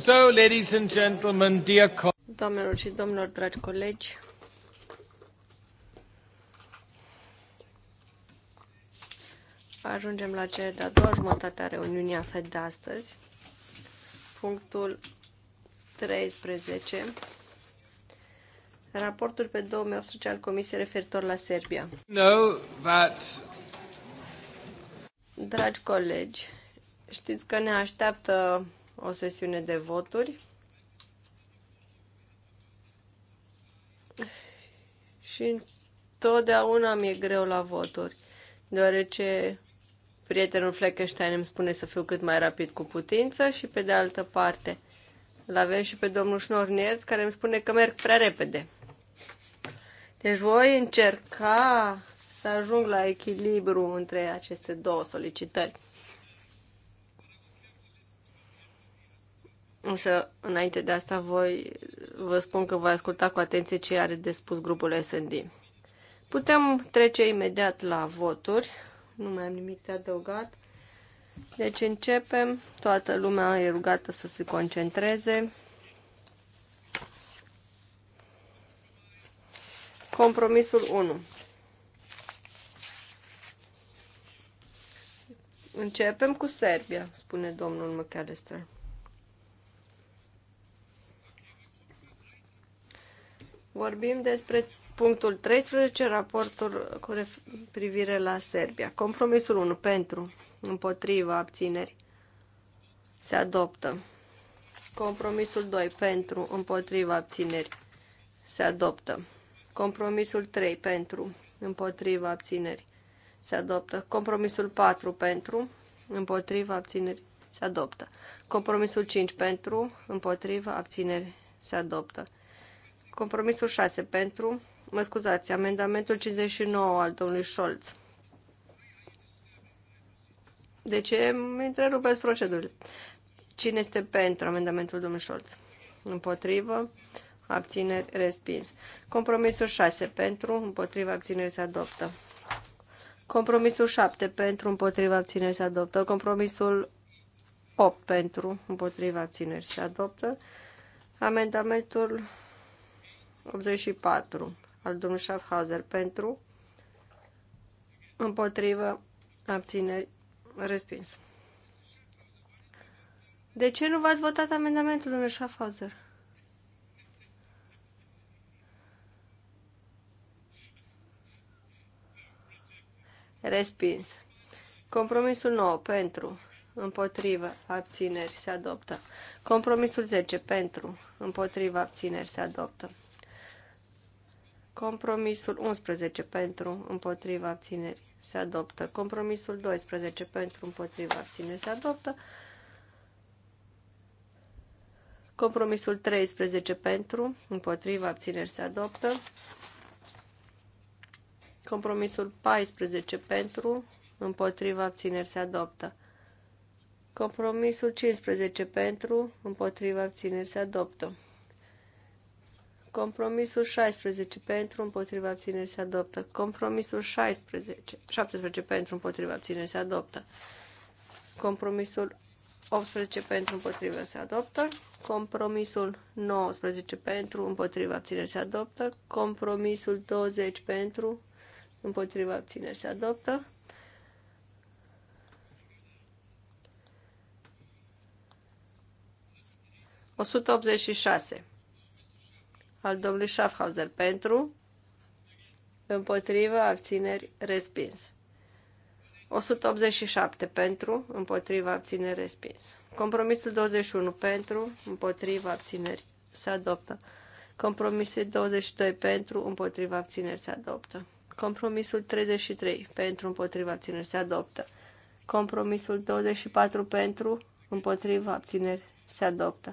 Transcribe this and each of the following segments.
So, ladies and gentlemen, dear Doamnelor și domnilor, dragi colegi, ajungem la cea de-a doua jumătate a reuniunii a FED de astăzi, punctul 13, raportul pe 2018 al Comisiei referitor la Serbia. No, that... Dragi colegi, știți că ne așteaptă o sesiune de voturi. Și întotdeauna mi-e greu la voturi, deoarece prietenul Fleckenstein îmi spune să fiu cât mai rapid cu putință și pe de altă parte îl avem și pe domnul Șnornierț care îmi spune că merg prea repede. Deci voi încerca să ajung la echilibru între aceste două solicitări. Însă, înainte de asta, voi vă spun că voi asculta cu atenție ce are de spus grupul S&D. Putem trece imediat la voturi. Nu mai am nimic de adăugat. Deci începem. Toată lumea e rugată să se concentreze. Compromisul 1. Începem cu Serbia, spune domnul McAllister. Vorbim despre punctul 13, raportul cu privire la Serbia. Compromisul 1 pentru, împotriva, abțineri. Se adoptă. Compromisul 2 pentru, împotriva, abțineri. Se adoptă. Compromisul 3 pentru, împotriva, abțineri. Se adoptă. Compromisul 4 pentru, împotriva, abțineri. Se adoptă. Compromisul 5 pentru, împotriva, abțineri. Se adoptă. Compromisul 6 pentru, mă scuzați, amendamentul 59 al domnului Scholz. De deci, ce îmi întrerupeți procedurile? Cine este pentru amendamentul domnului Scholz? Împotrivă? Abțineri? Respins. Compromisul 6 pentru, împotrivă, abțineri se adoptă. Compromisul 7 pentru, împotrivă, abțineri se adoptă. Compromisul 8 pentru, împotrivă, abțineri se adoptă. Amendamentul 84 al domnului Schaffhauser pentru, împotrivă, abțineri, respins. De ce nu v-ați votat amendamentul, domnule Schaffhauser? Respins. Compromisul 9 pentru, împotrivă, abțineri, se adoptă. Compromisul 10 pentru, împotrivă, abțineri, se adoptă. Compromisul 11 pentru împotriva abțineri se adoptă. Compromisul 12 pentru împotriva abțineri se adoptă. Compromisul 13 pentru împotriva abțineri se adoptă. Compromisul 14 pentru împotriva abțineri se adoptă. Compromisul 15 pentru împotriva abțineri se adoptă. Compromisul 16 pentru împotriva abțineri se adoptă. Compromisul 16, 17 pentru împotriva abțineri se adoptă. Compromisul 18 pentru împotriva se adoptă. Compromisul 19 pentru împotriva abțineri se adoptă. Compromisul 20 pentru împotriva abțineri se adoptă. O 186 al domnului Schaffhauser pentru, împotriva, abțineri, respins. 187 pentru, împotriva, abțineri, respins. Compromisul 21 pentru, împotriva, abțineri, se adoptă. Compromisul 22 pentru, împotriva, abțineri, se adoptă. Compromisul 33 pentru, împotriva, abțineri, se adoptă. Compromisul 24 pentru, împotriva, abțineri, se adoptă.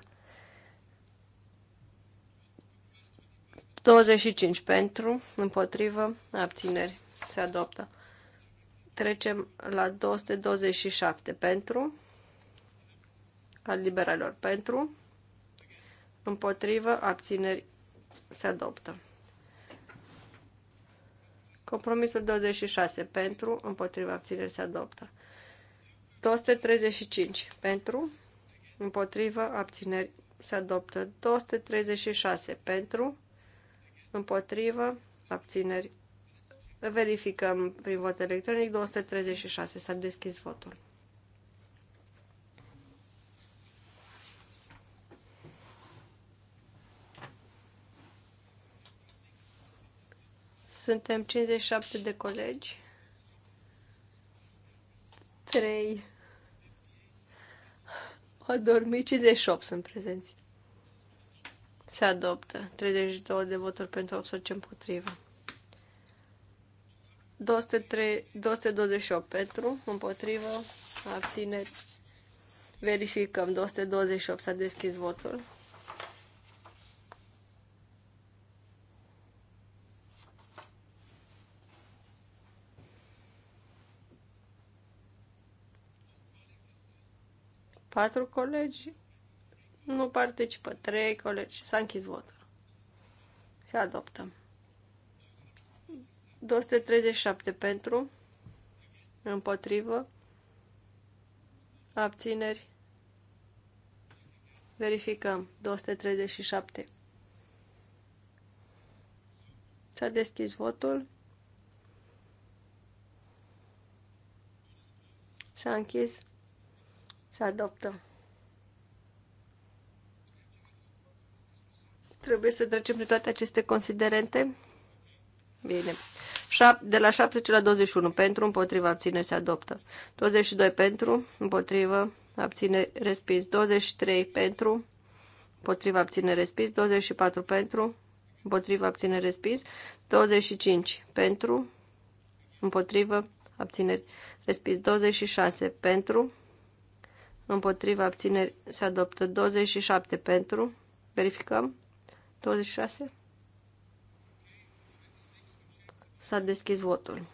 25 pentru, împotrivă, abțineri, se adoptă. Trecem la 227 pentru, al liberalilor pentru, împotrivă, abțineri, se adoptă. Compromisul 26 pentru, împotriva abțineri se adoptă. 235 pentru, împotriva abțineri se adoptă. 236 pentru, împotrivă, abțineri. Verificăm prin vot electronic 236. S-a deschis votul. Suntem 57 de colegi. 3. dormit 58 sunt prezenți. Se adoptă. 32 de voturi pentru 18 împotriva. 203, 228 pentru, împotrivă, abține. Verificăm. 228 s-a deschis votul. Patru colegi nu participă. Trei colegi. S-a închis votul. Se adoptă. 237 pentru. Împotrivă. Abțineri. Verificăm. 237. S-a deschis votul. S-a închis. Se adoptă. Trebuie să trecem prin toate aceste considerente. Bine. De la 70 la 21 pentru, împotriva, abține, se adoptă. 22 pentru, împotriva, abține, respins. 23 pentru, împotriva, abține, respins. 24 pentru, împotriva, abține, respins. 25 pentru, împotriva, abține, respins. 26 pentru, împotriva, abține, se adoptă. 27 pentru, verificăm. 26? S-a deschis votul.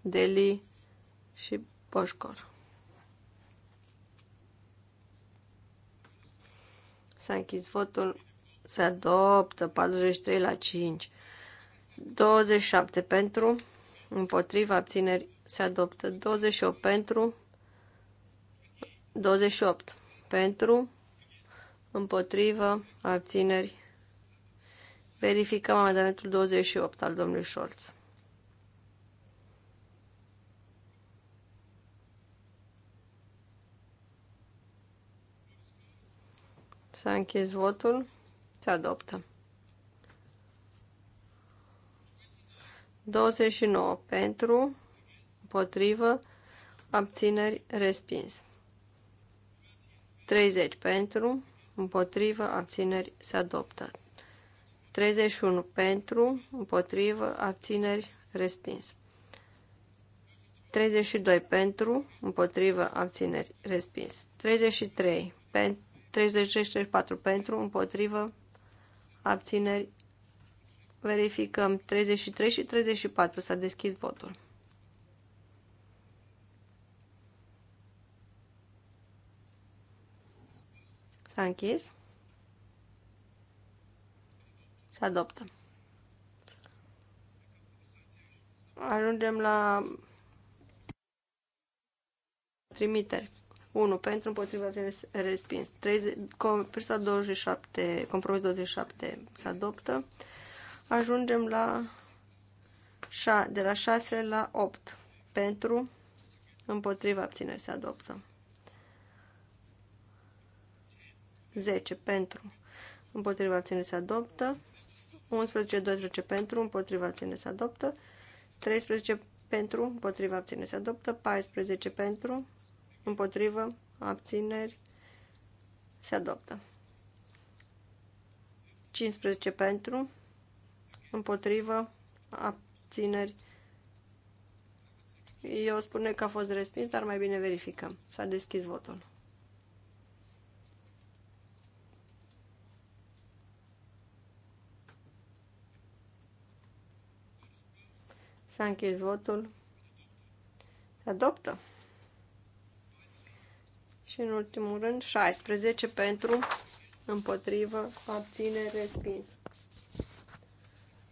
Deli și Boșcor. S-a închis votul. Se adoptă 43 la 5. 27 pentru. Împotriva abțineri se adoptă 28 pentru. 28 pentru împotrivă, abțineri. Verificăm amendamentul 28 al domnului Scholz. S-a închis votul. Se adoptă. 29 pentru, împotrivă, abțineri, respins. 30 pentru, împotrivă, abțineri, se adoptă. 31 pentru, împotrivă, abțineri, respins. 32 pentru, împotrivă, abțineri, respins. 33 pentru, 34 pentru, împotrivă, abțineri, verificăm 33 și 34, s-a deschis votul. S-a închis. Se adoptă. Ajungem la trimiteri. 1. Pentru împotriva respins. 30, compromisa 27, compromis 27 se adoptă. Ajungem la de la 6 la 8. Pentru împotriva abțineri se adoptă. 10 pentru, împotriva ține se adoptă. 11, 12 pentru, împotriva ține se adoptă. 13 pentru, împotriva abține se adoptă. 14 pentru, împotriva abțineri se adoptă. 15 pentru, împotriva abțineri. Eu spune că a fost respins, dar mai bine verificăm. S-a deschis votul. S-a închis votul. Se adoptă. Și în ultimul rând, 16 pentru, împotrivă, abține, respins.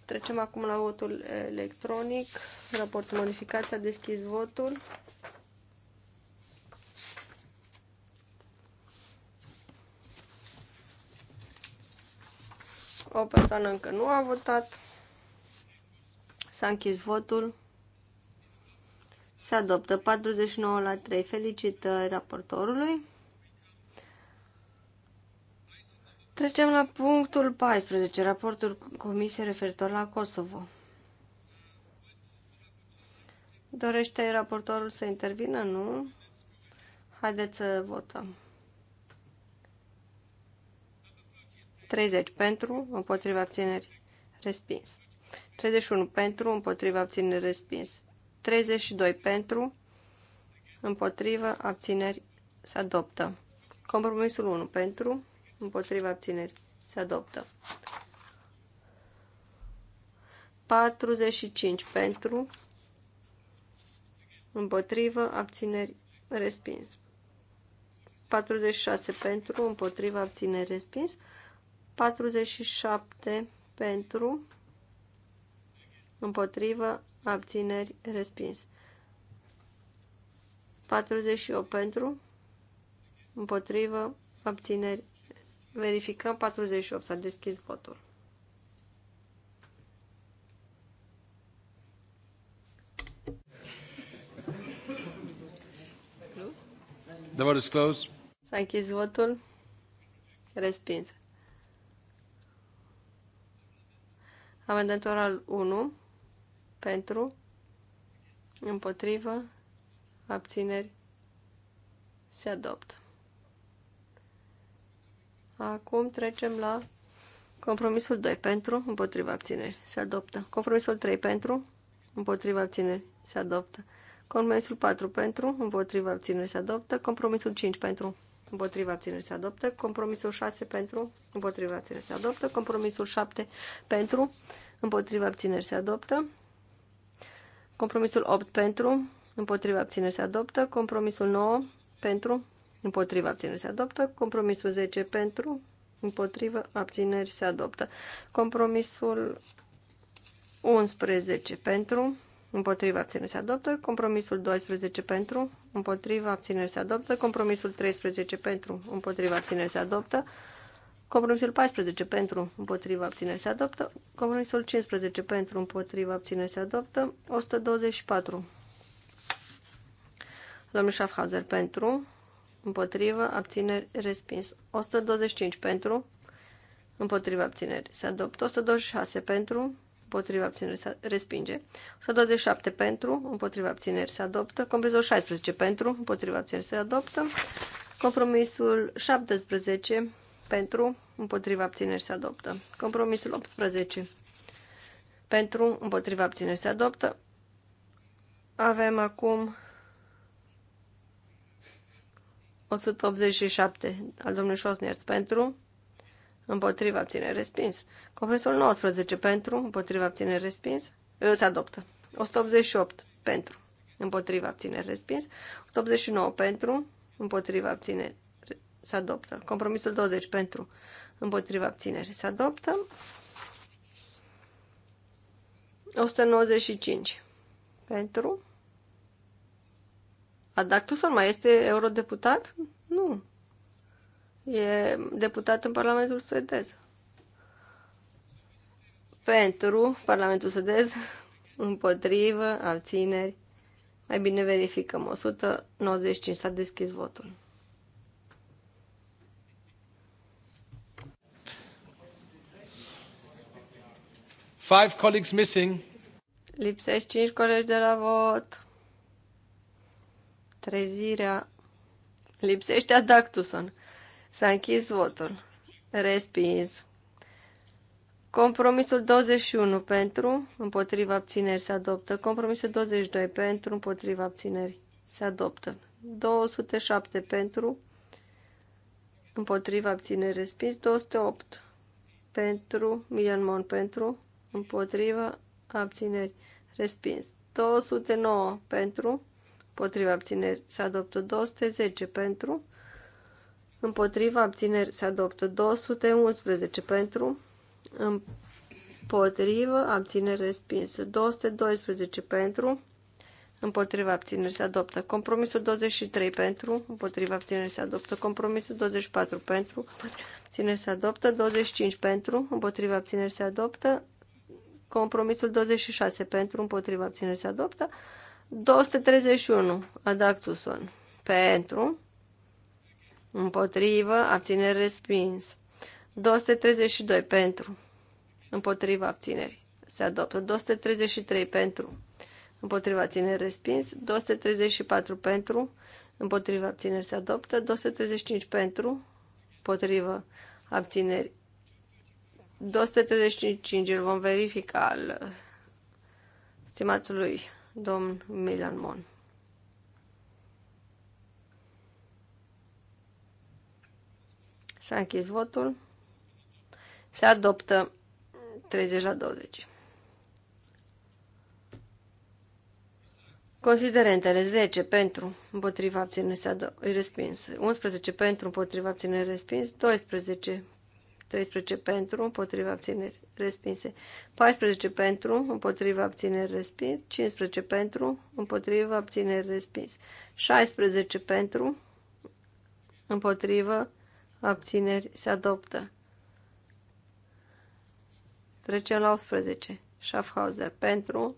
Trecem acum la votul electronic. Raportul modificat s-a deschis votul. O persoană încă nu a votat. S-a închis votul. Se adoptă 49 la 3. Felicitări raportorului. Trecem la punctul 14, raportul Comisiei referitor la Kosovo. Dorește raportorul să intervină? Nu? Haideți să votăm. 30 pentru, împotriva abțineri, respins. 31 pentru, împotriva abțineri respins. 32 pentru, împotriva abțineri se adoptă. Compromisul 1 pentru, împotriva abțineri se adoptă. 45 pentru, împotrivă, abțineri, respins. 46 pentru, împotrivă, abțineri, respins. 47 pentru, împotrivă, abțineri, respins. 48 pentru, împotrivă, abțineri, verificăm 48, s-a deschis votul. The vote is closed. S-a închis votul. Respins. Amendament oral 1 pentru, împotrivă, abțineri, se adoptă. Acum trecem la compromisul 2 pentru, împotriva abțineri, se adoptă. Compromisul 3 pentru, împotriva abțineri, se adoptă. Compromisul 4 pentru, împotriva abțineri, se adoptă. Compromisul 5 pentru, împotriva abțineri, se adoptă. Compromisul 6 pentru, împotriva abțineri, se adoptă. Compromisul 7 pentru, împotriva abțineri, se adoptă. Compromisul 8 pentru, împotriva abținere se adoptă. Compromisul 9 pentru, împotriva abținere se adoptă. Compromisul 10 pentru, împotriva abțineri se adoptă. Compromisul 11 pentru, Împotriva abținere se adoptă. Compromisul 12 pentru. Împotriva abținere se adoptă. Compromisul 13 pentru. Împotriva abținere se adoptă. Compromisul 14 pentru împotriva abțineri se adoptă. Compromisul 15 pentru împotriva abțineri se adoptă. 124. Domnul Schaffhauser pentru împotriva abțineri respins. 125 pentru împotriva abțineri se adoptă. 126 pentru împotriva abțineri se respinge. 127 pentru împotriva abțineri se adoptă. Compromisul 16 pentru împotriva abțineri se adoptă. Compromisul 17 pentru, împotriva abțineri se adoptă. Compromisul 18. Pentru, împotriva abțineri se adoptă. Avem acum 187 al domnului Șosnerț pentru, împotriva abțineri respins. Compromisul 19 pentru, împotriva abțineri respins, se adoptă. 188 pentru, împotriva abțineri respins. 189 pentru, împotriva abțineri se adoptă. Compromisul 20 pentru împotriva abținere se adoptă. 195 pentru. adactusul mai este eurodeputat? Nu. E deputat în Parlamentul suedez. Pentru Parlamentul suedez, împotrivă, abțineri. Mai bine verificăm. 195 s-a deschis votul. Five colleagues missing. Lipsesc cinci colegi de la vot. Trezirea. Lipsește Adactuson. S-a închis votul. Respins. Compromisul 21 pentru, împotriva abțineri se adoptă. Compromisul 22 pentru, împotriva abțineri se adoptă. 207 pentru, împotriva abțineri respins. 208 pentru, Milion Mon pentru, împotrivă, abțineri, respins. 209 pentru, împotrivă, abțineri, se adoptă 210 pentru, împotrivă, abțineri, se adoptă 211 pentru, împotrivă, abțineri, respins. 212 pentru, Împotriva abțineri se adoptă. Compromisul 23 pentru. Împotriva abțineri se adoptă. Compromisul 24 pentru. Împotriva abțineri se adoptă. 25 pentru. Împotriva abțineri se adoptă. Compromisul 26 pentru împotriva abținere se adoptă. 231 Adactuson pentru împotrivă abținere respins. 232 pentru împotriva abținerii se adoptă. 233 pentru împotriva abținere respins. 234 pentru împotriva abțineri se adoptă. 235 pentru împotriva abțineri 235 îl vom verifica al stimatului domn Milan Mon. S-a închis votul. Se adoptă 30 la 20. Considerentele 10 pentru împotriva abținere se adoptă, respins, 11 pentru împotriva abținere respins, 12 13 pentru, împotriva abțineri respinse. 14 pentru, împotriva abțineri respins. 15 pentru, împotriva abțineri respins. 16 pentru, împotriva abțineri se adoptă. Trecem la 18. Schaffhauser pentru,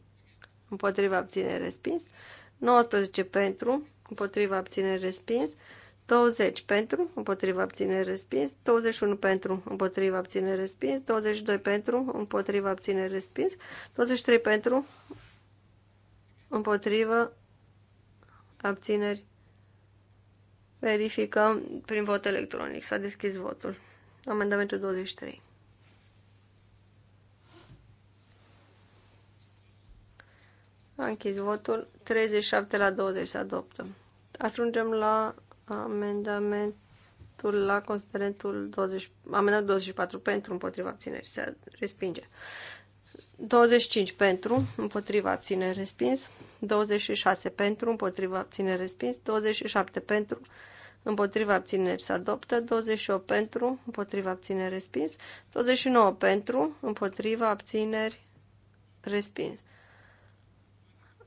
împotriva abțineri respins. 19 pentru, împotriva abțineri respins. 20 pentru, împotriva abținere respins, 21 pentru, împotriva abținere respins, 22 pentru, împotriva abținere respins, 23 pentru, împotriva abțineri. Verificăm prin vot electronic. S-a deschis votul. Amendamentul 23. A închis votul. 37 la 20 se adoptă. Ajungem la Amendamentul la considerentul 20, amendamentul 24 pentru, împotriva abțineri, se respinge. 25 pentru, împotriva abțineri, respins. 26 pentru, împotriva abțineri, respins. 27 pentru, împotriva abțineri se adoptă, 28 pentru, împotriva abțineri respins, 29 pentru, împotriva abțineri respins.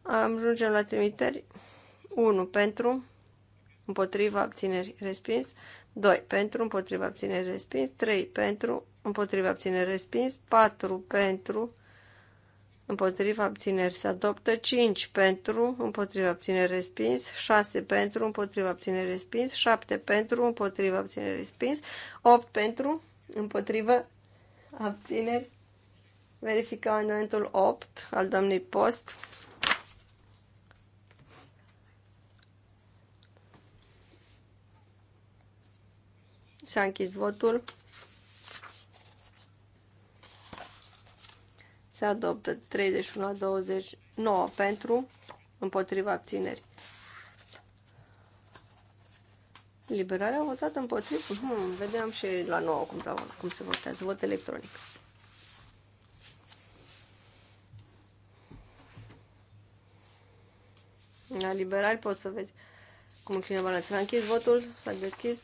Ajungem la trimiteri, 1 pentru, împotriva abțineri respins, 2 pentru, împotriva abțineri respins, 3 pentru, împotriva abțineri respins, 4 pentru, împotriva abțineri se adoptă, 5 pentru, împotriva abțineri respins, 6 pentru, împotriva abțineri respins, 7 pentru, împotriva abțineri respins, 8 pentru, împotriva abțineri. Verificăm amendamentul 8 al doamnei Post. S-a închis votul. Se adoptă 31 la 29 pentru, împotriva abținerii. Liberarea a votat împotriva Hmm, vedeam și la 9 cum, cum se votează. Vot electronic. La liberal poți să vezi cum înclină balanța. S-a închis votul, s-a deschis.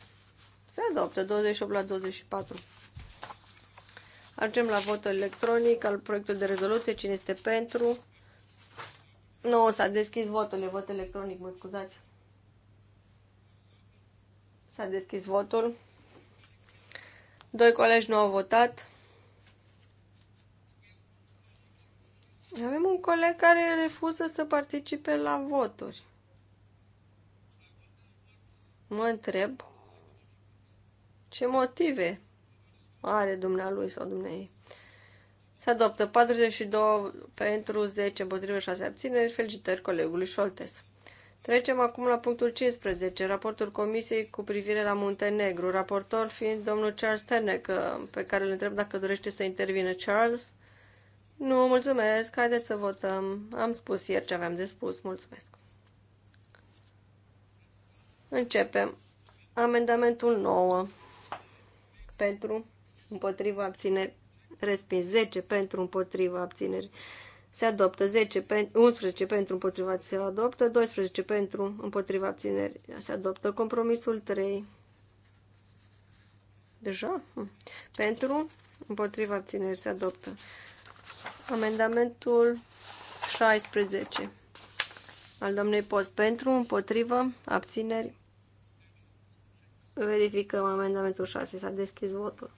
Se adoptă 28 la 24. Argem la votul electronic al proiectului de rezoluție. Cine este pentru? Nu, s-a deschis votul. E vot electronic, mă scuzați. S-a deschis votul. Doi colegi nu au votat. Avem un coleg care refuză să participe la voturi. Mă întreb ce motive are dumnealui sau dumnei? Se adoptă 42 pentru 10 împotriva 6 abțineri. Felicitări colegului Șoltes. Trecem acum la punctul 15, raportul Comisiei cu privire la Muntenegru, raportor fiind domnul Charles Tenec, pe care îl întreb dacă dorește să intervine Charles. Nu, mulțumesc, haideți să votăm. Am spus ieri ce aveam de spus, mulțumesc. Începem. Amendamentul 9 pentru, împotriva abțineri, respins 10 pentru, împotriva abțineri, se adoptă 10 pe, 11 pentru, împotriva se adoptă 12 pentru, împotriva abțineri, se adoptă compromisul 3. Deja? Hm. Pentru, împotriva abțineri, se adoptă. Amendamentul 16 al domnului Post pentru, împotriva abțineri, Verificăm amendamentul 6. S-a deschis votul.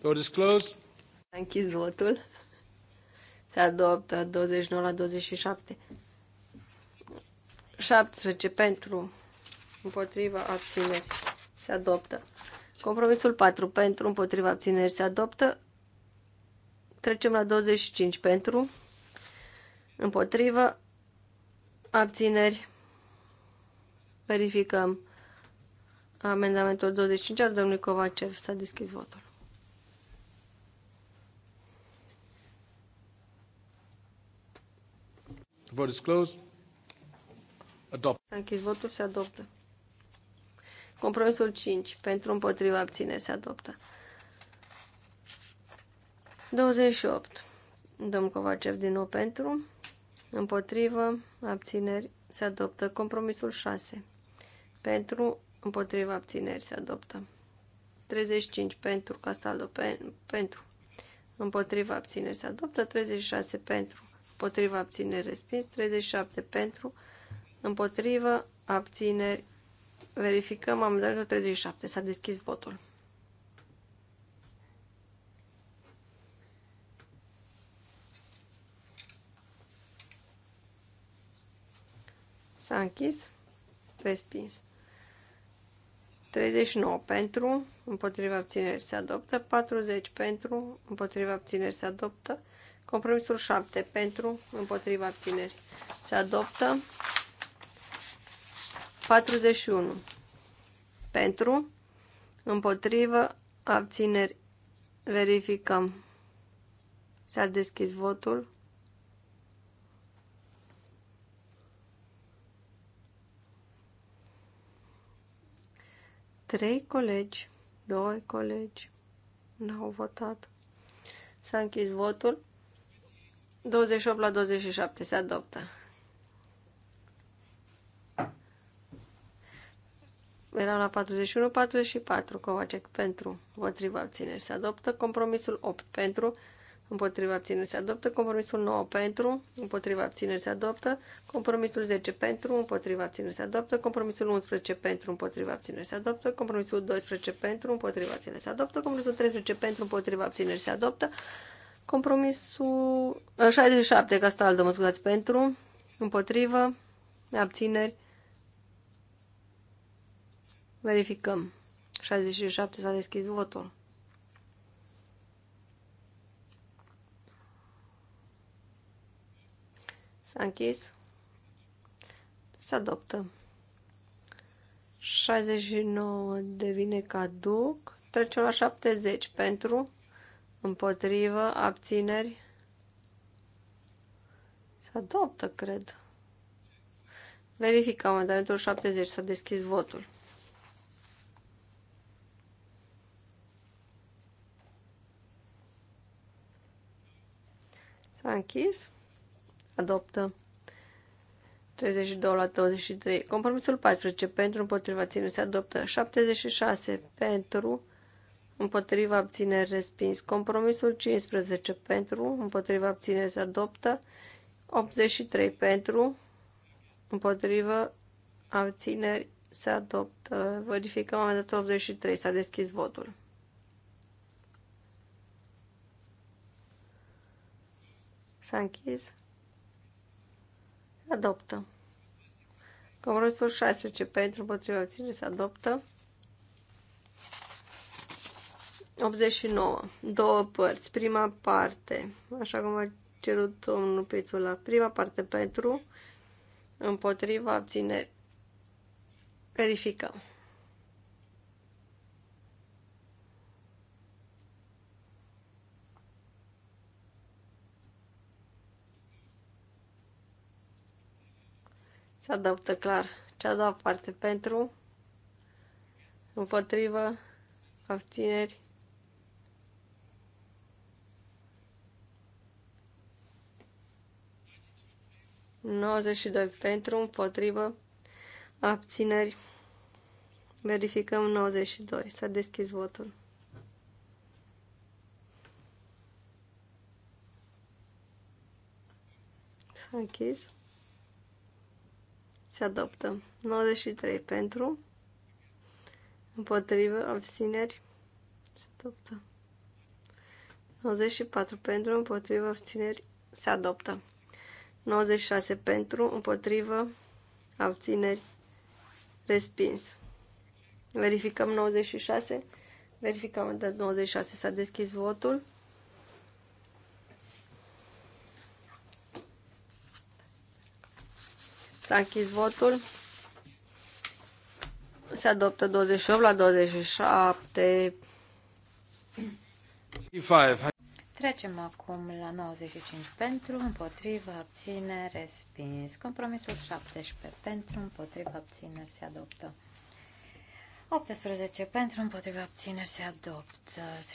Vote is closed. A închis votul. Se adoptă 29 la 27. 17 pentru, împotriva abțineri. Se adoptă. Compromisul 4 pentru, împotriva abțineri. Se adoptă. Trecem la 25 pentru, împotrivă, abțineri, verificăm amendamentul 25 al domnului Covacev. S-a deschis votul. Vote is closed. Adopt. S-a închis votul, se adoptă. Compromisul 5. Pentru împotriva abține se adoptă. 28. Domn Covacev din nou pentru. Împotrivă. Abțineri. Se adoptă. Compromisul 6. Pentru. Împotrivă. Abțineri. Se adoptă. 35 pentru. Castaldo pe, pentru. Împotrivă. Abțineri. Se adoptă. 36 pentru. Împotrivă. Abțineri. Respins. 37 pentru. Împotrivă. Abțineri. Verificăm amendamentul 37. S-a deschis votul. S-a închis. Respins. 39 pentru, împotriva abțineri se adoptă, 40 pentru, împotriva abțineri se adoptă, compromisul 7 pentru, împotriva abțineri se adoptă, 41 pentru, împotriva abțineri verificăm. S-a deschis votul. Trei colegi, doi colegi n-au votat. S-a închis votul. 28 la 27 se adoptă. Eram la 41, 44 Covacec pentru, împotriva abțineri. Se adoptă compromisul 8 pentru, împotriva abțineri se adoptă, compromisul 9 pentru, împotriva abțineri se adoptă, compromisul 10 pentru, împotriva abțineri se adoptă, compromisul 11 pentru, împotriva abțineri se adoptă, compromisul 12 pentru, împotriva abțineri se adoptă, compromisul 13 pentru, împotriva abțineri se adoptă, compromisul 67, ca asta mă scuzați, pentru, împotrivă, abțineri, verificăm. 67 s-a deschis votul. S-a închis. Se adoptă. 69 devine caduc. Trecem la 70 pentru, împotrivă, abțineri. Se adoptă, cred. Verificăm amendamentul 70. S-a deschis votul. S-a închis adoptă 32 la 23. Compromisul 14 pentru împotriva ținut se adoptă 76 pentru împotriva abținere respins. Compromisul 15 pentru împotriva abținere se adoptă 83 pentru împotriva abțineri se adoptă. Verificăm amendamentul 83. S-a deschis votul. S-a închis adoptă. Compromisul 16 pentru împotriva abținere se adoptă. 89. Două părți. Prima parte, așa cum a cerut domnul Pițula. Prima parte pentru împotriva abținere. Verificăm. Se adaptă clar. Cea a doua parte pentru, împotrivă, abțineri. doi pentru, împotrivă, abțineri. Verificăm 92. S-a deschis votul. S-a închis. Se adoptă. 93 pentru. Împotrivă. Abțineri. Se adoptă. 94 pentru. Împotrivă. Abțineri. Se adoptă. 96 pentru. Împotrivă. Abțineri. Respins. Verificăm 96. Verificăm de 96 s-a deschis votul. S-a închis votul. Se adoptă 28 la 27. 55. Trecem acum la 95 pentru, împotriva, abține, respins. Compromisul 17 pentru, împotriva, abțineri se adoptă. 18 pentru, împotriva, abțineri se adoptă.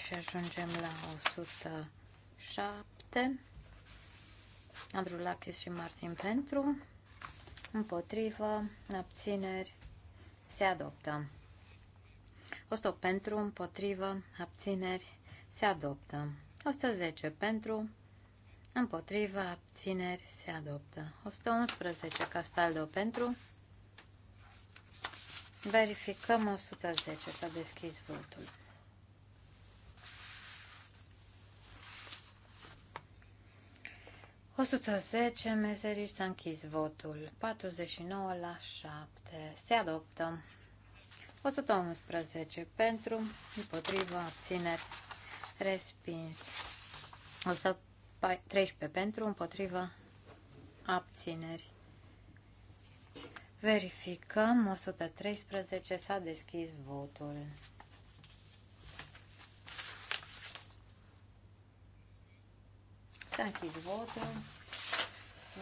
Și ajungem la 107. Ambrulachis și Martin pentru, împotrivă, abțineri, se adoptă. 108 pentru, împotrivă, abțineri, se adoptă. 110 pentru, împotrivă, abțineri, se adoptă. 111 Castaldo pentru, verificăm 110, s-a deschis votul. 110 meserici s-a închis votul. 49 la 7. Se adoptă. 111 pentru, împotriva, abțineri, respins. 113 pentru, împotriva, abțineri. Verificăm. 113 s-a deschis votul. S-a închis votul.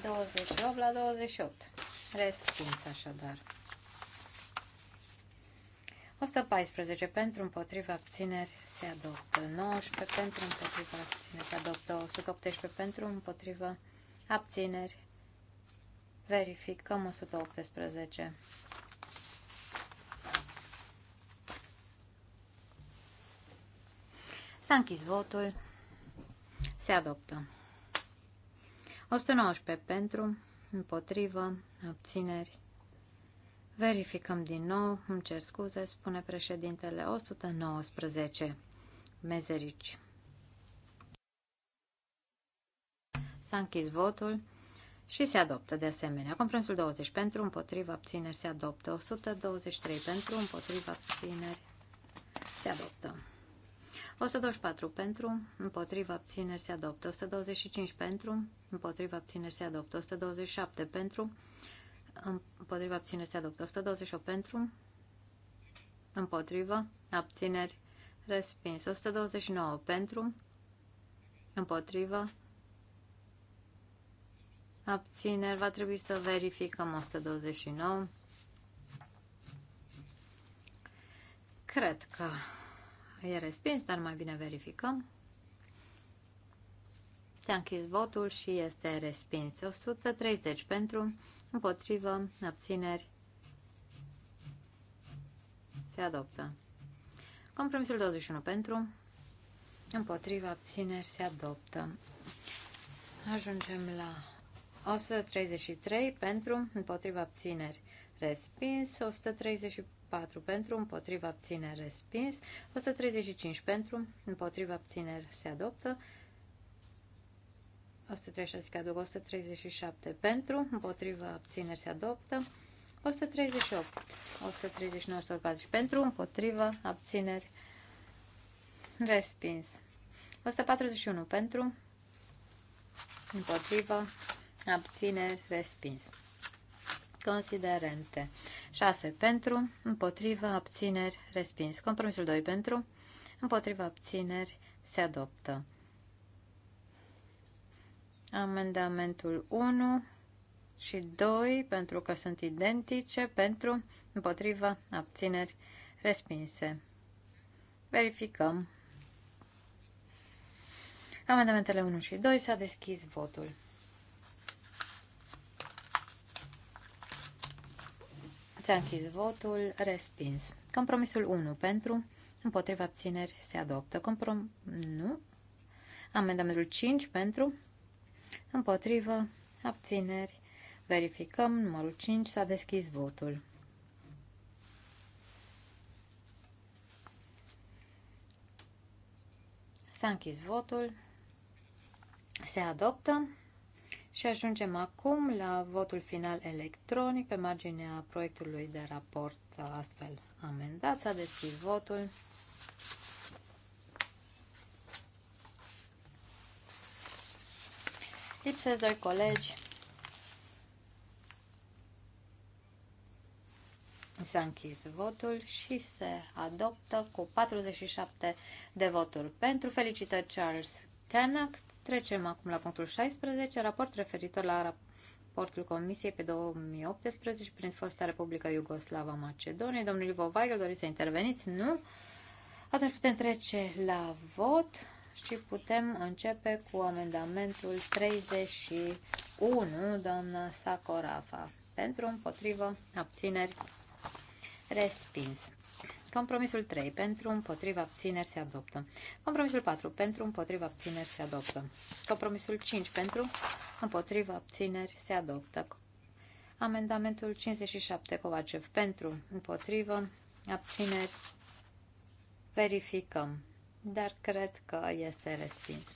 28 la 28. Respins așadar. 114 pentru împotriva abțineri se adoptă. 19 pentru împotriva abțineri se adoptă. 118 pentru împotriva abțineri. Verificăm 118. S-a închis votul. Se adoptă. 119 pentru, împotrivă, abțineri. Verificăm din nou, îmi cer scuze, spune președintele 119. Mezerici. S-a închis votul și se adoptă de asemenea. Compromisul 20 pentru, împotrivă, abțineri se adoptă. 123 pentru, împotrivă, abțineri se adoptă. 124 pentru, împotriva abțineri se adoptă. 125 pentru, împotriva abțineri se adoptă. 127 pentru, împotriva abțineri se adoptă. 128 pentru, împotriva abțineri respins. 129 pentru, împotriva abțineri. Va trebui să verificăm 129. Cred că e respins, dar mai bine verificăm. S-a închis votul și este respins. 130 pentru, împotrivă, abțineri. Se adoptă. Compromisul 21 pentru, împotrivă, abțineri se adoptă. Ajungem la 133 pentru, împotrivă, abțineri respins, 134 4 pentru, împotriva abțineri respins, 135 pentru, împotriva abțineri se adoptă, 136 caduc, 137 pentru, împotriva abțineri se adoptă, 138, 139, 140 pentru, împotriva abțineri respins, 141 pentru, împotriva abțineri respins. Considerente. 6 pentru, împotrivă, abțineri, respins. Compromisul 2 pentru, împotrivă, abțineri, se adoptă. Amendamentul 1 și 2, pentru că sunt identice, pentru, împotrivă, abțineri, respinse. Verificăm. Amendamentele 1 și 2 s-a deschis votul. S-a închis votul, respins. Compromisul 1 pentru, împotriva abțineri se adoptă. Comprom... Nu. Amendamentul 5 pentru, împotrivă, abțineri. Verificăm, numărul 5 s-a deschis votul. S-a închis votul. Se adoptă. Și ajungem acum la votul final electronic pe marginea proiectului de raport astfel amendat. S-a deschis votul. Lipsesc doi colegi. S-a închis votul și se adoptă cu 47 de voturi pentru. Felicitări Charles Tannock. Trecem acum la punctul 16, raport referitor la raportul Comisiei pe 2018 prin fosta Republica Iugoslava Macedoniei. Domnul Ivo Weigel, doriți să interveniți? Nu? Atunci putem trece la vot și putem începe cu amendamentul 31, doamna Sacorafa. Pentru, împotrivă, abțineri, respins. Compromisul 3. Pentru împotriva abțineri se adoptă. Compromisul 4. Pentru împotriva abțineri se adoptă. Compromisul 5. Pentru împotriva abțineri se adoptă. Amendamentul 57 Covacev. Pentru împotrivă abțineri verificăm. Dar cred că este respins.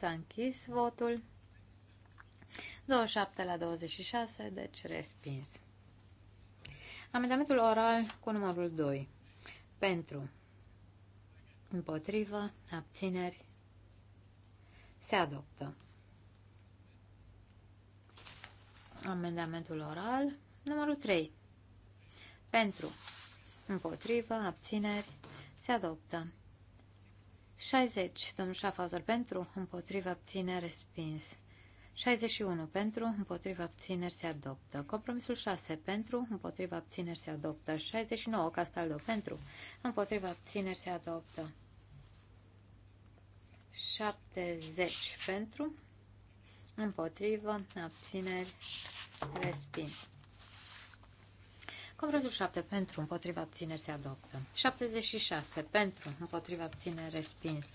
S-a închis votul. 27 la 26, deci respins. Amendamentul oral cu numărul 2. Pentru. Împotrivă. Abțineri. Se adoptă. Amendamentul oral numărul 3. Pentru. Împotrivă. Abțineri. Se adoptă. 60. Domnul Schaffhauser pentru, împotriva abțineri respins. 61 pentru, împotriva abțineri se adoptă. Compromisul 6 pentru, împotriva abțineri se adoptă. 69 Castaldo pentru, împotriva abțineri se adoptă. 70 pentru, împotriva abțineri respins. Compromisul 7 pentru, împotriva abțineri se adoptă. 76 pentru, împotriva abțineri respins.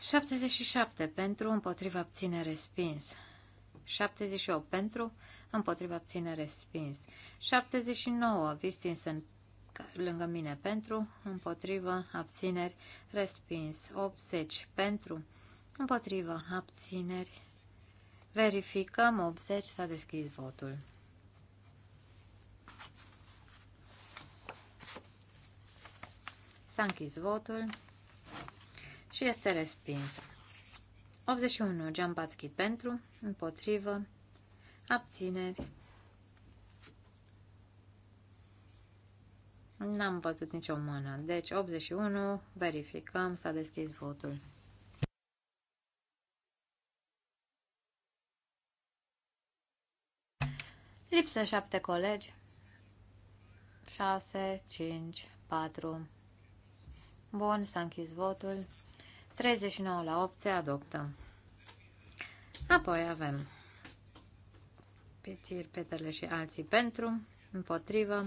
77 pentru, împotriva abțineri respins. 78 pentru, împotriva abțineri respins. 79 în lângă mine pentru, împotriva abțineri respins. 80 pentru, împotriva abțineri. Verificăm 80 s-a deschis votul. S-a închis votul și este respins. 81. Giambatski pentru, împotrivă, abțineri. N-am văzut nicio mână. Deci 81, verificăm, s-a deschis votul. Lipsă 7 colegi. 6, 5, 4, Bun, s-a închis votul. 39 la 8 se adoptă. Apoi avem pițiri, Petele și alții pentru, împotrivă,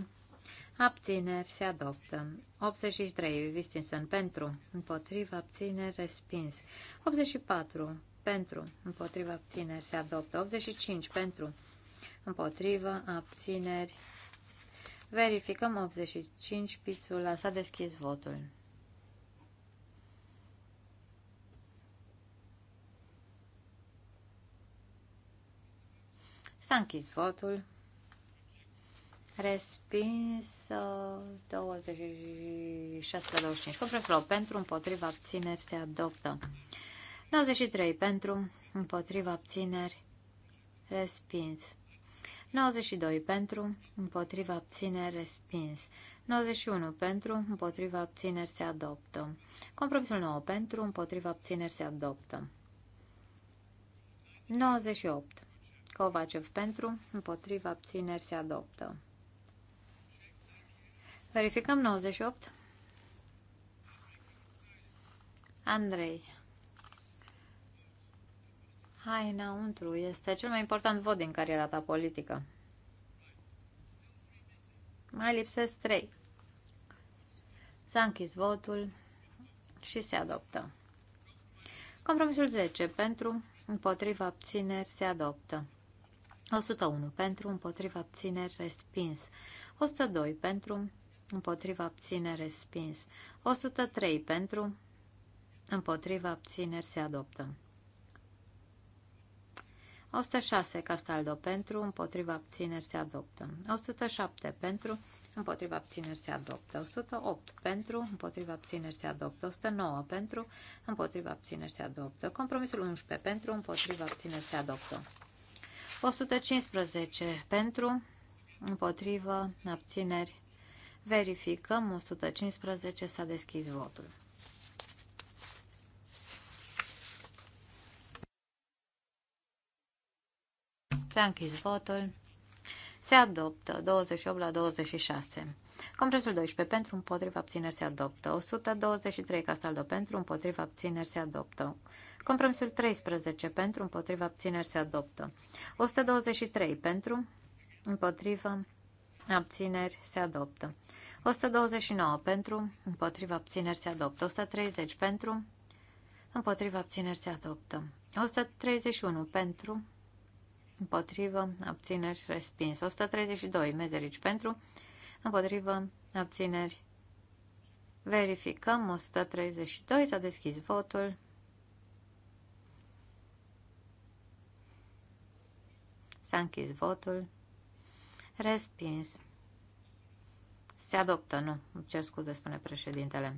abțineri se adoptă. 83, Vistinson pentru, împotrivă, abțineri, respins. 84, pentru, împotrivă, abțineri se adoptă. 85, pentru, împotrivă, abțineri. Verificăm 85, pițul, s-a deschis votul. S-a închis votul. Respins 26 uh, la 25. Compromisul pentru, împotriva abțineri se adoptă. 93 pentru, împotriva abțineri, respins. 92 pentru, împotriva abțineri, respins. 91 pentru, împotriva abțineri se adoptă. Compromisul 9 pentru, împotriva abțineri se adoptă. 98 Covacev pentru, împotriva abțineri se adoptă. Verificăm 98. Andrei. Hai înăuntru, este cel mai important vot din cariera ta politică. Mai lipsesc 3. S-a închis votul și se adoptă. Compromisul 10. Pentru, împotriva abțineri se adoptă. 101 pentru, împotriva abțineri, respins. 102 pentru, împotriva abțineri, respins. 103 pentru, împotriva abțineri, se adoptă. 106 Castaldo pentru, împotriva abțineri se adoptă. 107 pentru, împotriva abțineri se adoptă. 108 pentru, împotriva abțineri se adoptă. 109 pentru, împotriva abțineri se adoptă. Compromisul 11 pentru, împotriva abțineri se adoptă. 115 pentru, împotrivă, abțineri. Verificăm, 115 s-a deschis votul. S-a închis votul. Se adoptă 28 la 26. Compresul 12 pentru împotriva abțineri se adoptă. 123 Castaldo pentru împotriva abțineri se adoptă. Compromisul 13 pentru, împotriva abțineri se adoptă. 123 pentru, împotriva abțineri se adoptă. 129 pentru, împotriva abțineri se adoptă. 130 pentru, împotriva abțineri se adoptă. 131 pentru, împotriva abțineri, respins. 132, mezerici pentru, împotriva abțineri. Verificăm, 132, s-a deschis votul. S-a închis votul. Respins. Se adoptă, nu. Îmi cer scuze, spune președintele.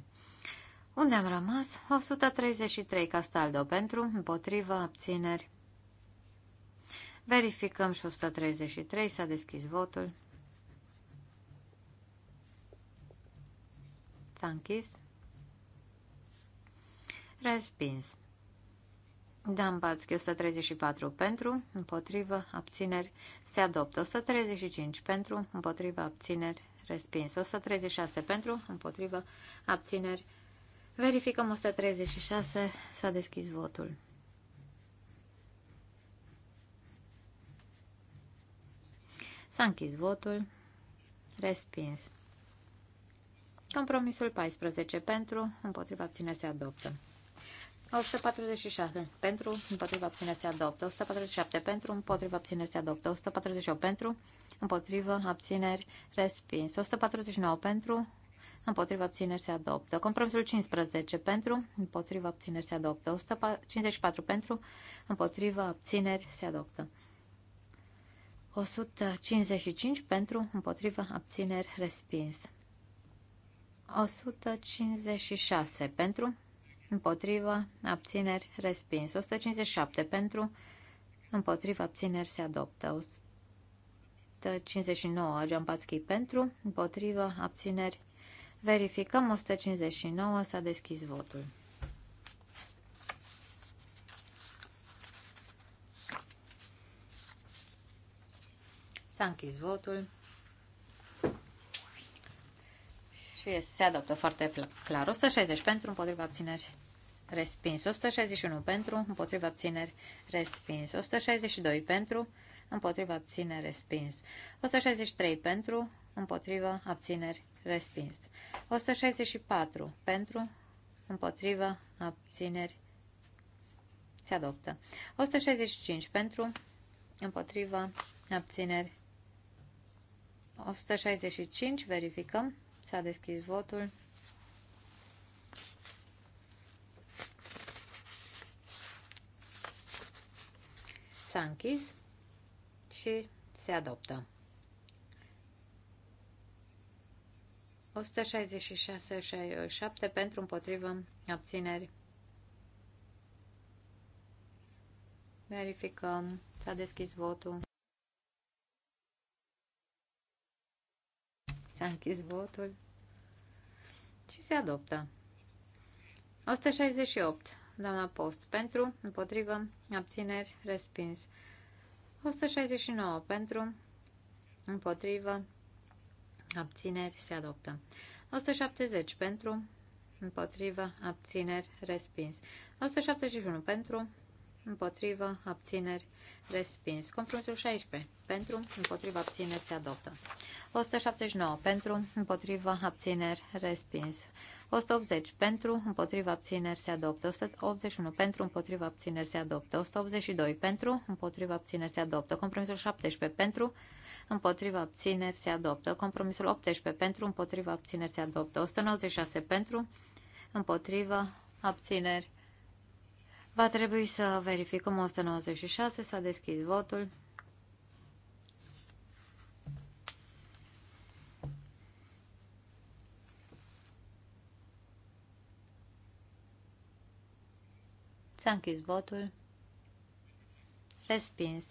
Unde am rămas? 133 Castaldo pentru, împotrivă, abțineri. Verificăm și 133, s-a deschis votul. S-a închis. Respins. Dan Bațchi 134 pentru, împotrivă, abțineri, se adoptă 135 pentru, împotrivă, abțineri, respins 136 pentru, împotrivă, abțineri. Verificăm 136, s-a deschis votul. S-a închis votul, respins. Compromisul 14 pentru, împotriva abțineri se adoptă. 146 pentru, împotriva abțineri se adoptă. 147 pentru, împotriva abțineri se adoptă. 148 pentru, împotriva abțineri respins. 149 pentru, împotriva abțineri se adoptă. Compromisul 15 pentru, împotriva abțineri se adoptă. 154 pentru, împotriva abțineri se adoptă. 155 pentru, împotriva abțineri respins. 156 pentru, împotrivă, abțineri, respins. 157 pentru, împotrivă, abțineri, se adoptă. 159 Giambatski pentru, împotrivă, abțineri. Verificăm 159, s-a deschis votul. S-a închis votul. se adoptă foarte clar. 160 pentru, împotriva abțineri, respins. 161 pentru, împotriva abțineri, respins. 162 pentru, împotriva abțineri, respins. 163 pentru, împotriva abțineri, respins. 164 pentru, împotriva abțineri, se adoptă. 165 pentru, împotriva abțineri, 165, verificăm. S-a deschis votul. S-a închis și se adoptă. 166-7 pentru împotrivă abțineri. Verificăm. S-a deschis votul. S-a închis votul și se adoptă. 168, doamna Post, pentru, împotrivă, abțineri, respins. 169, pentru, împotrivă, abțineri, se adoptă. 170, pentru, împotrivă, abțineri, respins. 171, pentru, împotrivă, abțineri, respins. Compromisul 16, pentru, împotrivă, abțineri, se adoptă. 179, pentru, împotrivă, abțineri, respins. 180, pentru, împotrivă, abțineri, se adoptă. 181, pentru, împotrivă, abțineri, se adoptă. 182, pentru, împotrivă, abțineri, se adoptă. Compromisul 17, pentru, împotriva abțineri se adoptă. Compromisul 18 pentru, împotriva abțineri se adoptă. 196 pentru, împotriva abțineri Va trebui să verificăm 196, s-a deschis votul. S-a închis votul. Respins.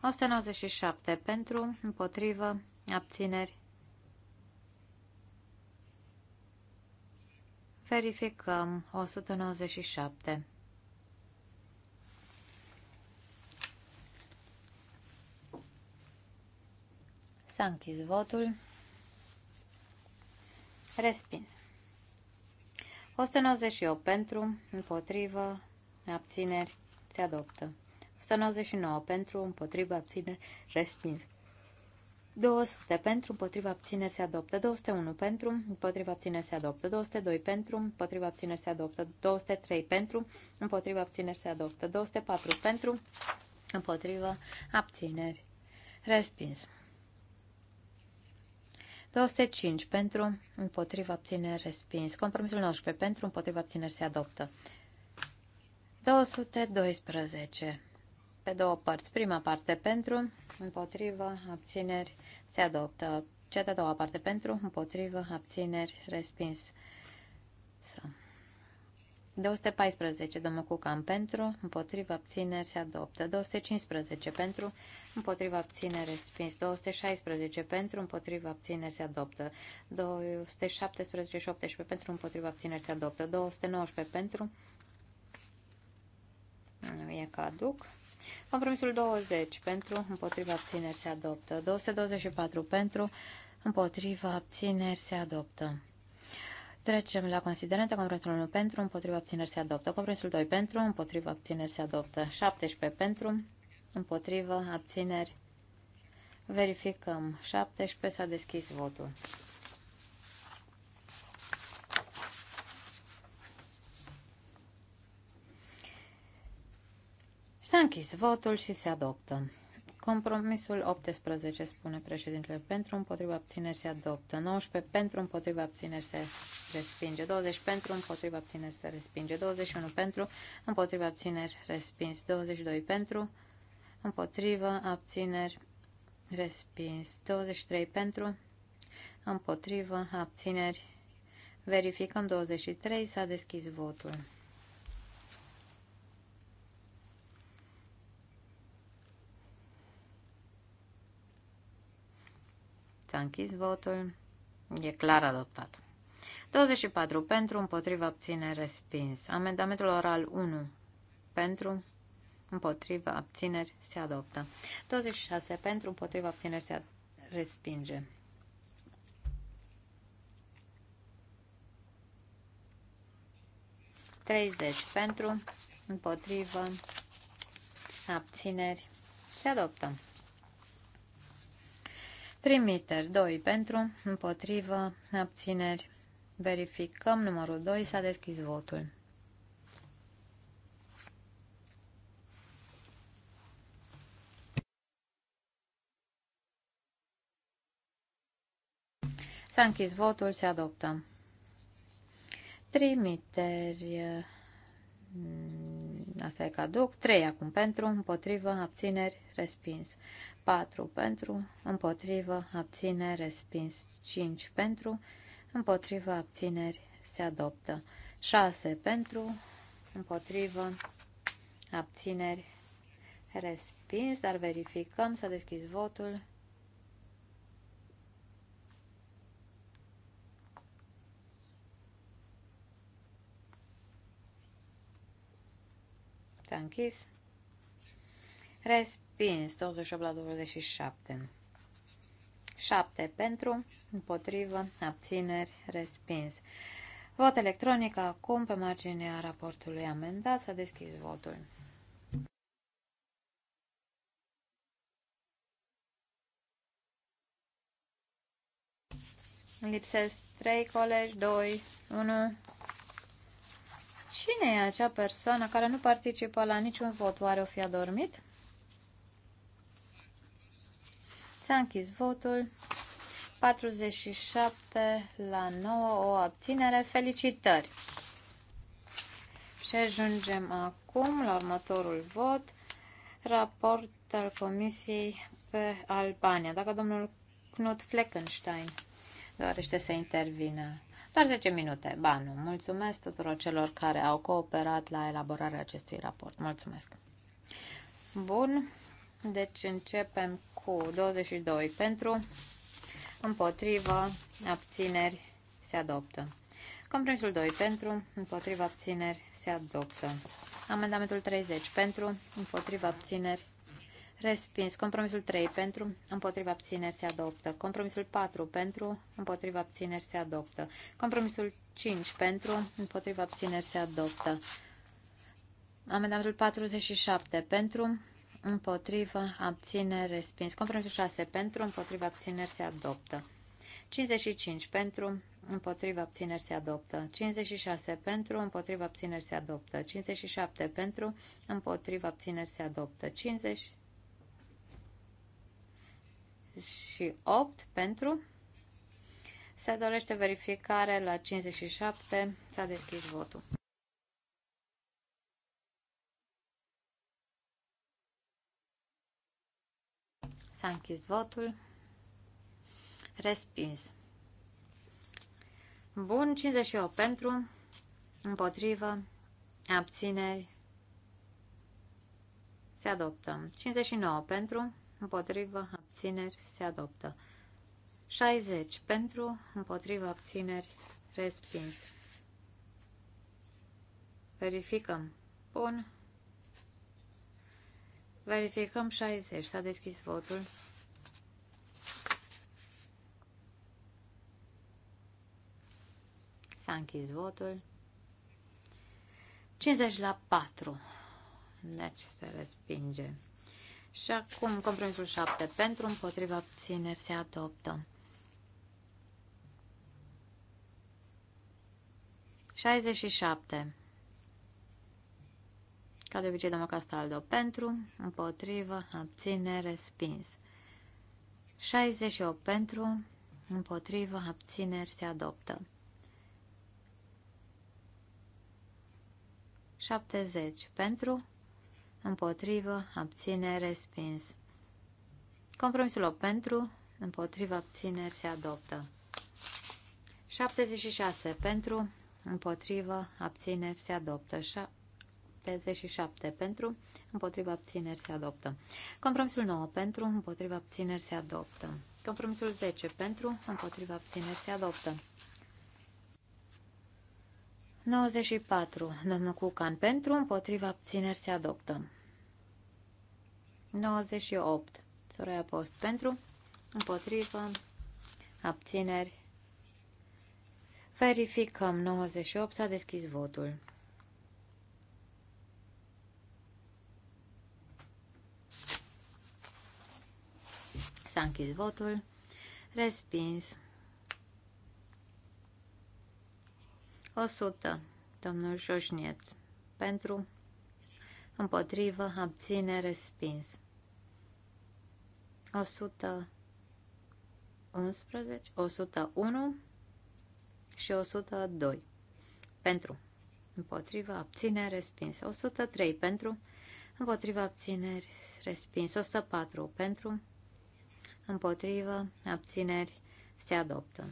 197 pentru, împotrivă, abțineri. Verificăm 197. S-a închis votul. Respins. 198 pentru, împotrivă, abțineri, se adoptă. 199 pentru, împotriva abțineri, respins. 200 pentru, împotriva abțineri se adoptă, 201 pentru, împotriva abțineri se adoptă, 202 pentru, împotriva abțineri se adoptă, 203 pentru, împotriva abțineri se adoptă, 204 pentru, împotriva abțineri, respins. 205 pentru, împotriva abțineri, respins. Compromisul 19 pentru, împotriva abțineri se adoptă. 212 pe două părți. Prima parte pentru, împotrivă, abțineri, se adoptă. Cea de-a doua parte pentru, împotrivă, abțineri, respins. 214, domnul Cucan, pentru, împotriva abțineri, se adoptă. 215, pentru, împotriva abțineri, respins. 216, pentru, împotriva abțineri, se adoptă. 217 și 18, pentru, împotriva abțineri, se adoptă. 219, pentru, nu e caduc. Compromisul 20 pentru, împotriva abțineri se adoptă. 224 pentru, împotriva abțineri se adoptă. Trecem la considerente. Compromisul 1 pentru, împotriva abțineri se adoptă. Compromisul 2 pentru, împotriva abțineri se adoptă. 17 pentru, împotriva abțineri. Verificăm. 17 s-a deschis votul. S-a închis votul și se adoptă. Compromisul 18, spune președintele, pentru împotriva abțineri se adoptă. 19 pentru împotriva abțineri se respinge. 20 pentru împotriva abțineri se respinge. 21 pentru împotriva abțineri respins. 22 pentru împotriva abțineri respins. 23 pentru împotriva abțineri. Verificăm 23, s-a deschis votul. S-a închis votul. E clar adoptat. 24 pentru, împotriva, abține, respins. Amendamentul oral 1 pentru, împotriva, abțineri, se adoptă. 26 pentru, împotriva, abțineri, se respinge. Treizeci pentru, împotrivă, abțineri, se adoptă. Trimiteri 2 pentru, împotrivă, abțineri. Verificăm numărul 2, s-a deschis votul. S-a închis votul, se adoptă. Trimiteri Asta e caduc. 3 acum pentru, împotrivă, abțineri, respins. 4 pentru, împotrivă, abțineri, respins. 5 pentru, împotrivă, abțineri, se adoptă. 6 pentru, împotrivă, abțineri, respins. Dar verificăm, să deschizi votul. s-a închis. Respins, 28 la 27. 7 pentru, împotrivă, abțineri, respins. Vot electronic acum pe marginea raportului amendat. S-a deschis votul. Lipsesc 3 colegi, 2, 1. Cine e acea persoană care nu participă la niciun vot? Oare o fi adormit? S-a închis votul. 47 la 9, o abținere. Felicitări! Și ajungem acum la următorul vot. Raport al Comisiei pe Albania. Dacă domnul Knut Fleckenstein dorește să intervină. Doar 10 minute. Ba nu. Mulțumesc tuturor celor care au cooperat la elaborarea acestui raport. Mulțumesc. Bun. Deci începem cu 22 pentru, împotrivă, abțineri, se adoptă. Compromisul 2 pentru, împotrivă, abțineri, se adoptă. Amendamentul 30 pentru, împotrivă, abțineri, Respins. Compromisul 3 pentru, împotriva abțineri se adoptă. Compromisul 4 pentru, împotriva abțineri se adoptă. Compromisul 5 pentru, împotriva abțineri se adoptă. Amendamentul 47 pentru, împotriva abțineri respins. Compromisul 6 pentru, împotriva abțineri se adoptă. 55 pentru, împotriva abțineri se adoptă. 56 pentru, împotriva abțineri se adoptă. 57 pentru, împotriva abțineri se adoptă. 50 58 pentru. Se dorește verificare la 57. S-a deschis votul. S-a închis votul. Respins. Bun, 58 pentru, împotrivă, abțineri, se adoptă. 59 pentru, împotrivă, abțineri, se adoptă. 60 pentru, împotrivă, abțineri, respins. Verificăm. Bun. Verificăm 60. S-a deschis votul. S-a închis votul. 50 la 4. Deci se respinge. Și acum compromisul 7. Pentru, împotriva, abțineri se adoptă. 67. Ca de obicei, doamna Castaldo. Pentru, împotrivă, abține, respins. 68. Pentru, împotrivă, abțineri se adoptă. 70. Pentru, împotrivă, abține, respins. Compromisul o pentru, împotrivă, abțineri, se adoptă. 76 pentru, împotrivă, abțineri, se adoptă. 77 pentru, împotrivă, abțineri se adoptă. Compromisul 9 pentru, împotrivă, abțineri se adoptă. Compromisul 10 pentru, împotrivă, abțineri se adoptă. 94. Domnul Cucan pentru, împotriva abțineri se adoptă. 98. Soraya Post pentru, împotrivă, abțineri. Verificăm 98, s-a deschis votul. S-a închis votul. Respins. 100. Domnul Șoșniet. Pentru, împotrivă, abține, respins. 111, 101 și 102 pentru, împotriva abțineri respins, 103 pentru, împotriva abțineri respins, 104 pentru, împotriva abțineri se adoptă.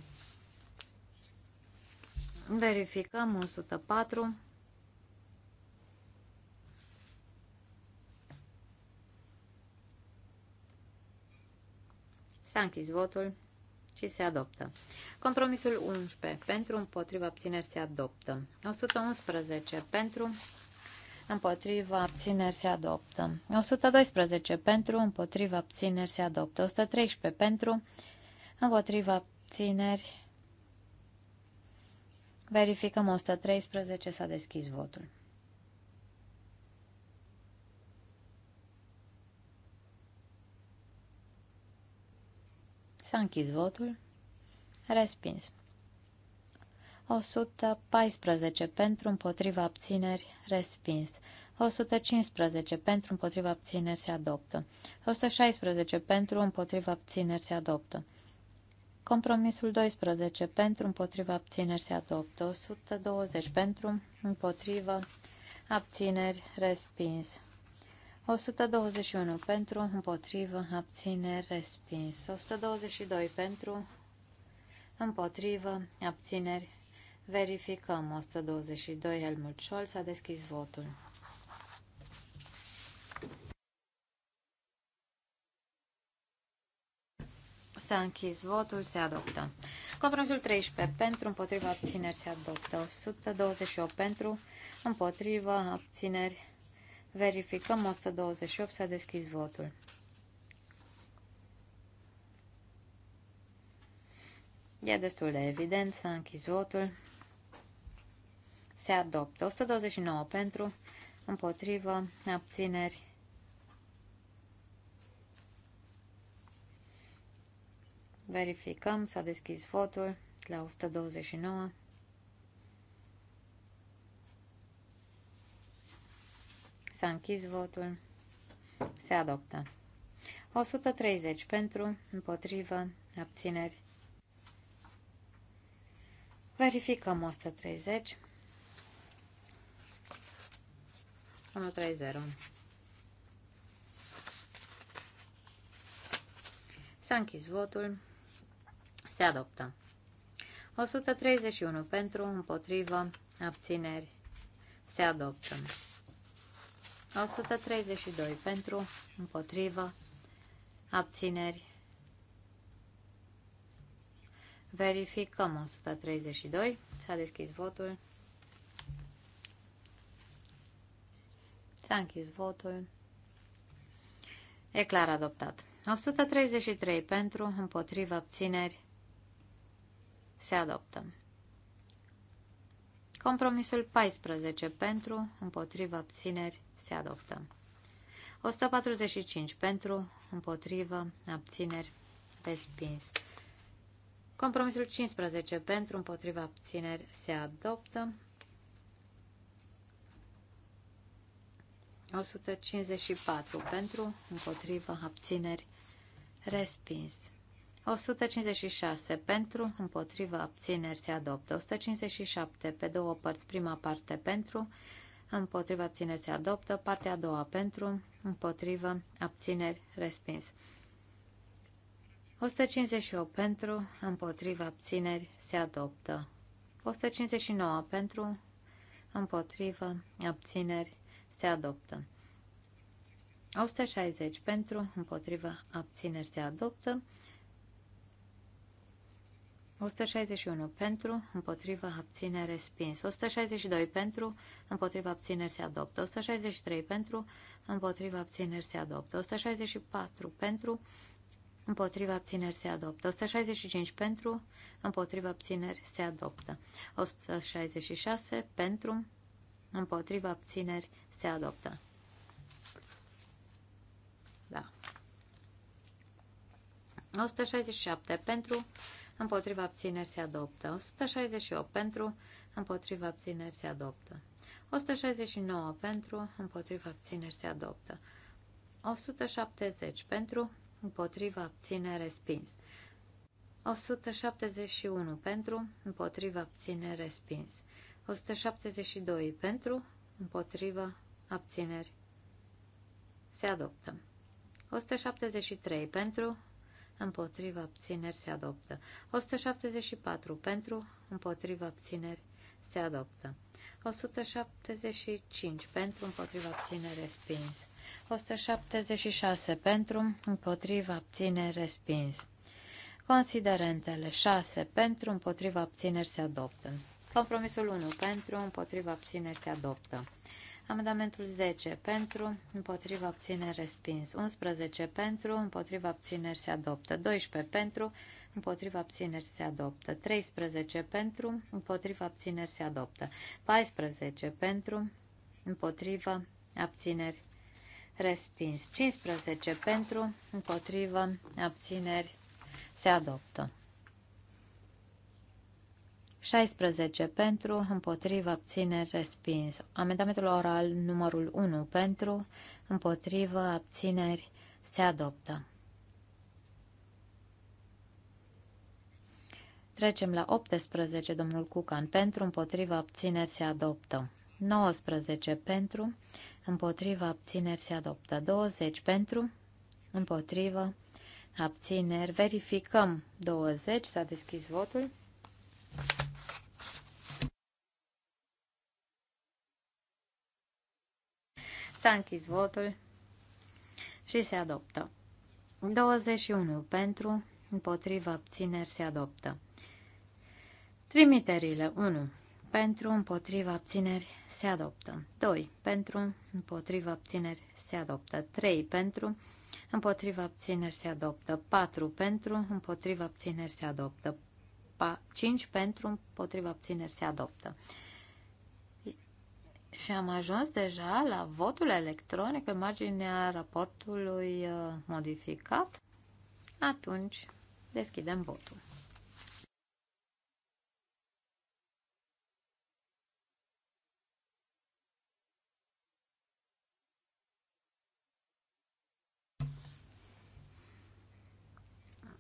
Verificăm 104. S-a închis votul și se adoptă. Compromisul 11. Pentru, împotriva, abțineri se adoptă. 111. Pentru, împotriva, abțineri se adoptă. 112. Pentru, împotriva, abțineri se adoptă. 113. Pentru, împotriva, abțineri. Verificăm 113. S-a deschis votul. S-a închis votul. Respins. 114 pentru împotriva abțineri, respins. 115 pentru împotriva abțineri se adoptă. 116 pentru împotriva abțineri se adoptă. Compromisul 12 pentru împotriva abțineri se adoptă. 120 pentru împotriva abțineri respins. 121 pentru, împotrivă, abțineri, respins. 122 pentru, împotrivă, abțineri, verificăm. 122 Helmut Scholz a deschis votul. S-a închis votul, se adoptă. Compromisul 13 pentru, împotrivă, abțineri, se adoptă. 128 pentru, împotrivă, abțineri, Verificăm 128, s-a deschis votul. E destul de evident, s-a închis votul. Se adoptă 129 pentru, împotrivă, abțineri. Verificăm, s-a deschis votul la 129. S-a închis votul. Se adoptă. 130 pentru, împotrivă, abțineri. Verificăm 130. 130. S-a închis votul. Se adoptă. 131 pentru, împotrivă, abțineri. Se adoptă. 132 pentru, împotrivă, abțineri. Verificăm 132. S-a deschis votul. S-a închis votul. E clar adoptat. 133 pentru, împotrivă, abțineri. Se adoptă. Compromisul 14 pentru, împotriva abțineri se adoptă. 145 pentru, împotrivă, abțineri, respins. Compromisul 15 pentru, împotriva abțineri se adoptă. 154 pentru, împotriva abțineri, respins. 156. Pentru, împotriva, abțineri se adoptă. 157. Pe două părți, prima parte pentru, împotriva, abțineri se adoptă. Partea a doua pentru, împotriva, abțineri respins. 158. Pentru, împotriva, abțineri se adoptă. 159. Pentru, împotriva, abțineri se adoptă. 160. Pentru, împotriva, abțineri se adoptă. 161 pentru, împotrivă, abținere, respins. 162 pentru, împotrivă, abțineri se adoptă. 163 pentru, împotrivă, abțineri se adoptă. 164 pentru, împotrivă, abțineri se adoptă. 165 pentru, împotrivă, abțineri se adoptă. 166 pentru, împotrivă, abțineri se adoptă. Da. 167 pentru, împotriva abțineri se adoptă. 168 pentru, împotriva abțineri se adoptă. 169 pentru, împotriva abțineri se adoptă. 170 pentru, împotriva abțineri respins. 171 pentru, împotriva abțineri respins. 172 pentru, împotriva abțineri se adoptă. 173 pentru, împotriva abțineri se adoptă. 174 pentru, împotriva abțineri se adoptă. 175 pentru, împotriva abțineri respins. 176 pentru, împotriva abțineri respins. Considerentele 6 pentru, împotriva abțineri se adoptă. Compromisul 1 pentru, împotriva abțineri se adoptă. Amendamentul 10 pentru, împotriva abțineri respins. 11 pentru, împotriva abțineri se adoptă. 12 pentru, împotriva abțineri se adoptă. 13 pentru, împotriva abțineri se adoptă. 14 pentru, împotriva abțineri respins. 15 pentru, împotriva abțineri se adoptă. 16 pentru, împotrivă, abțineri, respins. Amendamentul oral numărul 1 pentru, împotrivă, abțineri, se adoptă. Trecem la 18, domnul Cucan, pentru, împotrivă, abțineri, se adoptă. 19 pentru, împotrivă, abțineri, se adoptă. 20 pentru, împotrivă, abțineri, verificăm. 20, s-a deschis votul. S-a închis votul și se adoptă. 21 pentru, împotriva abțineri se adoptă. Trimiterile 1. Pentru împotriva abțineri se adoptă. 2. Pentru împotriva abțineri se adoptă. 3. Pentru împotriva abțineri se adoptă. 4. Pentru împotriva abțineri se adoptă. 5. Pentru împotriva abțineri se adoptă. Și am ajuns deja la votul electronic pe marginea raportului uh, modificat. Atunci deschidem votul.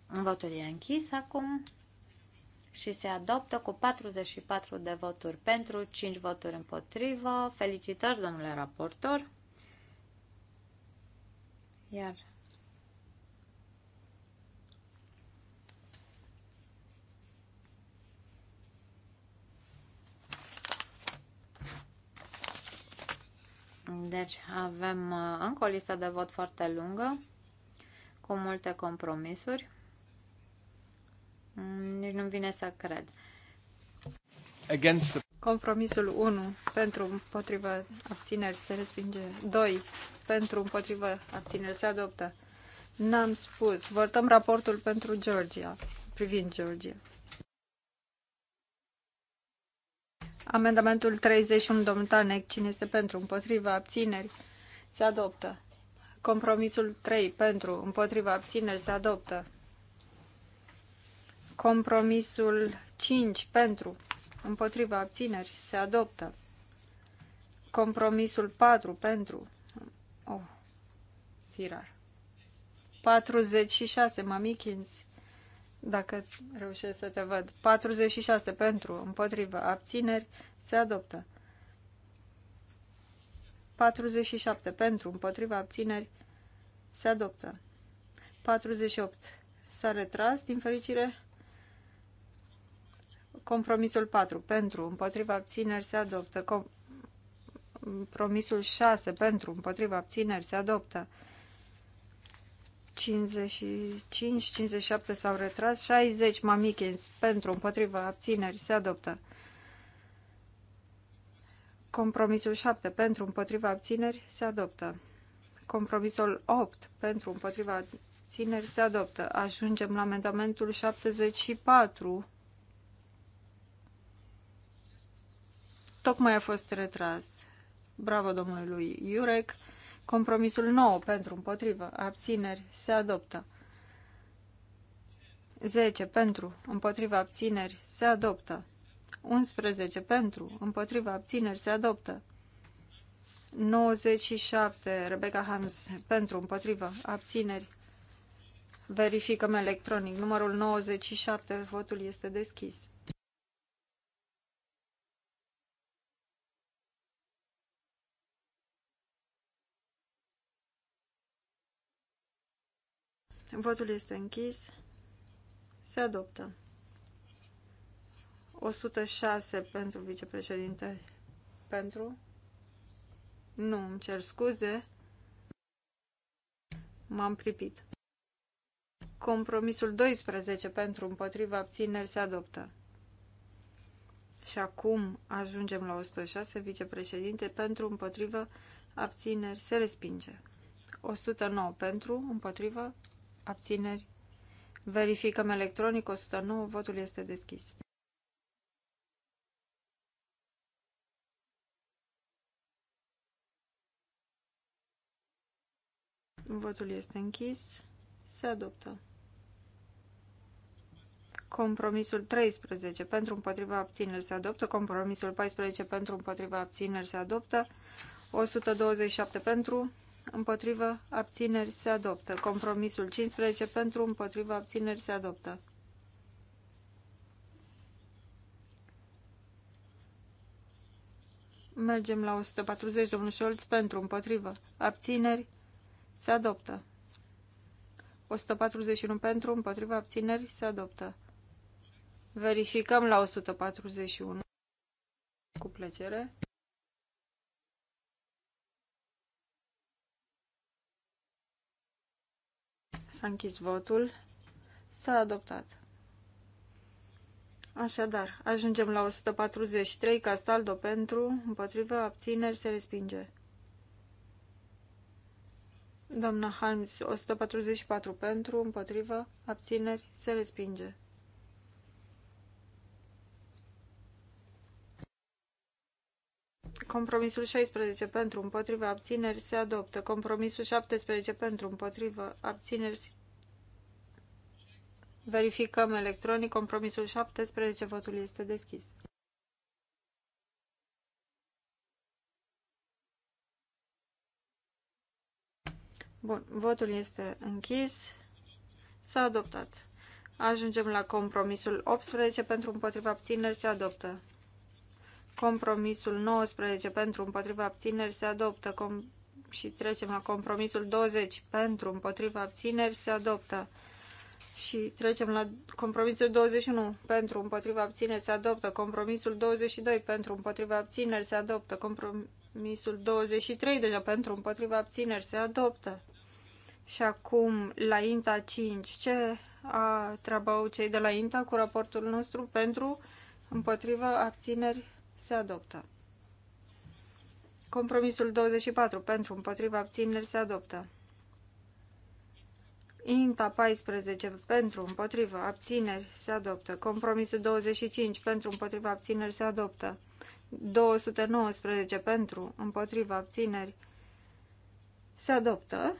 Votul e închis acum și se adoptă cu 44 de voturi pentru, 5 voturi împotrivă. Felicitări, domnule raportor! Iar Deci avem uh, încă o listă de vot foarte lungă, cu multe compromisuri. Mm, nici nu-mi vine să cred. Against... Compromisul 1 pentru împotriva abțineri se respinge. 2 pentru împotriva abțineri se adoptă. N-am spus. Votăm raportul pentru Georgia, privind Georgia. Amendamentul 31, domnul Tanec, cine este pentru, împotriva, abțineri, se adoptă. Compromisul 3, pentru, împotriva, abțineri, se adoptă. Compromisul 5 pentru, împotriva abțineri, se adoptă. Compromisul 4 pentru, oh, firar. 46, mamichins, dacă reușesc să te văd. 46 pentru, împotriva abțineri, se adoptă. 47 pentru, împotriva abțineri, se adoptă. 48 s-a retras, din fericire. Compromisul 4 pentru, împotriva abțineri se adoptă. Compromisul 6 pentru, împotriva abțineri se adoptă. 55, 57 s-au retras, 60 mamichins pentru, împotriva abțineri se adoptă. Compromisul 7 pentru, împotriva abțineri se adoptă. Compromisul 8 pentru, împotriva abțineri se adoptă. Ajungem la amendamentul 74 tocmai a fost retras. Bravo domnului Iurec. Compromisul nou pentru împotrivă, abțineri, se adoptă. 10 pentru împotriva abțineri, se adoptă. 11 pentru împotriva abțineri, se adoptă. 97 Rebecca Hams pentru împotriva abțineri. Verificăm electronic. Numărul 97, votul este deschis. Votul este închis. Se adoptă. 106 pentru vicepreședinte. Pentru? Nu, îmi cer scuze. M-am pripit. Compromisul 12 pentru împotriva abțineri se adoptă. Și acum ajungem la 106, vicepreședinte, pentru împotrivă, abțineri, se respinge. 109 pentru, împotrivă, abțineri. Verificăm electronic 109, votul este deschis. Votul este închis. Se adoptă. Compromisul 13 pentru împotriva abțineri se adoptă. Compromisul 14 pentru împotriva abțineri se adoptă. 127 pentru împotrivă, abțineri, se adoptă. Compromisul 15 pentru, împotrivă, abțineri, se adoptă. Mergem la 140, domnul Șolț, pentru, împotrivă, abțineri, se adoptă. 141 pentru, împotriva abțineri, se adoptă. Verificăm la 141. Cu plăcere. S-a închis votul. S-a adoptat. Așadar, ajungem la 143, Castaldo pentru, împotrivă, abțineri, se respinge. Doamna Harms 144 pentru, împotrivă, abțineri, se respinge. Compromisul 16 pentru împotriva abțineri se adoptă. Compromisul 17 pentru împotriva abțineri se... Verificăm electronic. Compromisul 17. Votul este deschis. Bun, votul este închis. S-a adoptat. Ajungem la compromisul 18 pentru împotriva abțineri se adoptă. Compromisul 19 pentru împotriva abțineri se adoptă. Com- și trecem la compromisul 20 pentru împotriva abțineri se adoptă. Și trecem la compromisul 21 pentru împotriva abțineri se adoptă. Compromisul 22 pentru împotriva abțineri se adoptă. Compromisul 23 deja pentru împotriva abțineri se adoptă. Și acum la INTA 5. Ce a treabă cei de la INTA cu raportul nostru pentru împotriva abțineri se adoptă. Compromisul 24 pentru împotriva abțineri se adoptă. INTA 14 pentru împotriva abțineri se adoptă. Compromisul 25 pentru împotriva abțineri se adoptă. 219 pentru împotriva abțineri se adoptă.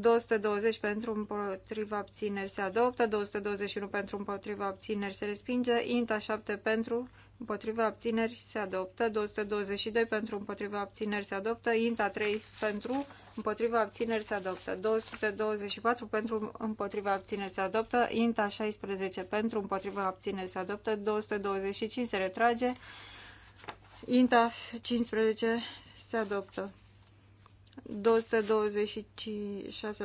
220 pentru împotriva abțineri se adoptă, 221 pentru împotriva abțineri se respinge, INTA 7 pentru împotriva abțineri se adoptă, 222 pentru împotriva abțineri se adoptă, INTA 3 pentru împotriva abțineri se adoptă, 224 pentru împotriva abțineri se adoptă, INTA 16 pentru împotriva abțineri se adoptă, 225 se retrage, INTA 15 se adoptă. 226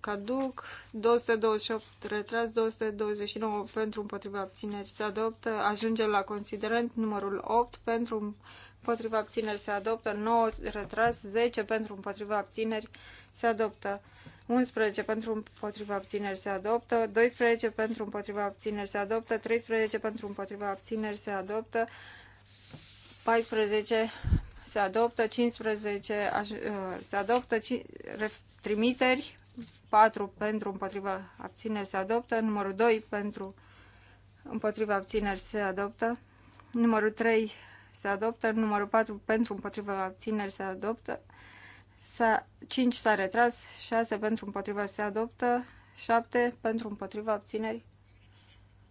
caduc, 228 retras, 229 pentru împotriva abțineri se adoptă, ajunge la considerent numărul 8 pentru împotriva abțineri se adoptă, 9 retras, 10 pentru împotriva abțineri se adoptă, 11 pentru împotriva abțineri se adoptă, 12 pentru împotriva abțineri se adoptă, 13 pentru împotriva abțineri se adoptă, 14 se adoptă 15, uh, se adoptă trimiteri, 4 pentru împotriva abțineri se adoptă, numărul 2 pentru împotriva abțineri se adoptă, numărul 3 se adoptă, numărul 4 pentru împotriva abțineri se adoptă, 5 s-a retras, 6 pentru împotriva se adoptă, 7 pentru împotriva abțineri.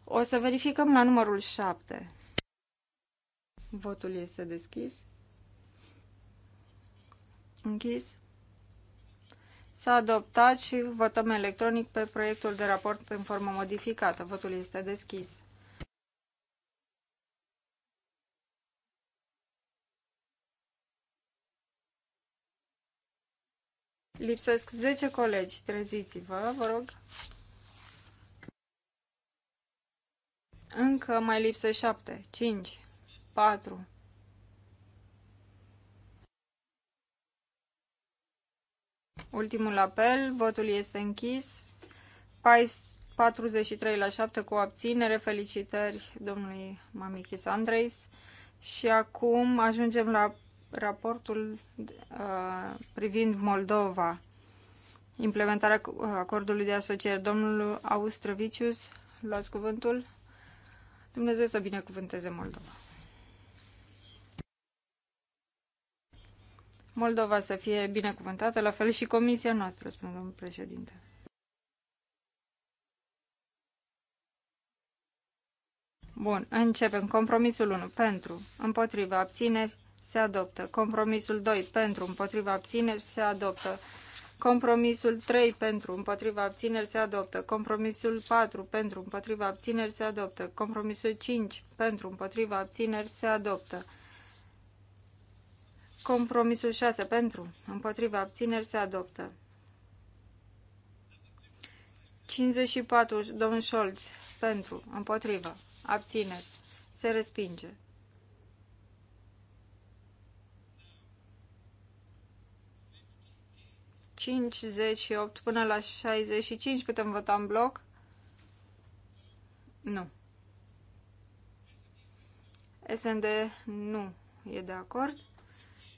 O să verificăm la numărul 7. Votul este deschis. Închis. S-a adoptat și votăm electronic pe proiectul de raport în formă modificată. Votul este deschis. Lipsesc 10 colegi. Treziți-vă, vă rog. Încă mai lipsă 7, 5, 4, Ultimul apel, votul este închis. 43 la 7 cu abținere. Felicitări domnului Mamichis Andreis. Și acum ajungem la raportul uh, privind Moldova. Implementarea uh, acordului de asociere. Domnul Austrăvicius, luați cuvântul. Dumnezeu să binecuvânteze Moldova. Moldova să fie binecuvântată, la fel și comisia noastră, spune domnul președinte. Bun, începem. Compromisul 1 pentru, împotriva abțineri, se adoptă. Compromisul 2 pentru, împotriva abțineri, se adoptă. Compromisul 3 pentru, împotriva abțineri, se adoptă. Compromisul 4 pentru, împotriva abțineri, se adoptă. Compromisul 5 pentru, împotriva abțineri, se adoptă. Compromisul 6 pentru, împotriva abțineri se adoptă. 54, domn Scholz, pentru, împotriva, abțineri, se respinge. 58 până la 65 putem vota în bloc? Nu. SND nu e de acord.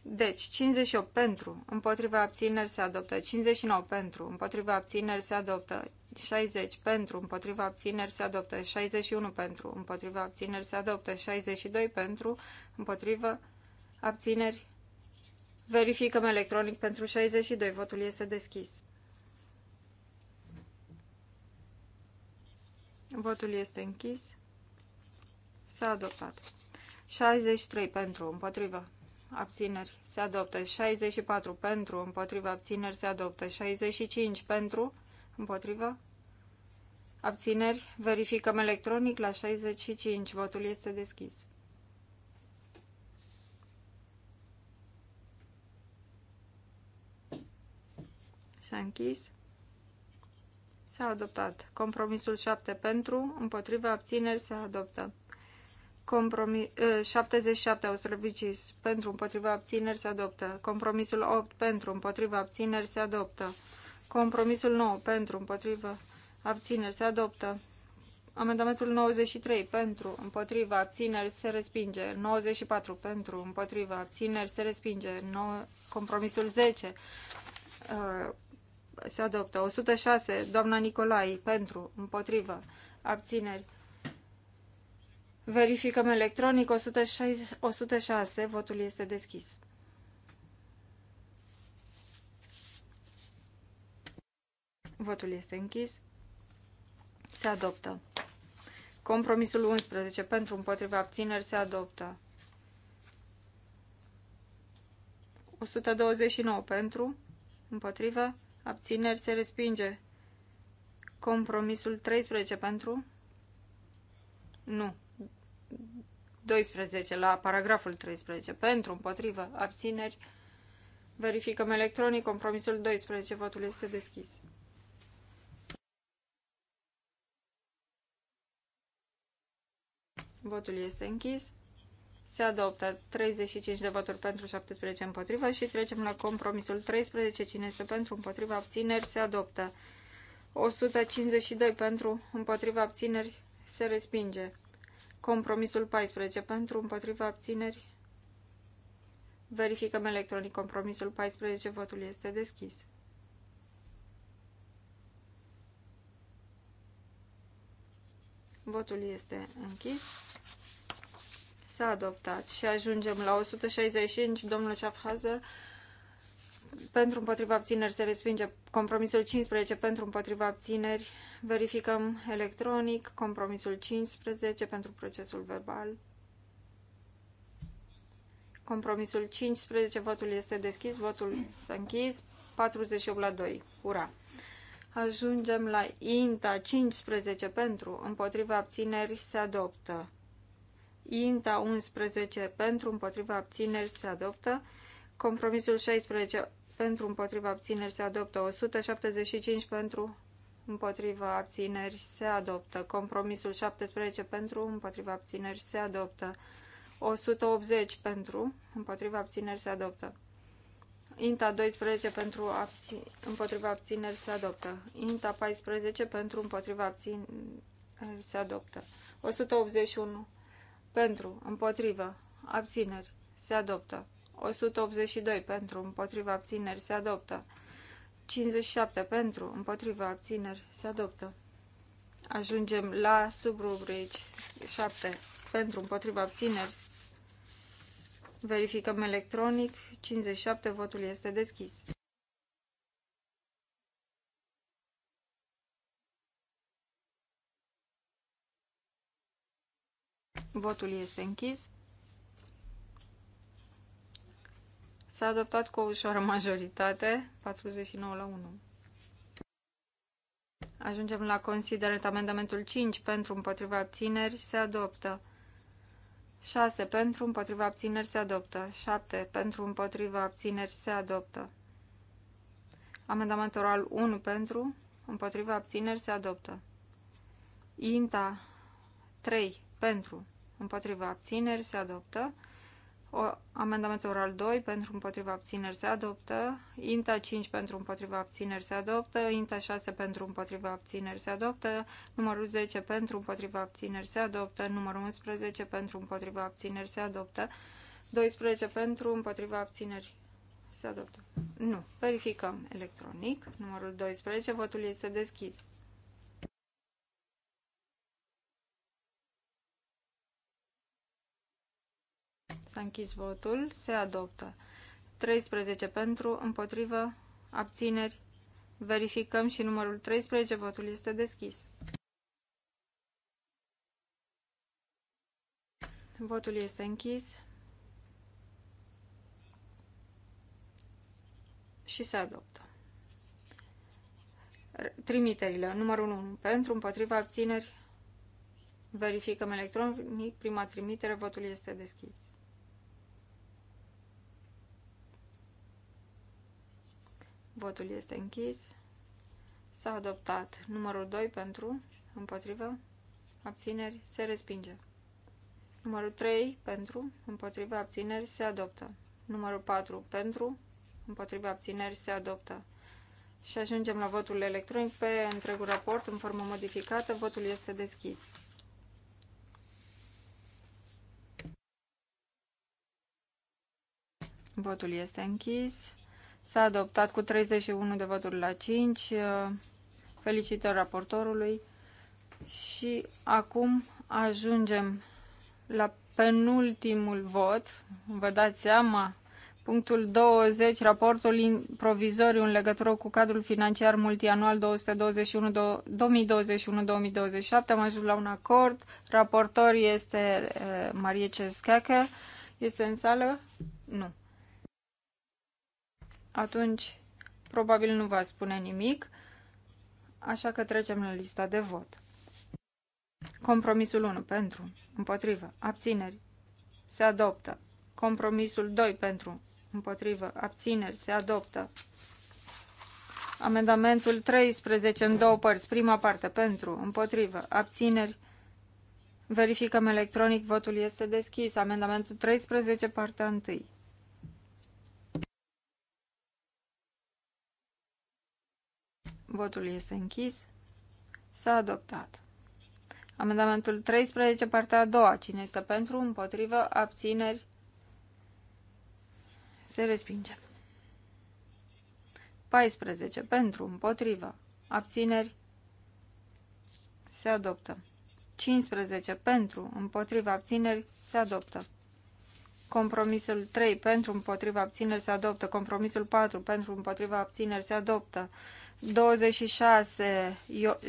Deci, 58 pentru, împotriva abțineri se adoptă, 59 pentru, împotriva abțineri se adoptă, 60 pentru, împotriva abțineri se adoptă, 61 pentru, împotriva abțineri se adoptă, 62 pentru, împotriva abțineri. Verificăm electronic pentru 62, votul este deschis. Votul este închis. S-a adoptat. 63 pentru, împotriva abțineri se adoptă. 64 pentru, împotriva abțineri se adoptă. 65 pentru, împotriva abțineri. Verificăm electronic la 65. Votul este deschis. S-a închis. S-a adoptat. Compromisul 7 pentru, împotriva abțineri se adoptă. Compromis, 77 uh, slăbicis. pentru împotriva abțineri se adoptă. Compromisul 8 pentru împotriva abțineri se adoptă. Compromisul 9 pentru împotriva abțineri se adoptă. Amendamentul 93 pentru împotriva abțineri se respinge. 94 pentru împotriva abțineri se respinge. No, compromisul 10 uh, se adoptă. 106 doamna Nicolai pentru împotriva abțineri Verificăm electronic 106, votul este deschis. Votul este închis. Se adoptă. Compromisul 11 pentru împotriva abțineri se adoptă. 129 pentru împotriva abțineri se respinge. Compromisul 13 pentru nu. 12 la paragraful 13. Pentru, împotrivă, abțineri. Verificăm electronic compromisul 12. Votul este deschis. Votul este închis. Se adoptă 35 de voturi pentru 17 împotrivă și trecem la compromisul 13. Cine este pentru împotriva abțineri se adoptă. 152 pentru împotriva abțineri se respinge. Compromisul 14 pentru, împotriva abțineri. Verificăm electronic compromisul 14, votul este deschis. Votul este închis. S-a adoptat și ajungem la 165, domnul Schaffhauser pentru împotriva abțineri se respinge. Compromisul 15 pentru împotriva abțineri. Verificăm electronic. Compromisul 15 pentru procesul verbal. Compromisul 15. Votul este deschis. Votul s-a închis. 48 la 2. Ura! Ajungem la INTA 15 pentru împotriva abțineri se adoptă. INTA 11 pentru împotriva abțineri se adoptă. Compromisul 16 pentru împotriva abțineri se adoptă 175 pentru împotriva abțineri se adoptă. Compromisul 17 pentru împotriva abțineri se adoptă. 180 pentru împotriva abțineri se adoptă. INTA 12 pentru abțin... împotriva abțineri se adoptă. INTA 14 pentru împotriva abțineri se adoptă. 181 pentru împotriva abțineri se adoptă. 182 pentru, împotriva abțineri se adoptă. 57 pentru, împotriva abțineri se adoptă. Ajungem la subrubrici 7 pentru, împotriva abțineri. Verificăm electronic. 57 votul este deschis. Votul este închis. S-a adoptat cu o ușoară majoritate, 49 la 1. Ajungem la considerent amendamentul 5 pentru împotriva abțineri se adoptă. 6 pentru împotriva abțineri se adoptă. 7 pentru împotriva abțineri se adoptă. Amendamentul oral 1 pentru împotriva abțineri se adoptă. INTA 3 pentru împotriva abțineri se adoptă. O, amendamentul oral 2 pentru împotriva abțineri se adoptă. INTA 5 pentru împotriva abțineri se adoptă. INTA 6 pentru împotriva abțineri se adoptă. Numărul 10 pentru împotriva abțineri se adoptă. Numărul 11 pentru împotriva abțineri se adoptă. 12 pentru împotriva abțineri se adoptă. Nu. Verificăm electronic. Numărul 12. Votul este deschis. s închis votul. Se adoptă. 13 pentru, împotrivă, abțineri. Verificăm și numărul 13. Votul este deschis. Votul este închis. Și se adoptă. Trimiterile. Numărul 1. Pentru, împotriva, abțineri. Verificăm electronic. Prima trimitere. Votul este deschis. Votul este închis. S-a adoptat numărul 2 pentru, împotrivă, abțineri, se respinge. Numărul 3 pentru, împotrivă, abțineri, se adoptă. Numărul 4 pentru, împotrivă, abțineri, se adoptă. Și ajungem la votul electronic pe întregul raport în formă modificată. Votul este deschis. Votul este închis. S-a adoptat cu 31 de voturi la 5. Felicitări raportorului. Și acum ajungem la penultimul vot. Vă dați seama? Punctul 20, raportul provizoriu în legătură cu cadrul financiar multianual 2021-2027. Am ajuns la un acord. Raportor este eh, Marie Cescheche. Este în sală? Nu atunci probabil nu va spune nimic, așa că trecem la lista de vot. Compromisul 1 pentru, împotrivă, abțineri, se adoptă. Compromisul 2 pentru, împotrivă, abțineri, se adoptă. Amendamentul 13 în două părți, prima parte pentru, împotrivă, abțineri, verificăm electronic, votul este deschis. Amendamentul 13, partea 1. Votul este închis. S-a adoptat. Amendamentul 13, partea a doua. Cine este pentru, împotrivă, abțineri, se respinge. 14. Pentru, împotrivă, abțineri, se adoptă. 15. Pentru, împotrivă, abțineri, se adoptă. Compromisul 3. Pentru, împotrivă, abțineri, se adoptă. Compromisul 4. Pentru, împotrivă, abțineri, se adoptă. 26,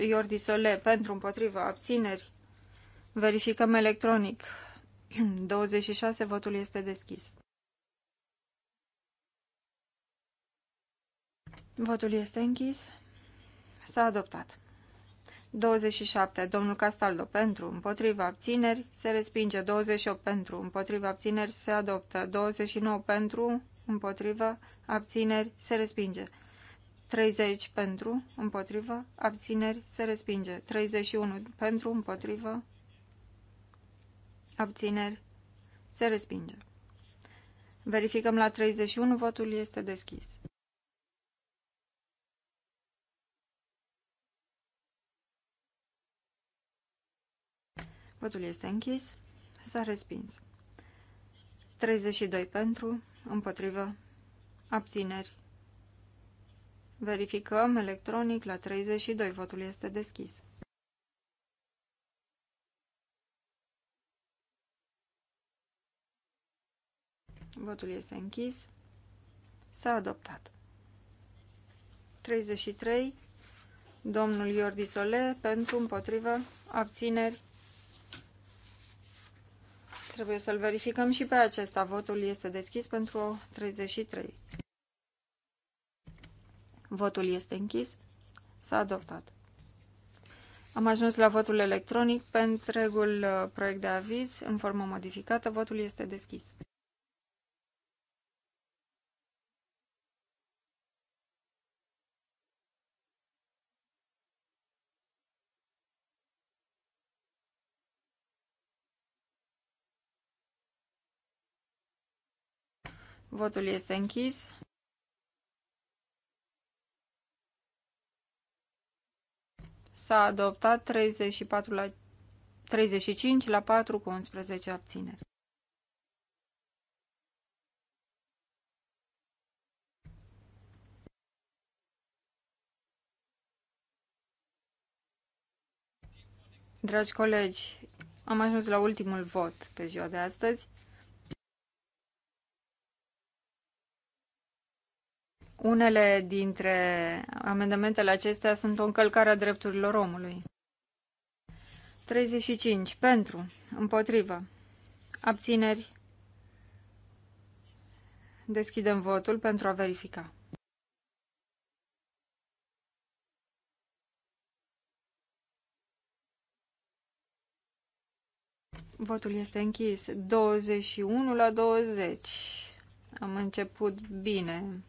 Iordi Sole, pentru, împotriva, abțineri. Verificăm electronic. 26, votul este deschis. Votul este închis. S-a adoptat. 27. Domnul Castaldo pentru, împotriva abțineri, se respinge. 28 pentru, împotriva abțineri, se adoptă. 29 pentru, împotriva abțineri, se respinge. 30 pentru, împotrivă, abțineri, se respinge. 31 pentru, împotrivă, abțineri, se respinge. Verificăm la 31, votul este deschis. Votul este închis. S-a respins. 32 pentru, împotrivă, abțineri, Verificăm electronic la 32. Votul este deschis. Votul este închis. S-a adoptat. 33. Domnul Iordi Sole pentru împotrivă abțineri. Trebuie să-l verificăm și pe acesta. Votul este deschis pentru 33. Votul este închis. S-a adoptat. Am ajuns la votul electronic pentru întregul uh, proiect de aviz în formă modificată. Votul este deschis. Votul este închis. s-a adoptat 34 la 35 la 4 cu 11 abțineri. Dragi colegi, am ajuns la ultimul vot pe ziua de astăzi. Unele dintre amendamentele acestea sunt o încălcare a drepturilor omului. 35. Pentru. Împotrivă. Abțineri. Deschidem votul pentru a verifica. Votul este închis. 21 la 20. Am început bine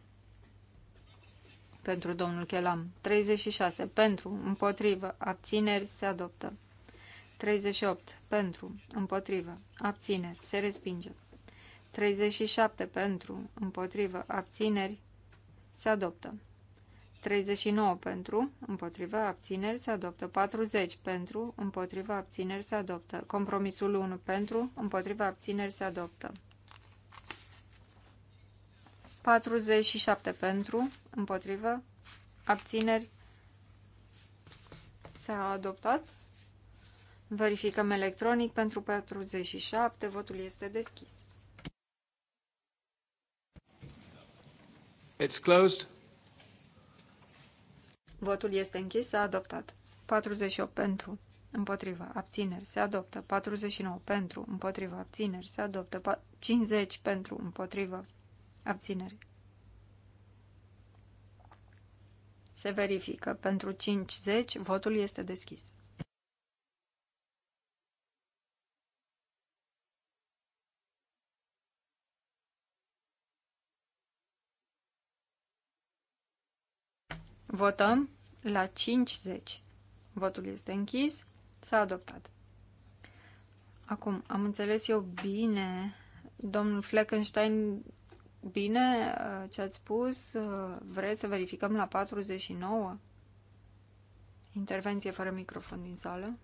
pentru domnul Chelam. 36 pentru, împotrivă, abțineri se adoptă. 38 pentru, împotrivă, abțineri se respinge. 37 pentru, împotrivă, abțineri se adoptă. 39 pentru, împotriva abțineri se adoptă. 40 pentru, împotriva abțineri se adoptă. Compromisul 1 pentru, împotriva abțineri se adoptă. 47 pentru, împotrivă, abțineri, s-a adoptat. Verificăm electronic pentru 47, votul este deschis. It's closed. Votul este închis, s-a adoptat. 48 pentru, împotrivă, abțineri, se adoptă. 49 pentru, împotrivă, abțineri, se adoptă. 50 pentru, împotrivă, Abținere. Se verifică. Pentru 50, votul este deschis. Votăm la 50. Votul este închis. S-a adoptat. Acum, am înțeles eu bine. Domnul Fleckenstein Bine, uh, ce ați spus, uh, vreți să verificăm la 49? Intervenție fără microfon din sală.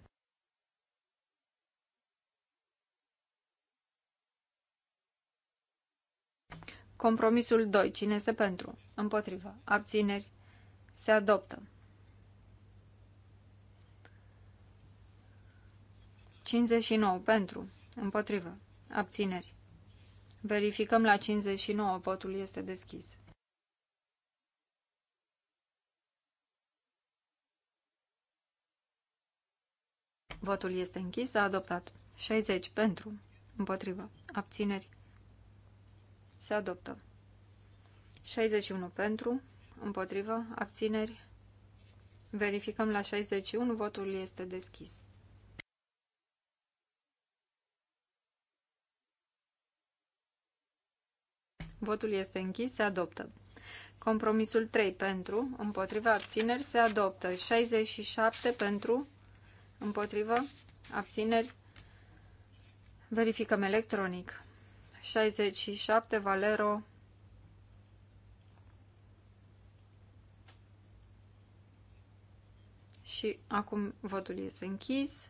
Compromisul 2. Cine este pentru? Împotriva. Abțineri. Se adoptă. 59. Pentru. Împotrivă. Abțineri. Verificăm la 59, votul este deschis. Votul este închis, a adoptat. 60 pentru, împotrivă, abțineri. Se adoptă. 61 pentru, împotrivă, abțineri. Verificăm la 61, votul este deschis. Votul este închis, se adoptă. Compromisul 3 pentru, împotriva abțineri, se adoptă. 67 pentru, împotriva abțineri, verificăm electronic. 67 Valero și acum votul este închis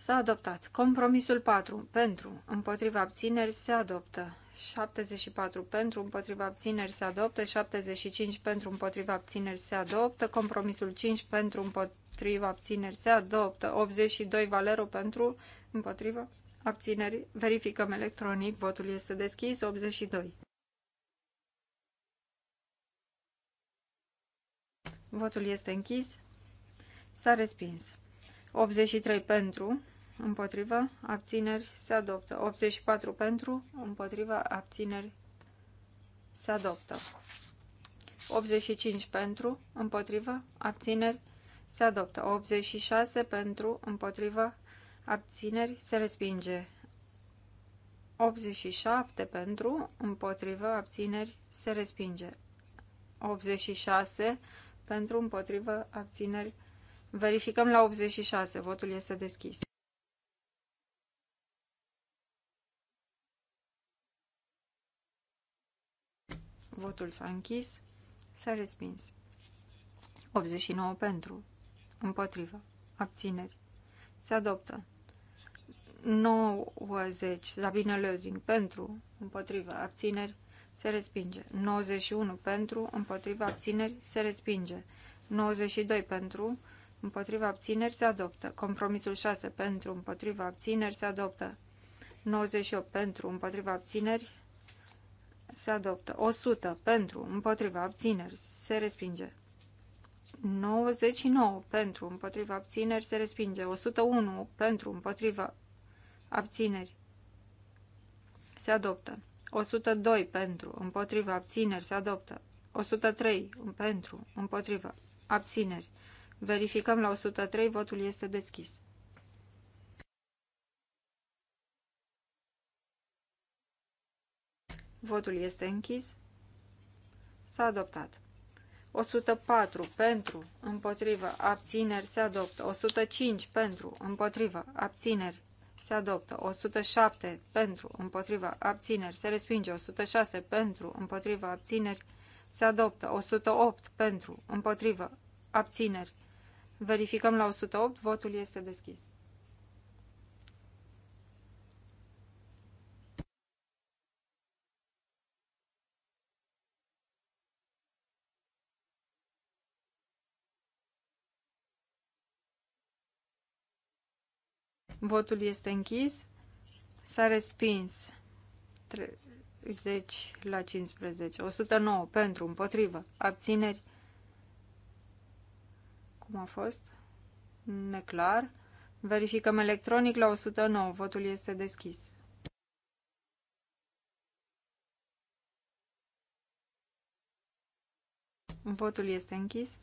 S-a adoptat. Compromisul 4. Pentru. Împotriva abțineri se adoptă. 74 pentru, împotriva abțineri se adoptă. 75 pentru, împotriva abțineri se adoptă. Compromisul 5 pentru, împotriva abțineri se adoptă. 82 Valero pentru, împotriva abțineri. Verificăm electronic. Votul este deschis. 82. Votul este închis. S-a respins. 83 pentru, Împotrivă. abțineri, se adoptă. 84 pentru, Împotrivă. abțineri, se adoptă. 85 pentru, Împotrivă. abțineri, se adoptă. 86 pentru, Împotrivă. abțineri, se respinge. 87 pentru, împotrivă, abțineri, se respinge. 86 pentru, împotrivă, abțineri. Verificăm la 86. Votul este deschis. Votul s-a închis. S-a respins. 89 pentru. Împotrivă. Abțineri. Se adoptă. 90. Sabine Lozing pentru. Împotrivă. Abțineri. Se respinge. 91 pentru. Împotrivă. Abțineri. Se respinge. 92 pentru. Împotriva abțineri se adoptă. Compromisul 6 pentru împotriva abțineri se adoptă. 98 pentru împotriva abțineri se adoptă. 100 pentru, împotriva, abțineri, se respinge. 99 pentru, împotriva, abțineri, se respinge. 101 pentru, împotriva, abțineri, se adoptă. 102 pentru, împotriva, abțineri, se adoptă. 103 pentru, împotriva, abțineri. Verificăm la 103, votul este deschis. Votul este închis. S-a adoptat. 104 pentru, împotrivă, abțineri, se adoptă. 105 pentru, împotrivă, abțineri, se adoptă. 107 pentru, împotrivă, abțineri, se respinge. 106 pentru, împotrivă, abțineri, se adoptă. 108 pentru, împotrivă, abțineri. Verificăm la 108, votul este deschis. Votul este închis. S-a respins. 30 la 15. 109 pentru, împotrivă. Abțineri. Cum a fost? Neclar. Verificăm electronic la 109. Votul este deschis. Votul este închis.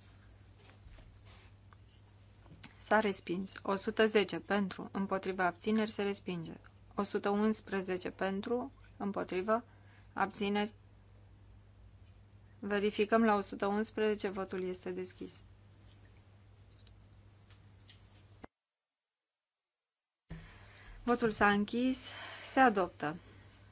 S-a respins. 110 pentru, împotriva abțineri se respinge. 111 pentru, împotriva abțineri. Verificăm la 111, votul este deschis. Votul s-a închis, se adoptă.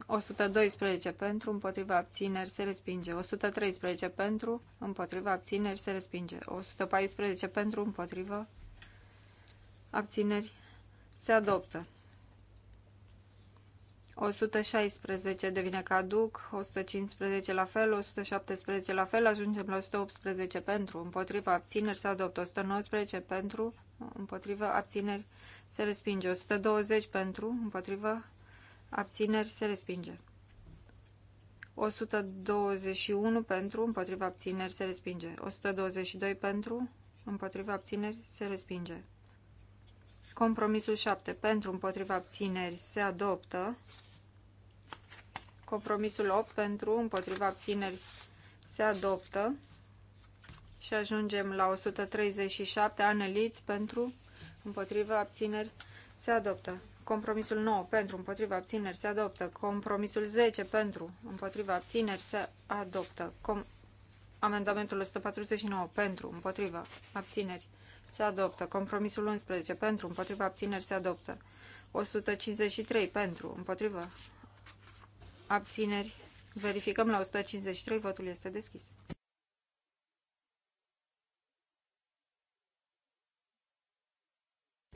112 pentru, împotriva abțineri se respinge. 113 pentru, împotriva abțineri se respinge. 114 pentru, împotriva abțineri, se adoptă. 116 devine caduc, 115 la fel, 117 la fel, ajungem la 118 pentru, împotriva abțineri se adoptă, 119 pentru, împotriva abțineri se respinge, 120 pentru, împotriva abțineri se respinge. 121 pentru, împotriva abțineri se respinge. 122 pentru, împotriva abțineri se respinge. Compromisul 7 pentru împotriva abțineri se adoptă. Compromisul 8 pentru împotriva abțineri se adoptă. Și ajungem la 137 aneliți pentru împotriva abțineri se adoptă. Compromisul 9 pentru împotriva abțineri se adoptă. Compromisul 10 pentru împotriva abțineri se adoptă. Com Amendamentul 149 pentru împotriva abțineri se se adoptă. Compromisul 11 pentru, împotriva abțineri se adoptă. 153 pentru, împotriva abțineri. Verificăm la 153, votul este deschis.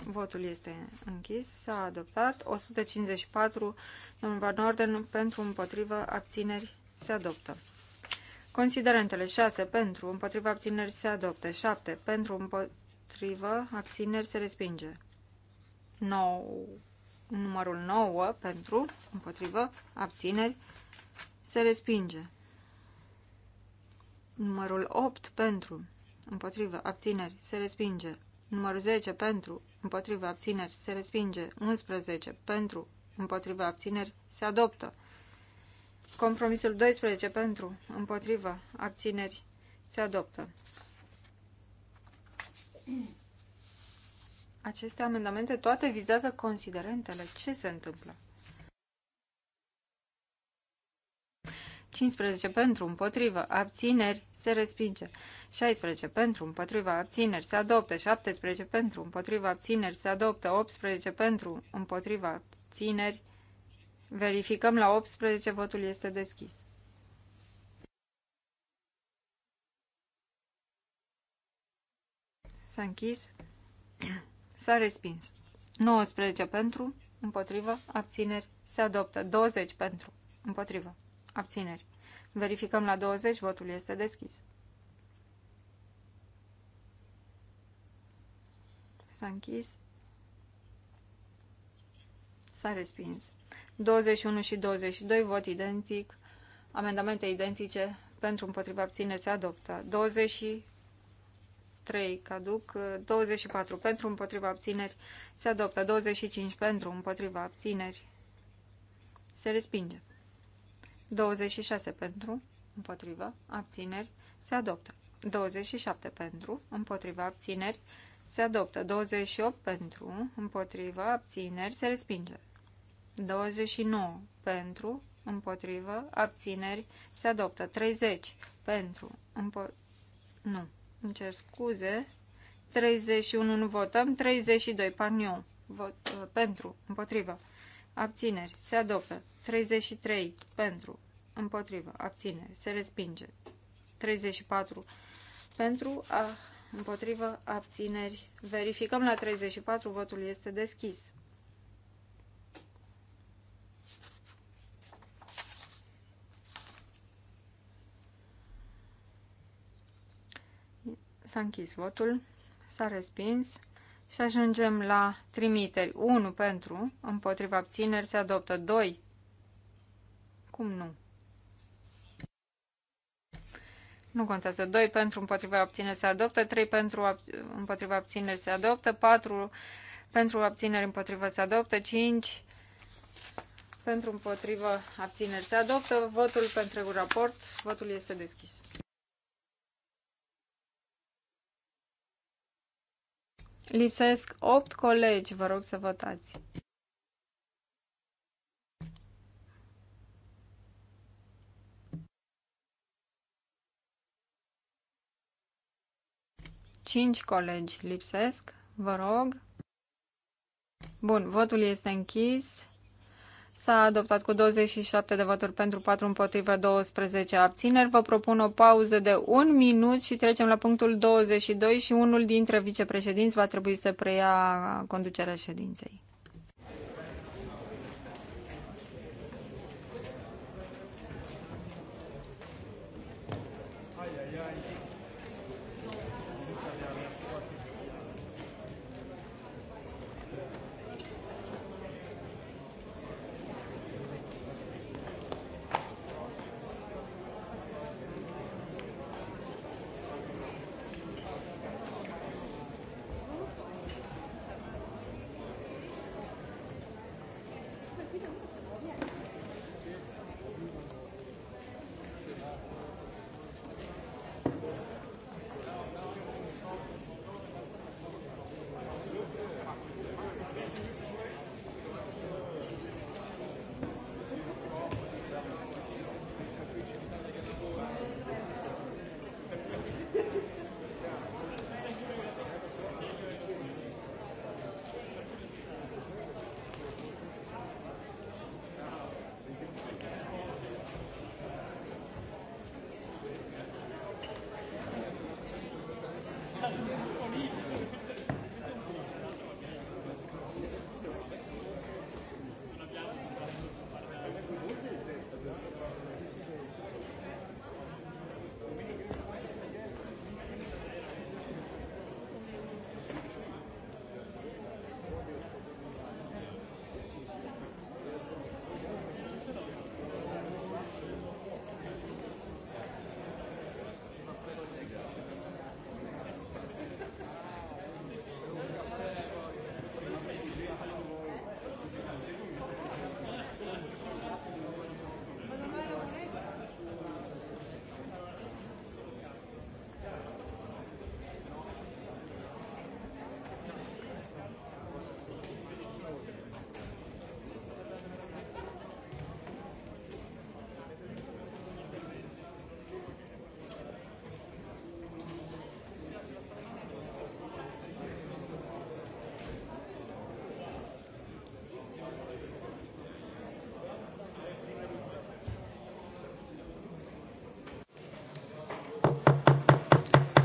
Votul este închis. S-a adoptat. 154, domnul Van Orden, pentru, Împotriva abțineri, se adoptă. Considerentele 6 pentru, împotriva abțineri se adoptă, 7 pentru, împotrivă, abțineri se respinge. 9, numărul 9 pentru, împotrivă, abțineri se respinge. Numărul 8 pentru, împotrivă, abțineri se respinge. Numărul 10 pentru, împotrivă, abțineri se respinge. 11 pentru, împotrivă, abțineri se adoptă. Compromisul 12 pentru, împotrivă, abțineri se adoptă. Aceste amendamente toate vizează considerentele. Ce se întâmplă? 15 pentru, împotrivă, abțineri, se respinge. 16 pentru, împotrivă, abțineri, se adoptă. 17 pentru, împotrivă, abțineri, se adoptă. 18 pentru, împotrivă, abțineri. Verificăm la 18, votul este deschis. S-a închis. S-a respins. 19 pentru, împotrivă, abțineri. Se adoptă. 20 pentru, împotrivă, abțineri. Verificăm la 20, votul este deschis. S-a închis. S-a respins. 21 și 22, vot identic. Amendamente identice pentru împotriva abțineri se adoptă. 20 3 caduc, 24 pentru împotriva abțineri se adoptă, 25 pentru împotriva abțineri se respinge, 26 pentru împotriva abțineri se adoptă, 27 pentru împotriva abțineri se adoptă, 28 pentru împotriva abțineri se respinge, 29 pentru împotriva abțineri, se adoptă. 30 pentru, împo nu, îmi cer scuze. 31 nu votăm. 32 Parniu. Vot, uh, pentru. Împotrivă. Abțineri. Se adoptă. 33 pentru. Împotrivă. Abțineri. Se respinge. 34 pentru. A, împotrivă. Abțineri. Verificăm la 34. Votul este deschis. S-a închis votul. S-a respins. Și ajungem la trimiteri. 1 pentru, împotriva abțineri, se adoptă 2. Cum nu? Nu contează. 2 pentru, împotriva abțineri, se adoptă. 3 pentru, ab... împotriva abțineri, se adoptă. 4 pentru, abțineri, împotriva, se adoptă. 5 pentru, împotriva, abțineri, se adoptă. Votul pentru raport. Votul este deschis. Lipsesc 8 colegi, vă rog să votați. Cinci colegi lipsesc, vă rog. Bun, votul este închis. S-a adoptat cu 27 de voturi pentru 4 împotrivă 12 abțineri. Vă propun o pauză de un minut și trecem la punctul 22 și unul dintre vicepreședinți va trebui să preia conducerea ședinței.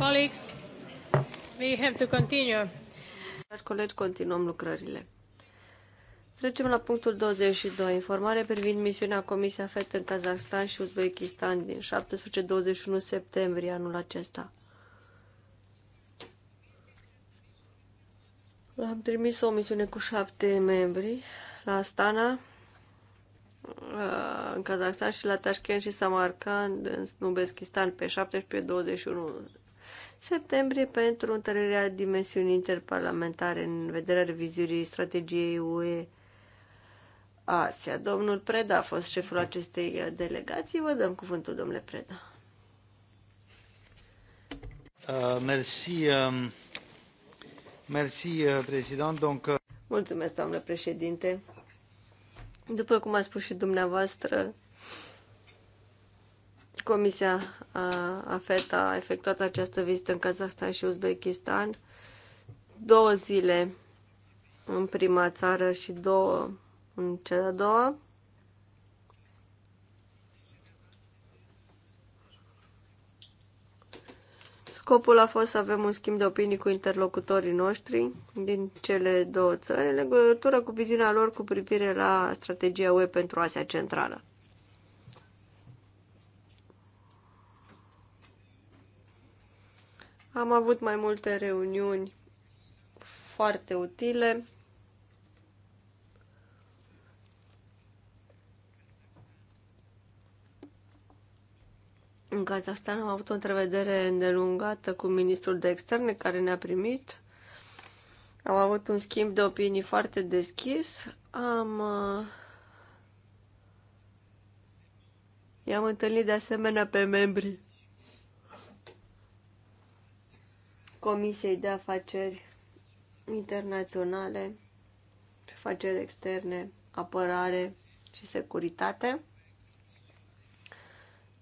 Dragi colegi, continuăm lucrările. Trecem la punctul 22. Informare privind misiunea Comisia FET în Kazahstan și Uzbekistan din 17-21 septembrie anul acesta. Am trimis o misiune cu șapte membri la Astana, în Kazakhstan și la Tashkent și Samarkand, în Uzbekistan, pe 17-21 septembrie pentru întărirea dimensiunii interparlamentare în vederea revizuirii strategiei UE Asia. Domnul Preda a fost șeful acestei delegații. Vă dăm cuvântul, domnule Preda. Uh, merci, uh, merci, uh, président. Donc, uh, Mulțumesc, doamnă președinte. După cum a spus și dumneavoastră, Comisia AFET a efectuat această vizită în Kazahstan și Uzbekistan. Două zile în prima țară și două în cea de-a doua. Scopul a fost să avem un schimb de opinii cu interlocutorii noștri din cele două țări în legătură cu viziunea lor cu privire la strategia UE pentru Asia Centrală. Am avut mai multe reuniuni foarte utile. În Kazahstan am avut o întrevedere îndelungată cu ministrul de externe care ne-a primit. Am avut un schimb de opinii foarte deschis. Am... Uh, i-am întâlnit de asemenea pe membrii Comisiei de Afaceri Internaționale, Afaceri Externe, Apărare și Securitate.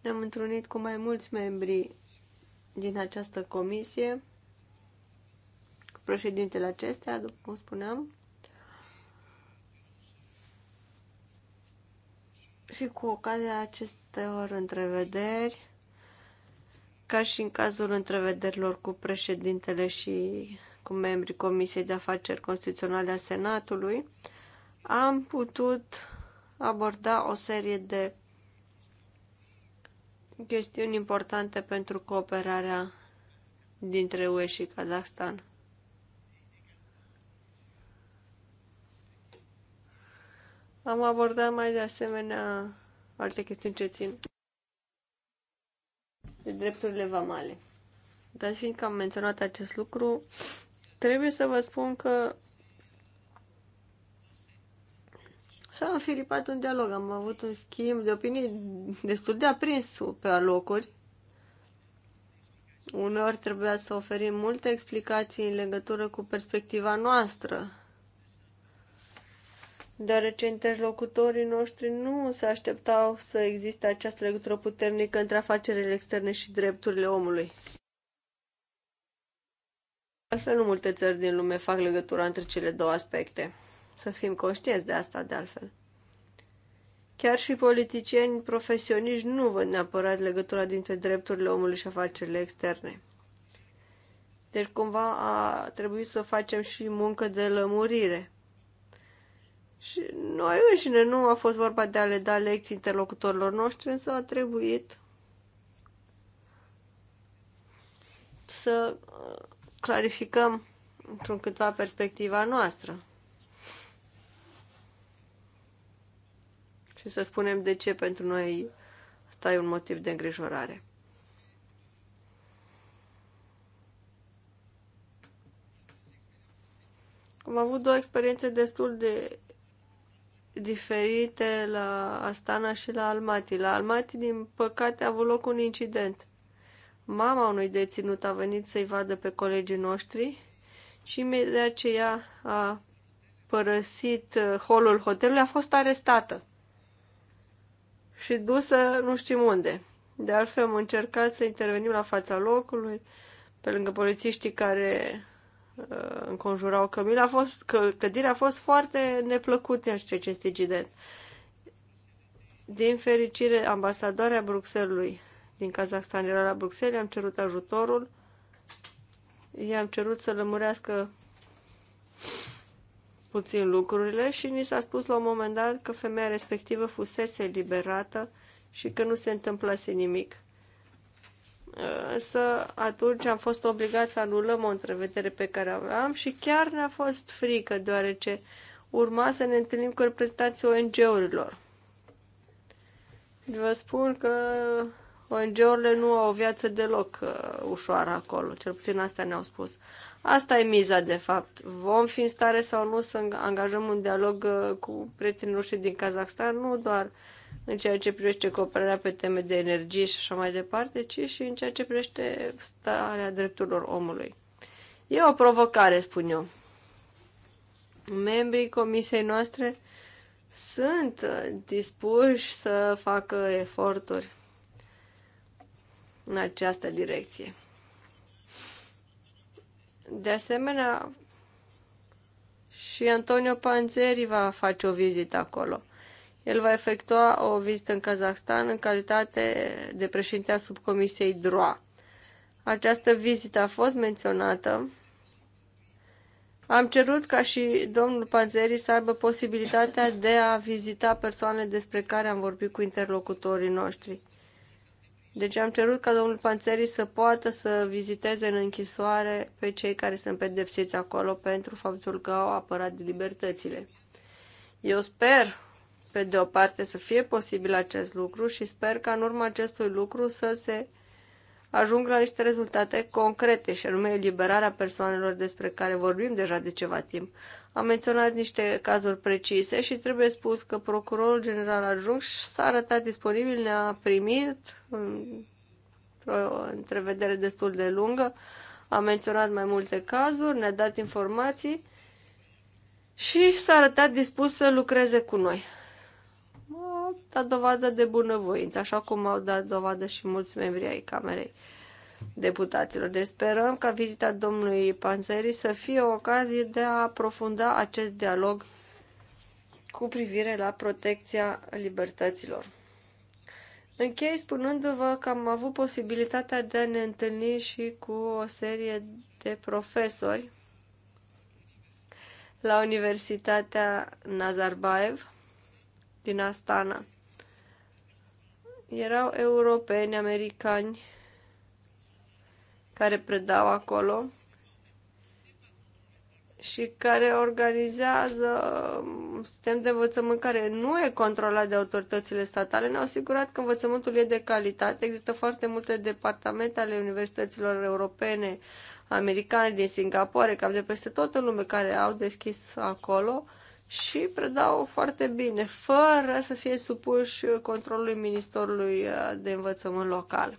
Ne-am întrunit cu mai mulți membri din această comisie, cu președintele acestea, după cum spuneam, și cu ocazia acestor întrevederi ca și în cazul întrevederilor cu președintele și cu membrii Comisiei de Afaceri Constituționale a Senatului, am putut aborda o serie de chestiuni importante pentru cooperarea dintre UE și Kazahstan. Am abordat mai de asemenea alte chestiuni ce țin de drepturile vamale. Dar fiindcă am menționat acest lucru, trebuie să vă spun că s-a înfilipat un dialog, am avut un schimb de opinii destul de aprins pe alocuri. Uneori trebuia să oferim multe explicații în legătură cu perspectiva noastră deoarece interlocutorii noștri nu se așteptau să existe această legătură puternică între afacerile externe și drepturile omului. Altfel, nu multe țări din lume fac legătura între cele două aspecte. Să fim conștienți de asta, de altfel. Chiar și politicieni profesioniști nu văd neapărat legătura dintre drepturile omului și afacerile externe. Deci cumva a trebuit să facem și muncă de lămurire. Și noi înșine nu a fost vorba de a le da lecții interlocutorilor noștri, însă a trebuit să uh, clarificăm într-un câtva perspectiva noastră. Și să spunem de ce pentru noi asta e un motiv de îngrijorare. Am avut două experiențe destul de diferite la Astana și la Almaty. La Almaty, din păcate, a avut loc un incident. Mama unui deținut a venit să-i vadă pe colegii noștri și de aceea a părăsit uh, holul hotelului, a fost arestată și dusă nu știm unde. De altfel, am încercat să intervenim la fața locului, pe lângă polițiștii care Uh, înconjurau cămin a fost, că, clădirea a fost foarte neplăcută în acest incident. Din fericire, ambasadoarea Bruxellesului din Kazakhstan era la Bruxelles, am cerut ajutorul, i-am cerut să lămurească puțin lucrurile și ni s-a spus la un moment dat că femeia respectivă fusese liberată și că nu se întâmplase nimic însă atunci am fost obligat să anulăm o întrevedere pe care aveam și chiar ne-a fost frică, deoarece urma să ne întâlnim cu reprezentanții ONG-urilor. Vă spun că ONG-urile nu au o viață deloc uh, ușoară acolo, cel puțin asta ne-au spus. Asta e miza, de fapt. Vom fi în stare sau nu să angajăm un dialog uh, cu prietenii noștri din Kazakhstan, nu doar uh, în ceea ce privește cooperarea pe teme de energie și așa mai departe, ci și în ceea ce privește starea drepturilor omului. E o provocare, spun eu. Membrii comisiei noastre sunt dispuși să facă eforturi în această direcție. De asemenea, și Antonio Panzeri va face o vizită acolo. El va efectua o vizită în Kazahstan în calitate de președinte a subcomisiei DROA. Această vizită a fost menționată. Am cerut ca și domnul Panzeri să aibă posibilitatea de a vizita persoane despre care am vorbit cu interlocutorii noștri. Deci am cerut ca domnul Panzeri să poată să viziteze în închisoare pe cei care sunt pedepsiți acolo pentru faptul că au apărat libertățile. Eu sper pe de o parte, să fie posibil acest lucru și sper ca în urma acestui lucru să se ajung la niște rezultate concrete, și anume eliberarea persoanelor despre care vorbim deja de ceva timp. Am menționat niște cazuri precise și trebuie spus că procurorul general și s-a arătat disponibil, ne-a primit într-o întrevedere destul de lungă, a menționat mai multe cazuri, ne-a dat informații și s-a arătat dispus să lucreze cu noi. Au dat dovadă de bunăvoință, așa cum au dat dovadă și mulți membri ai Camerei deputaților. Deci sperăm ca vizita domnului Panzeri să fie o ocazie de a aprofunda acest dialog cu privire la protecția libertăților. Închei spunându-vă că am avut posibilitatea de a ne întâlni și cu o serie de profesori la Universitatea Nazarbayev din Astana. Erau europeni, americani care predau acolo și care organizează un um, sistem de învățământ care nu e controlat de autoritățile statale, ne-au asigurat că învățământul e de calitate. Există foarte multe departamente ale universităților europene, americane, din Singapore, cam de peste tot în lume, care au deschis acolo uh, și predau foarte bine, fără să fie supuși controlului Ministerului uh, de Învățământ Local.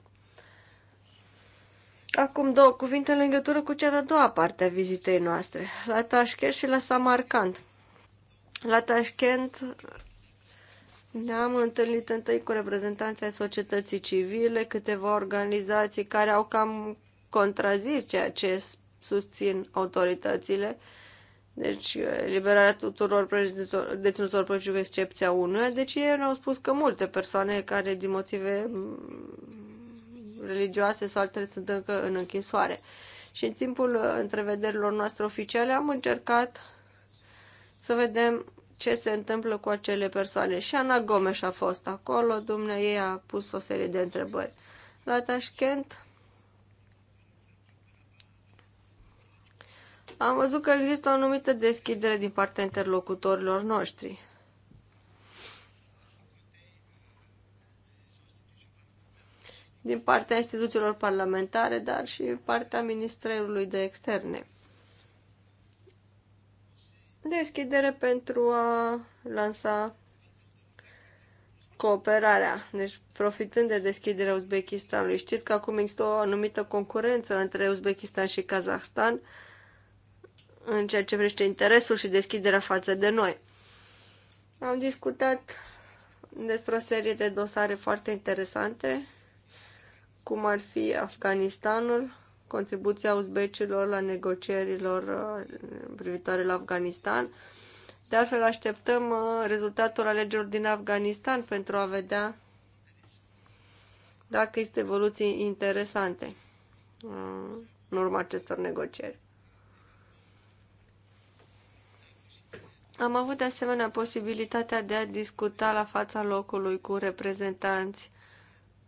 Acum două cuvinte în legătură cu cea de-a doua parte a vizitei noastre, la Tashkent și la Samarkand. La Tashkent ne-am întâlnit întâi cu reprezentanții societății civile, câteva organizații care au cam contrazis ceea ce susțin autoritățile, uh, deci, liberarea tuturor deținuților politici cu excepția unuia. Deci, ei ne-au spus că multe persoane care, din motive religioase sau altele, sunt încă în închisoare. Și în timpul uh, întrevederilor noastre oficiale am încercat să vedem ce se întâmplă cu acele persoane. Și Ana Gomes a fost acolo, dumnea ei a pus o serie de întrebări. La Tashkent am văzut că există o anumită deschidere din partea interlocutorilor noștri. din partea instituțiilor parlamentare, dar și partea Ministerului de Externe. Deschidere pentru a lansa cooperarea. Deci, profitând de deschiderea Uzbekistanului, știți că acum există o anumită concurență între Uzbekistan și Kazahstan, în ceea ce vrește interesul și deschiderea față de noi. Am discutat despre o serie de dosare foarte interesante, cum ar fi Afganistanul, contribuția uzbecilor la negocierilor uh, privitoare la Afganistan. De altfel, așteptăm uh, rezultatul alegerilor din Afganistan pentru a vedea dacă există evoluții interesante uh, în urma acestor negocieri. Am avut de asemenea posibilitatea de a discuta la fața locului cu reprezentanți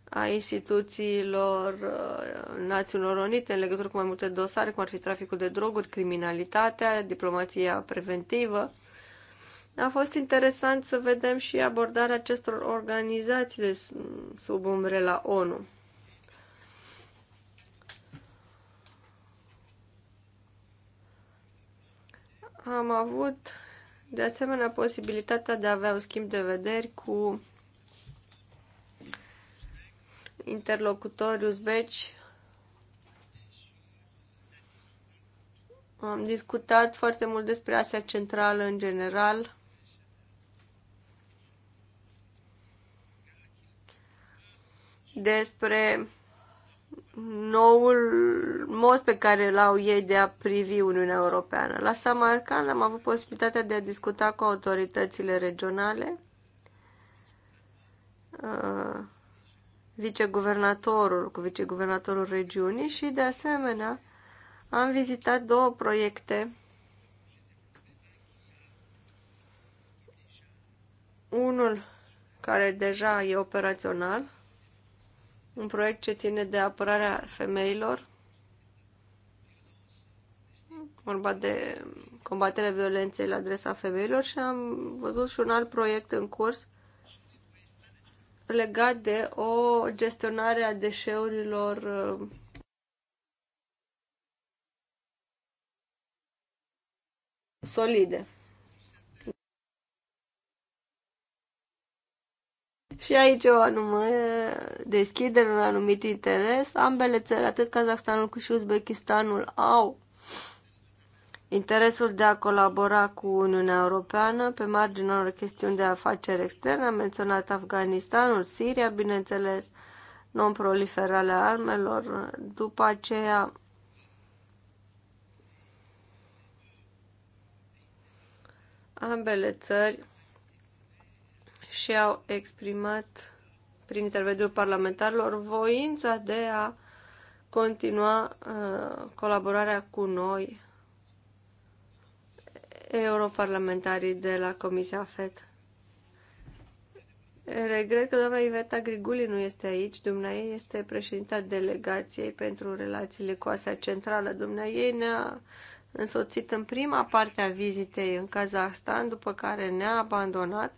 a instituțiilor uh, Națiunilor Unite în legătură cu mai multe dosare, cum ar fi traficul de droguri, criminalitatea, diplomația preventivă. A fost interesant să vedem și abordarea acestor organizații de sub umbrela ONU. Am avut de asemenea, posibilitatea de a avea un schimb de vederi cu interlocutori uzbeci. Am discutat foarte mult despre Asia Centrală în general. Despre noul mod pe care îl au ei de a privi Uniunea Europeană. La Samarcand am avut posibilitatea de a discuta cu autoritățile regionale. Uh, viceguvernatorul, cu viceguvernatorul regiunii și, de asemenea, am vizitat două proiecte. Unul care deja e operațional, un proiect ce ține de apărarea femeilor, vorba de combaterea violenței la adresa femeilor și am văzut și un alt proiect în curs legat de o gestionare a deșeurilor uh, solide. Și aici o anumă deschidere, un anumit interes. Ambele țări, atât Kazahstanul cât și Uzbekistanul, au interesul de a colabora cu Uniunea Europeană pe marginea unor chestiuni de afaceri externe. Am menționat Afganistanul, Siria, bineînțeles, non-proliferarea armelor. După aceea, ambele țări și-au exprimat prin intermediul parlamentarilor voința de a continua uh, colaborarea cu noi, europarlamentarii de la Comisia FED. Regret că doamna Iveta Griguli nu este aici. ei este președinta delegației pentru relațiile cu Asia Centrală. ei ne-a însoțit în prima parte a vizitei în Kazahstan, după care ne-a abandonat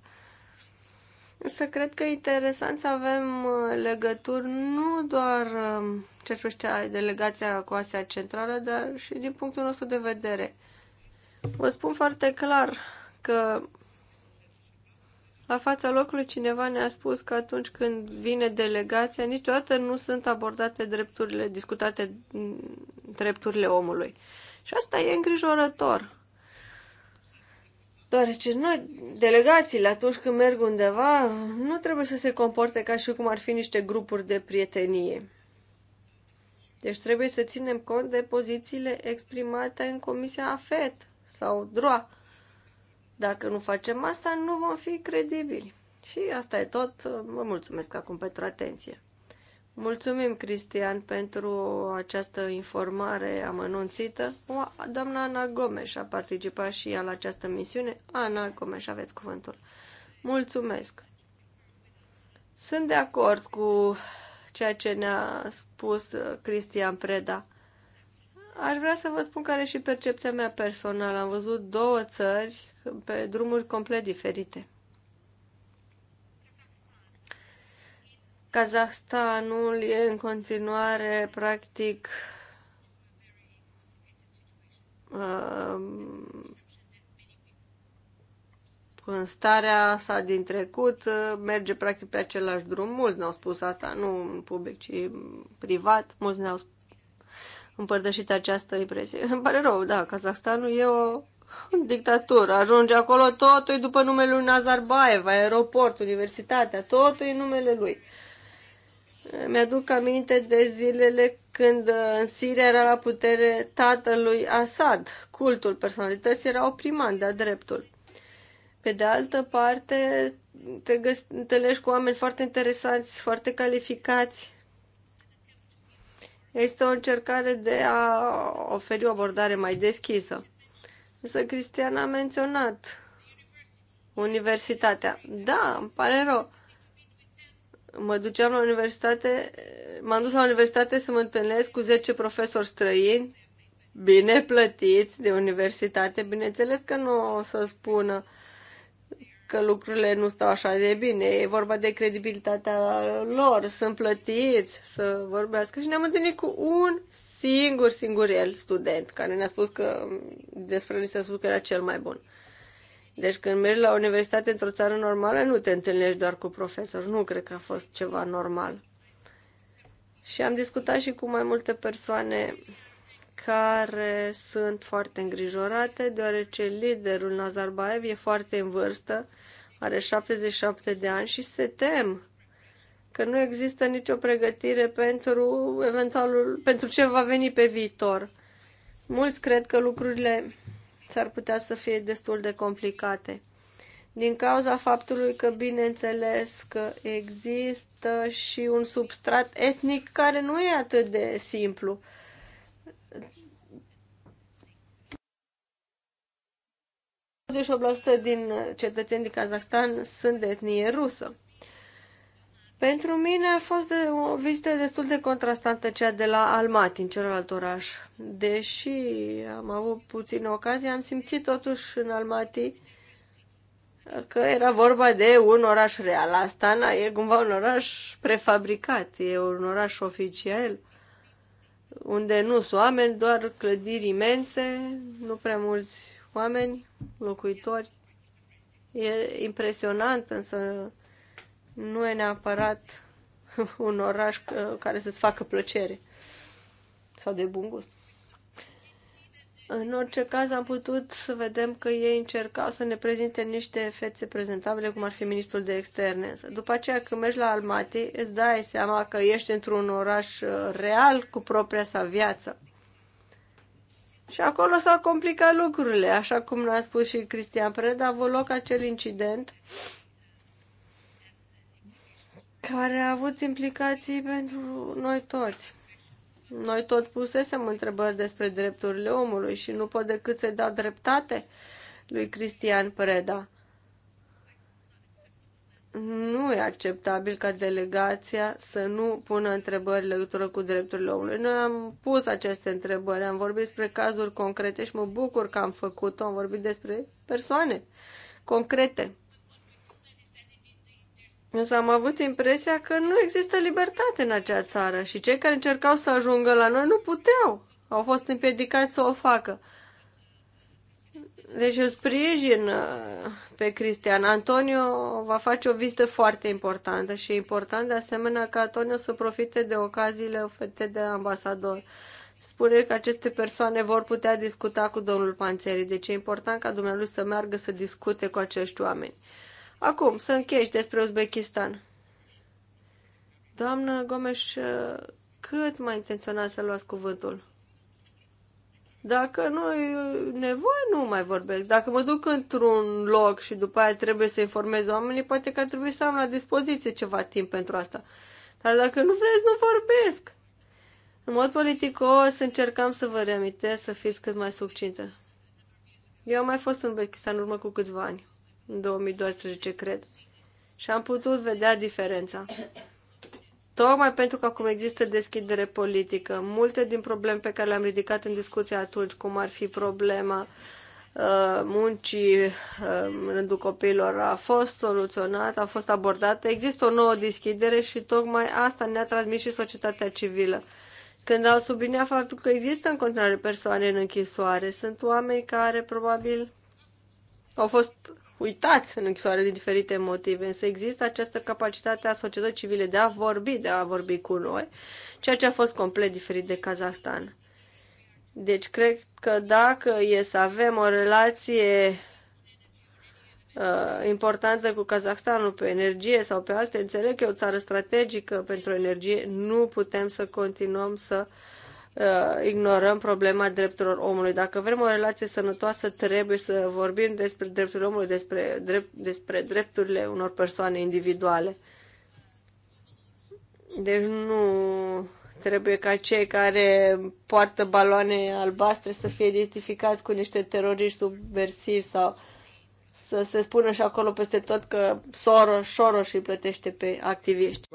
Însă cred că e interesant să avem uh, legături nu doar um, ce știa, delegația cu Asia Centrală, dar și din punctul nostru de vedere. Vă spun foarte clar că la fața locului cineva ne-a spus că atunci când vine delegația, niciodată nu sunt abordate drepturile, discutate mm, drepturile omului. Și asta e îngrijorător. Deoarece noi, delegațiile, atunci când merg undeva, nu trebuie să se comporte ca și cum ar fi niște grupuri de prietenie. Deci trebuie să ținem cont de pozițiile exprimate în Comisia AFET sau DROA. Dacă nu facem asta, nu vom fi credibili. Și asta e tot. Vă mulțumesc acum pentru atenție. Mulțumim, Cristian, pentru această informare amănunțită. Doamna Ana Gomes a participat și ea la această misiune. Ana Gomes, aveți cuvântul. Mulțumesc. Sunt de acord cu ceea ce ne-a spus Cristian Preda. Aș vrea să vă spun care și percepția mea personală. Am văzut două țări pe drumuri complet diferite. Kazahstanul e în continuare practic um, în starea sa din trecut uh, merge practic pe același drum. Mulți ne-au spus asta, nu în public, ci privat. Mulți ne-au împărtășit această impresie. Îmi pare rău, da, Kazahstanul e o dictatură. Ajunge acolo, totul după numele lui Nazarbayev, aeroport, universitatea, totul e numele lui. Mi-aduc aminte de zilele când uh, în Siria era la putere tatălui Assad. Cultul personalității era oprimat de-a dreptul. Pe de altă parte, te întâlnești cu oameni foarte interesanți, foarte calificați. Este o încercare de a oferi o abordare mai deschisă. Însă Cristian a menționat universitatea. Da, îmi pare rău mă duceam la universitate, m-am dus la universitate să mă întâlnesc cu 10 profesori străini, bine plătiți de universitate. Bineînțeles că nu o să spună că lucrurile nu stau așa de bine. E vorba de credibilitatea lor. Sunt plătiți să vorbească și ne-am întâlnit cu un singur, singur el student care ne-a spus că despre el se a spus că era cel mai bun. Deci când mergi la universitate într-o țară normală, nu te întâlnești doar cu profesori. Nu cred că a fost ceva normal. Și am discutat și cu mai multe persoane care sunt foarte îngrijorate, deoarece liderul Nazarbayev e foarte în vârstă, are 77 de ani și se tem că nu există nicio pregătire pentru eventualul, pentru ce va veni pe viitor. Mulți cred că lucrurile s-ar putea să fie destul de complicate. Din cauza faptului că, bineînțeles, că există și un substrat etnic care nu e atât de simplu. din cetățenii din Kazakhstan sunt de etnie rusă. Pentru mine a fost de, o vizită destul de contrastantă cea de la Almaty, în celălalt oraș. Deși am avut puțin ocazie, am simțit totuși în Almaty că era vorba de un oraș real. Astana e cumva un oraș prefabricat, e un oraș oficial, unde nu sunt oameni, doar clădiri imense, nu prea mulți oameni, locuitori. E impresionant, însă nu e neapărat un oraș uh, care să-ți facă plăcere sau de bun gust. În orice caz am putut să vedem că ei încercau să ne prezinte niște fețe prezentabile, cum ar fi ministrul de externe. După aceea, când mergi la Almaty, îți dai seama că ești într-un oraș uh, real cu propria sa viață. Și acolo s-au complicat lucrurile, așa cum ne-a spus și Cristian Preda, a avut loc acel incident uh, care a avut implicații pentru noi toți. Noi tot pusesem întrebări despre drepturile omului și nu pot decât să-i dau dreptate lui Cristian Preda. Nu e acceptabil ca delegația să nu pună întrebări legătură cu drepturile omului. Noi am pus aceste întrebări, am vorbit despre cazuri concrete și mă bucur că am făcut-o, am vorbit despre persoane concrete Însă am avut impresia că nu există libertate în acea țară și cei care încercau să ajungă la noi nu puteau. Au fost împiedicați să o facă. Deci îl sprijin uh, pe Cristian. Antonio va face o vizită foarte importantă și e important de asemenea ca Antonio să profite de ocaziile oferite de ambasador. Spune că aceste persoane vor putea discuta cu domnul Panțeri, deci e important ca dumnealui să meargă să discute cu acești oameni. Acum, să închei despre Uzbekistan. Doamnă Gomes, cât mai intenționa să luați cuvântul? Dacă nu e nevoie, nu mai vorbesc. Dacă mă duc într-un loc și după aia trebuie să informez oamenii, poate că ar trebui să am la dispoziție ceva timp pentru asta. Dar dacă nu vreți, nu vorbesc. În mod politicos încercam să vă reamintesc să fiți cât mai succintă. Eu am mai fost în Uzbekistan în urmă cu câțiva ani în 2012, cred. Și am putut vedea diferența. Tocmai pentru că acum există deschidere politică, multe din probleme pe care le-am ridicat în discuția atunci, cum ar fi problema uh, muncii uh, în rândul copiilor, a fost soluționat, a fost abordată. Există o nouă deschidere și tocmai asta ne-a transmis și societatea civilă când au subliniat faptul că există în continuare persoane în închisoare. Sunt oameni care probabil au fost uitați în închisoare din diferite motive, însă există această capacitate a societății civile de a vorbi, de a vorbi cu noi, ceea ce a fost complet diferit de Kazahstan. Deci cred că dacă e să avem o relație uh, importantă cu Kazahstanul pe energie sau pe alte, înțeleg că e o țară strategică pentru energie, nu putem să continuăm să uh, uh, ignorăm problema drepturilor omului. Dacă vrem o relație sănătoasă, trebuie să vorbim despre drepturile omului, despre, drept, despre drepturile unor persoane individuale. Deci nu trebuie ca cei care poartă baloane albastre să fie identificați cu niște teroriști subversivi sau să se spună și acolo peste tot că Soros, Soros îi plătește pe activiști.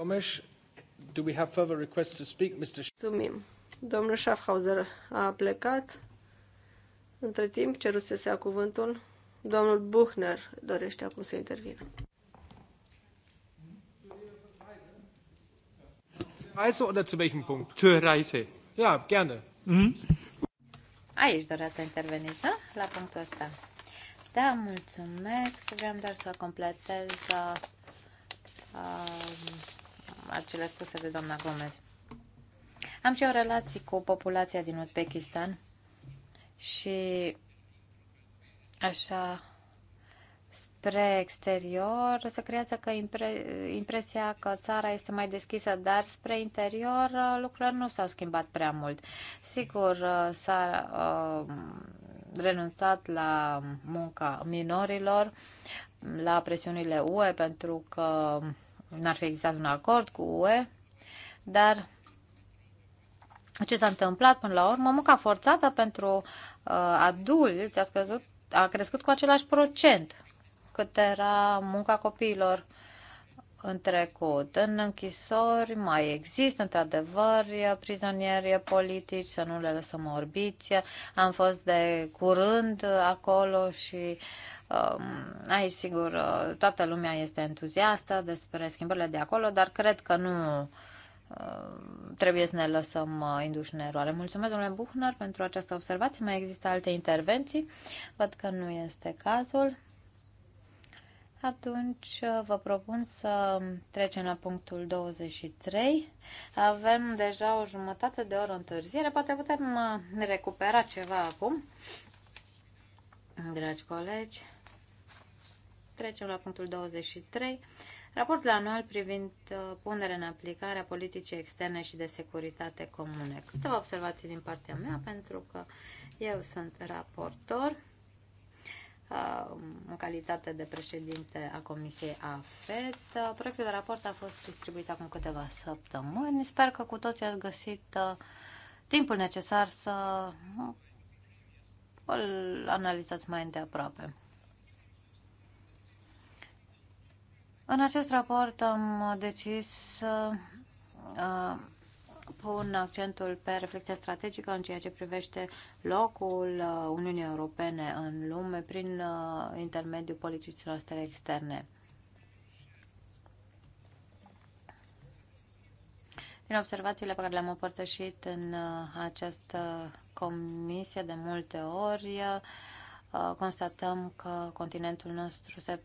do we have further requests to speak, Mr. Mulțumim. Domnul Schaffhauser a plecat. Între timp, ceruse să ia cuvântul. Domnul Buchner dorește acum să intervină. Reise oder zu welchem Punkt? Zur Reise. Ja, gerne. Mhm. Aici dorea să interveniți, da? La punctul ăsta. Da, mulțumesc. Vreau doar să completez uh, um, acele spuse de doamna Gomez. Am și eu relații cu populația din Uzbekistan și așa spre exterior se creează că impre, impresia că țara este mai deschisă, dar spre interior uh, lucrurile nu s-au schimbat prea mult. Sigur, uh, s-a uh, renunțat la munca minorilor, la presiunile UE pentru că n-ar fi existat un acord cu UE, dar ce s-a întâmplat până la urmă, munca forțată pentru uh, adulți a, scăzut, a crescut cu același procent cât era munca copiilor în trecut. În închisori mai există, într-adevăr, prizonieri politici, să nu le lăsăm orbiți. Am fost de curând acolo și uh, aici, sigur, toată lumea este entuziastă despre schimbările de acolo, dar cred că nu Uh, trebuie să ne lăsăm uh, induși în eroare. Mulțumesc, domnule Buchner, pentru această observație. Mai există alte intervenții? Văd că nu este cazul. Atunci uh, vă propun să trecem la punctul 23. Avem deja o jumătate de oră întârziere. Poate putem recupera ceva acum. Dragi colegi, trecem la punctul 23. Raportul anual privind uh, punerea în aplicare a politicii externe și de securitate comune. Câteva observații din partea mea, pentru că eu sunt raportor uh, în calitate de președinte a Comisiei AFET. Uh, proiectul de raport a fost distribuit acum câteva săptămâni. Sper că cu toții ați găsit timpul necesar să îl analizați mai îndeaproape. În acest raport am decis să pun accentul pe reflexia strategică în ceea ce privește locul Uniunii Europene în lume prin intermediul politicilor noastre externe. Din observațiile pe care le-am împărtășit în această comisie de multe ori, constatăm că continentul nostru se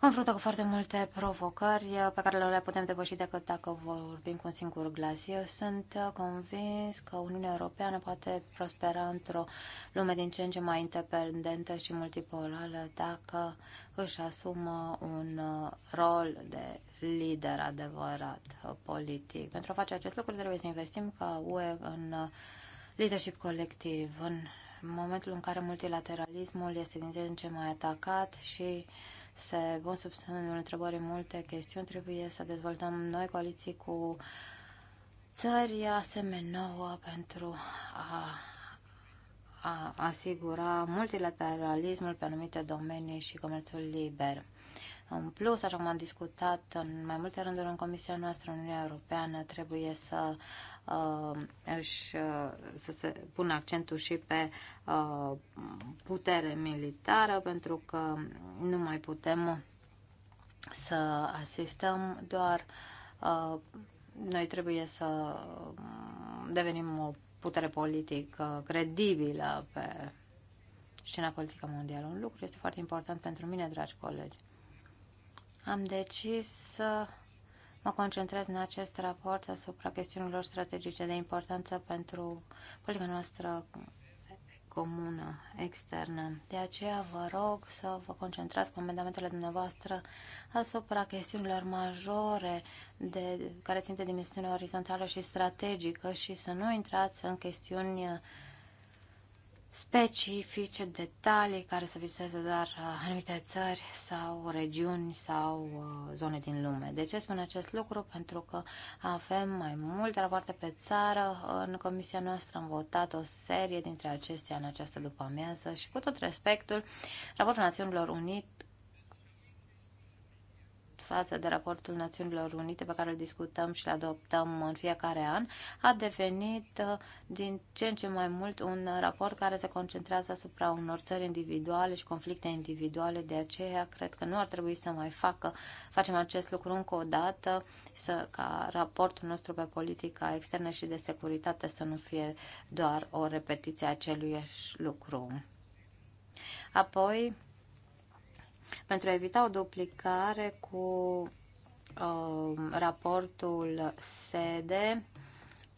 confruntă cu foarte multe provocări eh, pe care le putem depăși decât dacă vorbim cu un singur glas. Eu sunt eh, convins că Uniunea Europeană poate prospera într-o lume din ce în ce mai independentă și multipolară dacă își asumă un eh, rol de lider adevărat politic. Pentru a face acest lucru trebuie să investim ca UE în leadership colectiv, în momentul în care multilateralismul este din ce în ce mai atacat și uh, se pun sub semnul întrebări multe chestiuni, trebuie să dezvoltăm noi coaliții cu țări asemenouă pentru a, a asigura multilateralismul pe anumite domenii și comerțul liber. În plus, așa cum am discutat în mai multe rânduri în Comisia noastră, Uniunea Europeană trebuie să uh, își, uh, să se pună accentul și pe uh, putere militară, pentru că nu mai putem să asistăm doar uh, noi trebuie să devenim o putere politică credibilă pe scena politică mondială. Un lucru este foarte important pentru mine, dragi colegi. Am decis să mă concentrez în acest raport asupra chestiunilor strategice de importanță pentru politica noastră comună, externă. De aceea vă rog să vă concentrați cu amendamentele dumneavoastră asupra chestiunilor majore de, care țin de dimensiune orizontală și strategică și să nu intrați în chestiuni specifice, detalii care să viseze doar uh, anumite țări sau regiuni sau uh, zone din lume. De ce spun acest lucru? Pentru că avem mai multe rapoarte pe țară. În comisia noastră am votat o serie dintre acestea în această după-amiază și cu tot respectul, raportul Națiunilor Unite față de raportul Națiunilor Unite pe care îl discutăm și îl adoptăm în fiecare an, a devenit uh, din ce în ce mai mult un raport care se concentrează asupra unor țări individuale și conflicte individuale. De aceea, cred că nu ar trebui să mai facă, facem acest lucru încă o dată, să, ca raportul nostru pe politica externă și de securitate să nu fie doar o repetiție a acelui lucru. Apoi, pentru a evita o duplicare cu uh, raportul SEDE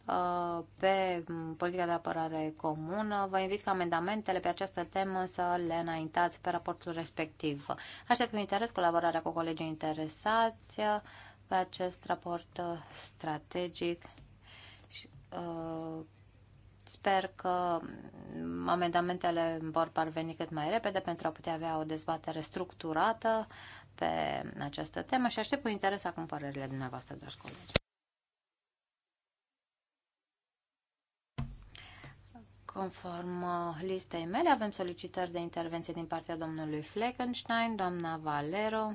uh, pe politica de apărare comună. Vă invit ca amendamentele pe această temă să le înaintați pe raportul respectiv. Aștept cu interes colaborarea cu colegii interesați pe acest raport strategic și, uh, Sper că amendamentele vor parveni cât mai repede pentru a putea avea o dezbatere structurată pe această temă și aștept cu interes acum părerile dumneavoastră, dragi colegi. Conform uh, listei mele, avem solicitări de intervenție din partea domnului Fleckenstein, doamna Valero,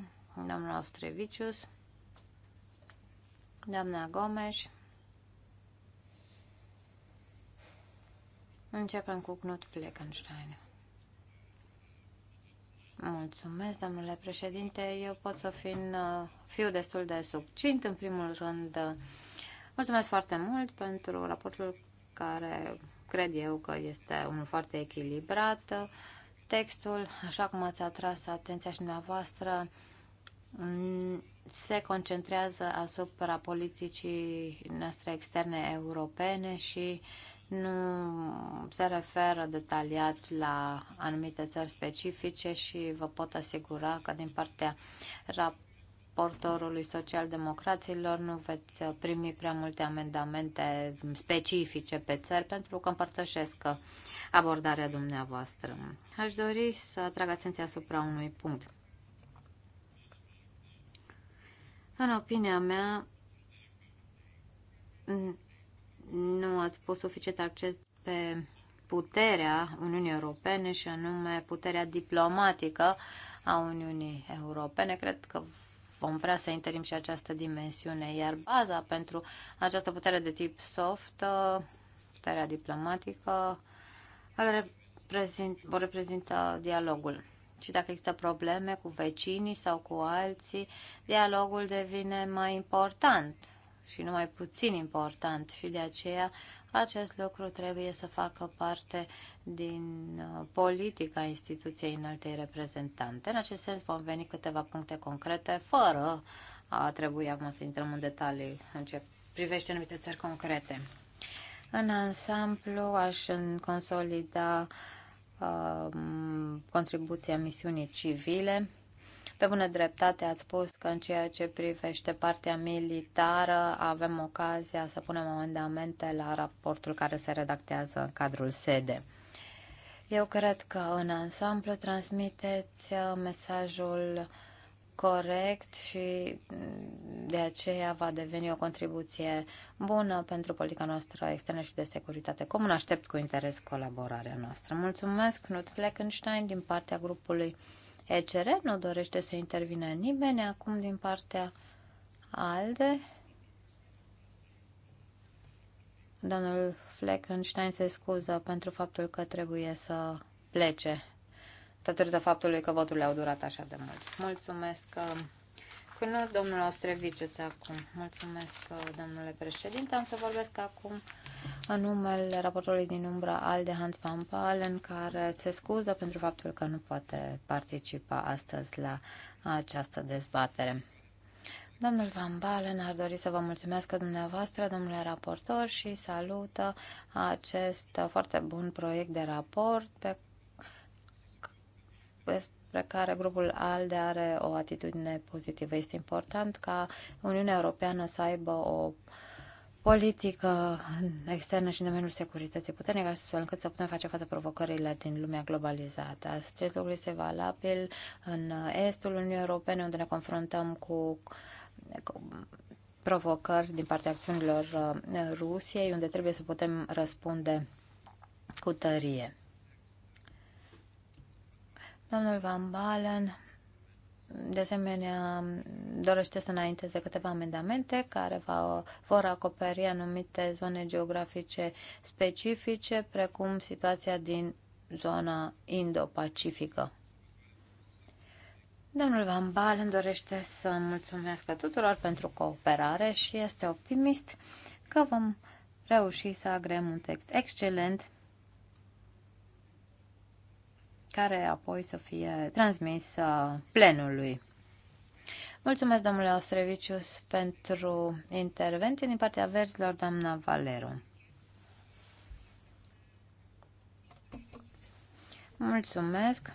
domnul Ostrevicius, doamna Gomes, Începem cu Knut Fleckenstein. Mulțumesc, domnule președinte. Eu pot să fin, uh, fiu destul de subcint. În primul rând, uh, mulțumesc foarte mult pentru raportul care cred eu că este unul foarte echilibrat. Textul, așa cum ați atras atenția și dumneavoastră, se concentrează asupra politicii noastre externe europene și nu se referă detaliat la anumite țări specifice și vă pot asigura că din partea raportorului Social social-democraților nu veți primi prea multe amendamente specifice pe țări pentru că împărtășesc abordarea dumneavoastră. Aș dori să atrag atenția asupra unui punct. În opinia mea, nu ați pus suficient acces pe puterea Uniunii Europene și anume puterea diplomatică a Uniunii Europene. Cred că vom vrea să interim și această dimensiune, iar baza pentru această putere de tip soft, puterea diplomatică, reprezint, reprezintă dialogul. Și dacă există probleme cu vecinii sau cu alții, dialogul devine mai important și numai puțin important și de aceea acest lucru trebuie să facă parte din uh, politica instituției înaltei reprezentante. În acest sens vom veni câteva puncte concrete fără a trebui acum să intrăm în detalii în ce privește anumite țări concrete. În ansamblu aș consolida uh, contribuția misiunii civile pe bună dreptate ați spus că în ceea ce privește partea militară avem ocazia să punem amendamente la raportul care se redactează în cadrul sede. Eu cred că în ansamblu transmiteți uh, mesajul corect și mm, de aceea va deveni o contribuție bună pentru politica noastră externă și de securitate comună. Aștept cu interes colaborarea noastră. Mulțumesc, Knut Fleckenstein, din partea grupului ECR, nu dorește să intervine nimeni. Acum din partea ALDE, domnul Fleckenstein se scuză pentru faptul că trebuie să plece datorită faptului că voturile au durat așa de mult. Mulțumesc uh, că... Până domnul Ostreviciuț acum. Mulțumesc, uh, domnule președinte. Am să vorbesc acum în numele raportorului din umbra al de Hans Van Palen, care se scuză pentru faptul că nu poate participa astăzi la această dezbatere. Domnul Van Balen ar dori să vă mulțumesc dumneavoastră, domnule raportor, și salută acest foarte bun proiect de raport pe despre care grupul ALDE are o atitudine pozitivă. Este important ca Uniunea Europeană să aibă o uh, politică externă și în domeniul securității puternică, astfel încât să putem face față provocările din lumea globalizată. Acest lucru este valabil în estul Uniunii Europene, unde ne confruntăm cu provocări din partea acțiunilor uh, Rusiei, unde trebuie să putem răspunde cu tărie. Domnul Van Balen de asemenea, dorește să înainteze câteva amendamente care va, vor acoperi anumite zone geografice specifice, precum situația din zona Indo-Pacifică. Domnul Van Balen dorește să mulțumesc tuturor pentru cooperare și este optimist că vom reuși să agrem un text excelent care apoi să fie transmis uh, plenului. Mulțumesc, domnule Ostrevicius, pentru intervenție din partea verzilor, doamna Valero. Mulțumesc.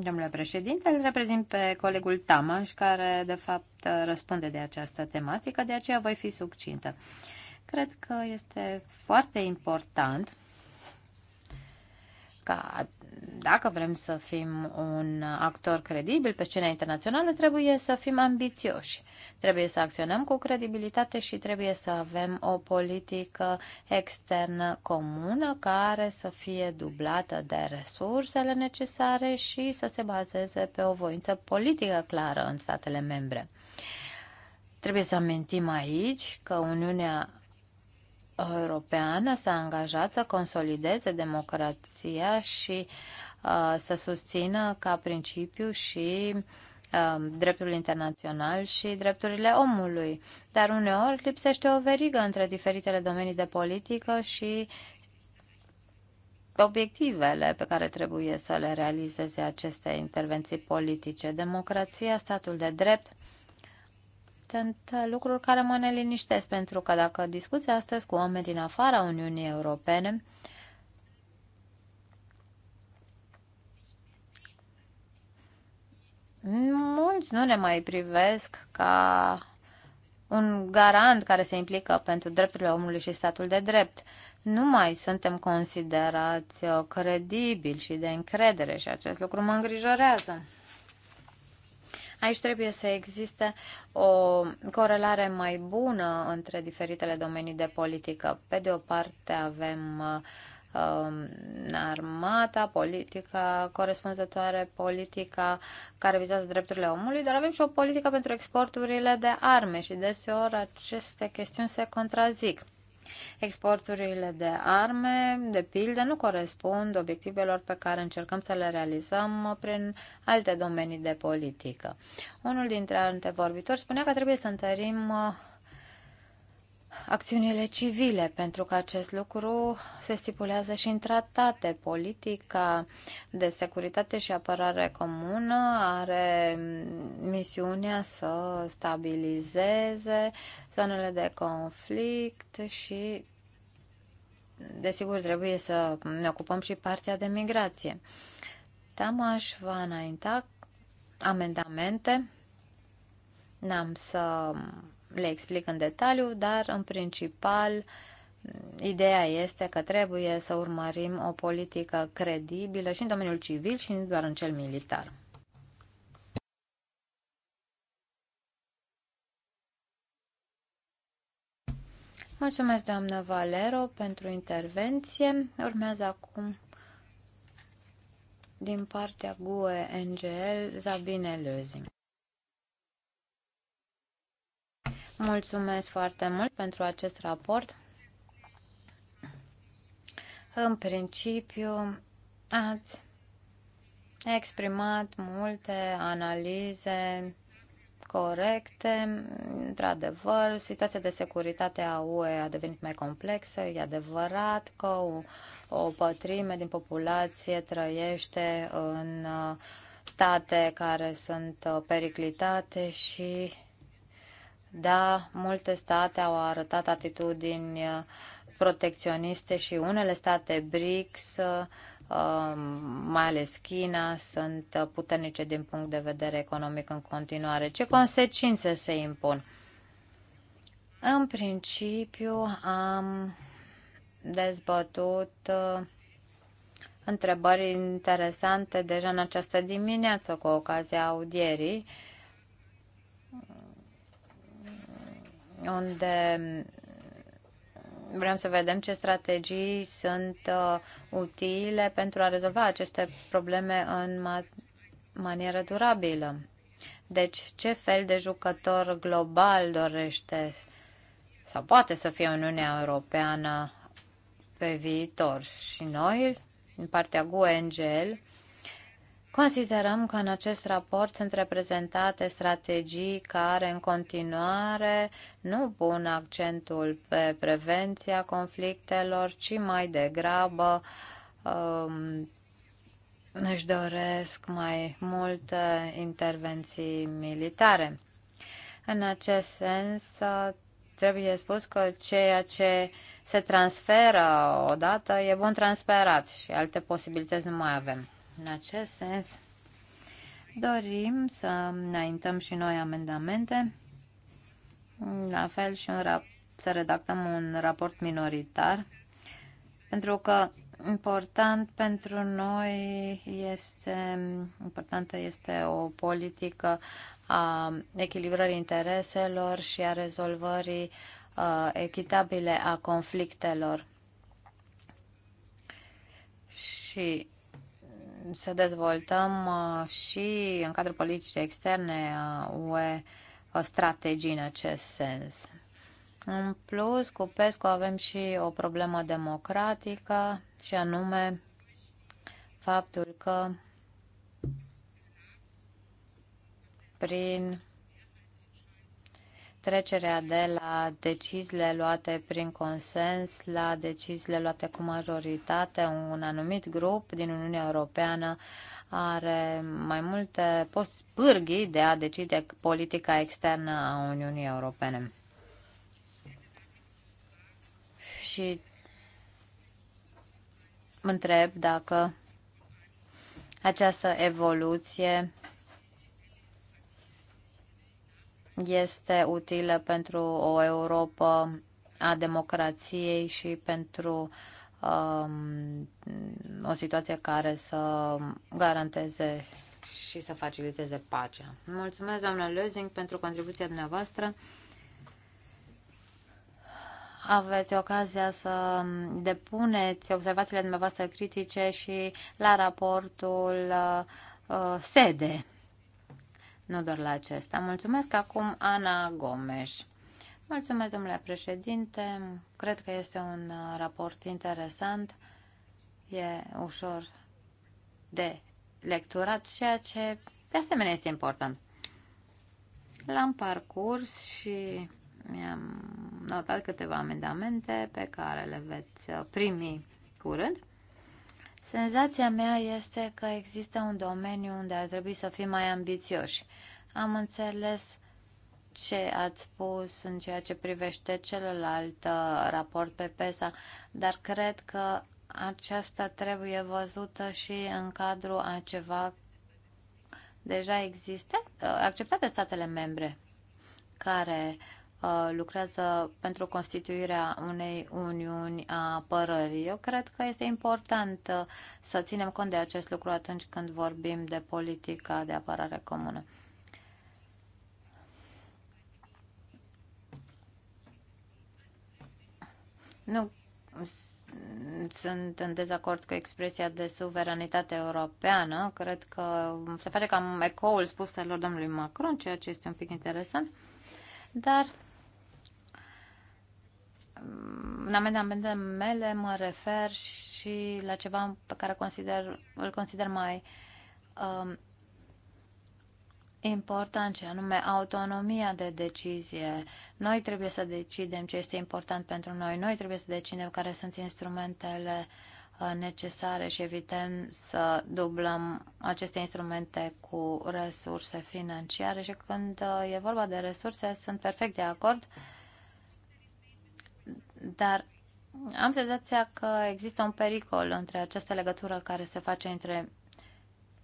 Domnule președinte, îl reprezint pe colegul Tamaș, care de fapt răspunde de această tematică, de aceea voi fi succintă. Cred că este foarte important ca dacă vrem să fim un actor credibil pe scena internațională, trebuie să fim ambițioși. Trebuie să acționăm cu credibilitate și trebuie să avem o politică externă comună care să fie dublată de resursele necesare și să se bazeze pe o voință politică clară în statele membre. Trebuie să amintim aici că Uniunea Europeană s-a angajat să consolideze democrația și uh, să susțină ca principiu și um, dreptul internațional și drepturile omului. Dar uneori lipsește o verigă între diferitele domenii de politică și obiectivele pe care trebuie să le realizeze aceste intervenții politice. Democrația, statul de drept, sunt lucruri care mă neliniștesc, pentru că dacă discuți astăzi cu oameni din afara Uniunii Europene, mulți nu ne mai privesc ca un garant care se implică pentru drepturile omului și statul de drept. Nu mai suntem considerați uh, credibili și de încredere și acest lucru mă îngrijorează. Aici trebuie să existe o corelare mai bună între diferitele domenii de politică. Pe de o parte avem um, armata, politica corespunzătoare, politica care vizează drepturile omului, dar avem și o politică pentru exporturile de arme și deseori aceste chestiuni se contrazic. Exporturile de arme, de pildă, nu corespund obiectivelor pe care încercăm să le realizăm prin alte domenii de politică. Unul dintre antevorbitori spunea că trebuie să întărim acțiunile civile, pentru că acest lucru se stipulează și în tratate. Politica de securitate și apărare comună are misiunea să stabilizeze zonele de conflict și, desigur, trebuie să ne ocupăm și partea de migrație. Tamaș va înainta amendamente. N-am să le explic în detaliu, dar în principal ideea este că trebuie să urmărim o politică credibilă și în domeniul civil și nu doar în cel militar. Mulțumesc, doamnă Valero, pentru intervenție. Urmează acum din partea GUE NGL Zabine Lözing. Mulțumesc foarte mult pentru acest raport. În principiu, ați exprimat multe analize corecte. Într-adevăr, situația de securitate a UE a devenit mai complexă. E adevărat că o, o pătrime din populație trăiește în uh, state care sunt uh, periclitate și da, multe state au arătat atitudini uh, protecționiste și unele state BRICS, uh, mai ales China, sunt puternice din punct de vedere economic în continuare. Ce consecințe se impun? În principiu am dezbătut uh, întrebări interesante deja în această dimineață cu ocazia audierii unde vrem să vedem ce strategii sunt uh, utile pentru a rezolva aceste probleme în ma- manieră durabilă. Deci, ce fel de jucător global dorește sau poate să fie Uniunea Europeană pe viitor? Și noi, în partea GUE-NGL, Considerăm că în acest raport sunt reprezentate strategii care în continuare nu pun accentul pe prevenția conflictelor, ci mai degrabă um, își doresc mai multe intervenții militare. În acest sens, trebuie spus că ceea ce se transferă odată e bun transferat și alte posibilități nu mai avem. În acest sens, dorim să înaintăm și noi amendamente, la fel și un rap să redactăm un raport minoritar, pentru că important pentru noi este, importantă este o politică a echilibrării intereselor și a rezolvării uh, echitabile a conflictelor. Și să dezvoltăm uh, și în cadrul politicii externe a uh, UE o strategie în acest sens. În plus, cu PESCO avem și o problemă democratică și anume faptul că prin trecerea de la deciziile luate prin consens la deciziile luate cu majoritate, un anumit grup din Uniunea Europeană are mai multe pârghii de a decide politica externă a Uniunii Europene. Și mă întreb dacă această evoluție este utilă pentru o Europa a democrației și pentru um, o situație care să garanteze și să faciliteze pacea. Mulțumesc, doamnă Lozing, pentru contribuția dumneavoastră. Aveți ocazia să depuneți observațiile dumneavoastră critice și la raportul uh, uh sede nu doar la acesta. Mulțumesc acum Ana Gomes. Mulțumesc, domnule președinte. Cred că este un uh, raport interesant. E ușor de lecturat, ceea ce de asemenea este important. L-am parcurs și mi-am notat câteva amendamente pe care le veți uh, primi curând. Senzația mea este că există un domeniu unde ar trebui să fim mai ambițioși. Am înțeles ce ați spus în ceea ce privește celălalt uh, raport pe PESA, dar cred că aceasta trebuie văzută și în cadrul a ceva deja există, uh, acceptate statele membre care Uh, lucrează pentru constituirea unei uniuni a părării. Eu cred că este important uh, să ținem cont de acest lucru atunci când vorbim de politica de apărare comună. Nu sunt în dezacord cu expresia de suveranitate europeană. Cred că se face cam ecoul spuselor domnului Macron, ceea ce este un pic interesant. Dar în amendamentele mele mă refer și la ceva pe care consider, îl consider mai um, important, și anume autonomia de decizie. Noi trebuie să decidem ce este important pentru noi, noi trebuie să decidem care sunt instrumentele uh, necesare și evităm să dublăm aceste instrumente cu resurse financiare și când uh, e vorba de resurse sunt perfect de acord uh, dar am senzația că există un pericol între această legătură care se face între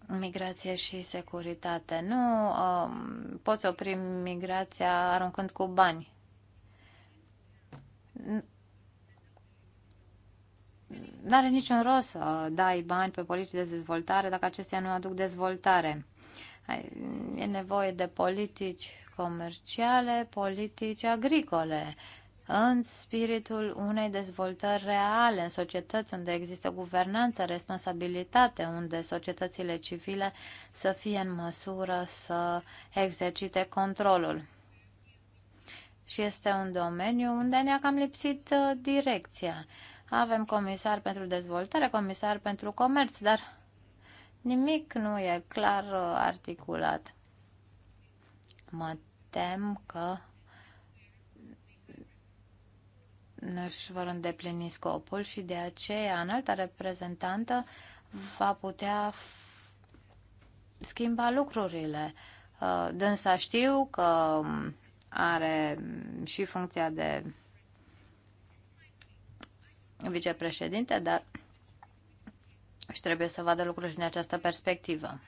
migrație și securitate. Nu uh, poți opri migrația aruncând cu bani. N-are niciun rost să dai bani pe politici de dezvoltare dacă acestea nu aduc dezvoltare. E nevoie de politici comerciale, politici agricole în spiritul unei dezvoltări reale în societăți unde există guvernanță, responsabilitate, unde societățile civile să fie în măsură să exercite controlul. Și este un domeniu unde ne-a cam lipsit uh, direcția. Avem comisar pentru dezvoltare, comisar pentru comerț, dar nimic nu e clar uh, articulat. Mă tem că își vor îndeplini scopul și de aceea înalta reprezentantă va putea schimba lucrurile. Uh, dânsa știu că um, are și funcția de vicepreședinte, dar și trebuie să vadă lucrurile din această perspectivă.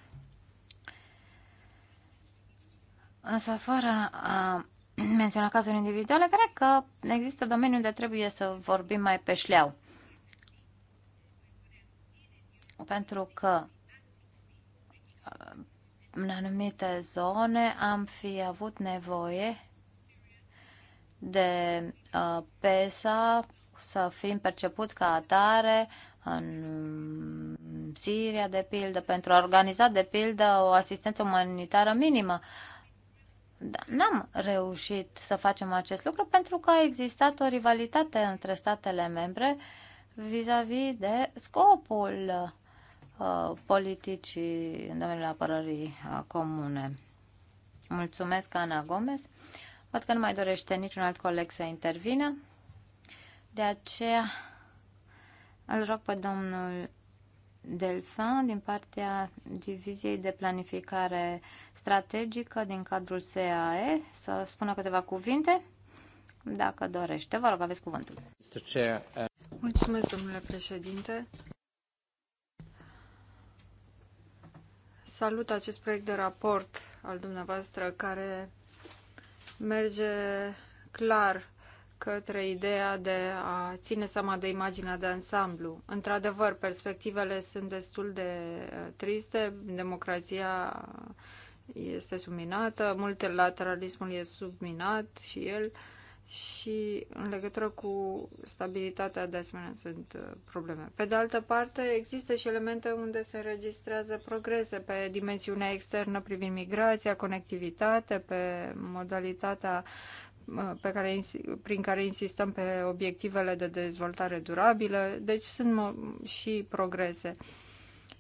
Însă, fără a menționa cazuri individuale, cred că există domenii unde trebuie să vorbim mai pe șleau. Pentru că uh, în anumite zone am fi avut nevoie de uh, PESA să fim percepuți ca atare în Siria, de pildă, pentru a organiza, de pildă, o asistență umanitară minimă. Uh, da, n-am reușit să facem acest lucru pentru că a existat o rivalitate între statele membre vis-a-vis -vis de scopul uh, politicii în domeniul apărării uh, comune. Mulțumesc, Ana Gomez. Văd că nu mai dorește niciun alt coleg să intervină. De aceea îl rog pe domnul Delfin din partea Diviziei de Planificare Strategică din cadrul SAE să spună câteva cuvinte, dacă dorește. Vă rog, aveți cuvântul. Uh, Mulțumesc, domnule președinte. Salut acest proiect de raport al dumneavoastră care merge clar către ideea de a ține seama de imaginea de ansamblu. Într-adevăr, perspectivele sunt destul de uh, triste, democrația este subminată, multilateralismul e subminat și el și în legătură cu stabilitatea de asemenea sunt uh, probleme. Pe de altă parte, există și elemente unde se înregistrează progrese pe dimensiunea externă privind migrația, conectivitate, pe modalitatea Uh, pe care, prin care insistăm pe obiectivele de dezvoltare durabilă, deci sunt și progrese.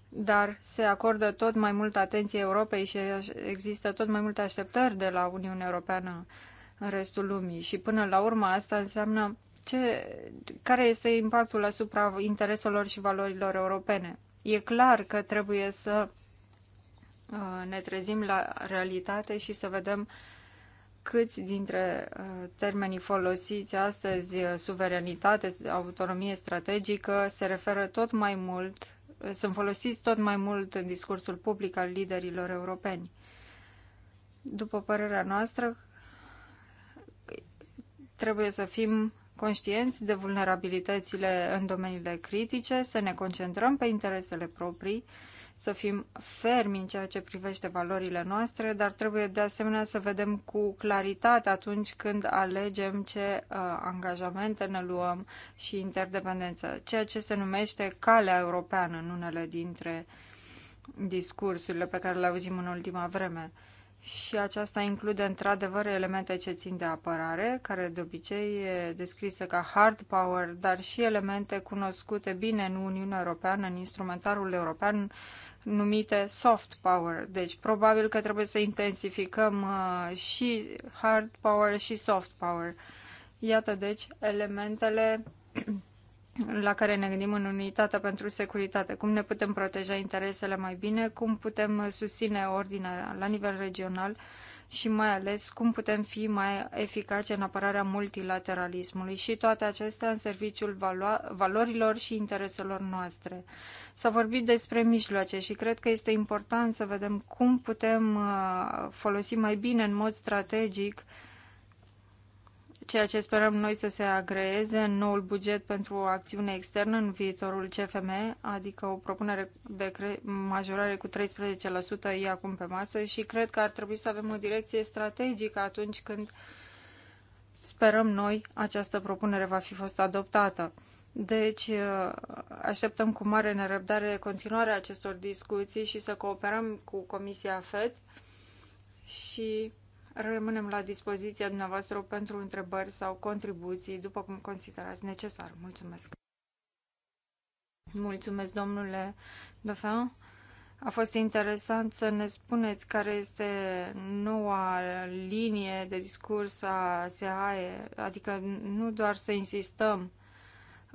Dar se acordă tot mai multă atenție Europei și există tot mai multe așteptări de la Uniunea Europeană în restul lumii. Și până la urmă asta înseamnă ce, care este impactul asupra intereselor și valorilor europene. E clar că trebuie să uh, ne trezim la realitate și să vedem uh, câți dintre uh, termenii folosiți astăzi, uh, suveranitate, autonomie strategică, se referă tot mai mult, uh, sunt folosiți tot mai mult în discursul public al liderilor europeni. După părerea noastră, trebuie să fim conștienți de vulnerabilitățile în domeniile critice, să ne concentrăm pe interesele proprii să fim fermi în ceea ce privește valorile noastre, dar trebuie de asemenea să vedem cu claritate atunci când alegem ce uh, angajamente ne luăm și interdependență, ceea ce se numește calea europeană în unele dintre discursurile pe care le auzim în ultima vreme. Și aceasta include într-adevăr elemente ce țin de apărare, care de obicei e descrisă ca hard power, dar și elemente cunoscute bine în Uniunea Europeană, în instrumentarul european, numite soft power. Deci probabil că trebuie să intensificăm uh, și hard power și soft power. Iată deci elementele la care ne gândim în unitatea pentru securitate. Cum ne putem proteja interesele mai bine, cum putem susține ordinea la nivel regional și mai ales cum putem fi mai eficace în apărarea multilateralismului și toate acestea în serviciul valo- valorilor și intereselor noastre. S-a vorbit despre mijloace și cred că este important să vedem cum putem uh, folosi mai bine în mod strategic uh, ceea ce sperăm noi să se agreeze în noul buget pentru o acțiune externă în viitorul CFM, adică o propunere de majorare cu 13% e acum pe masă și cred că ar trebui să avem o direcție strategică atunci când sperăm noi această propunere va fi fost adoptată. Deci uh, așteptăm cu mare nerăbdare continuarea acestor discuții și să cooperăm cu Comisia FED și rămânem la dispoziția dumneavoastră pentru întrebări sau contribuții, după cum considerați necesar. Mulțumesc! Mulțumesc, domnule Dauphin. A fost interesant să ne spuneți care este noua linie de discurs a SEAE, adică nu doar să insistăm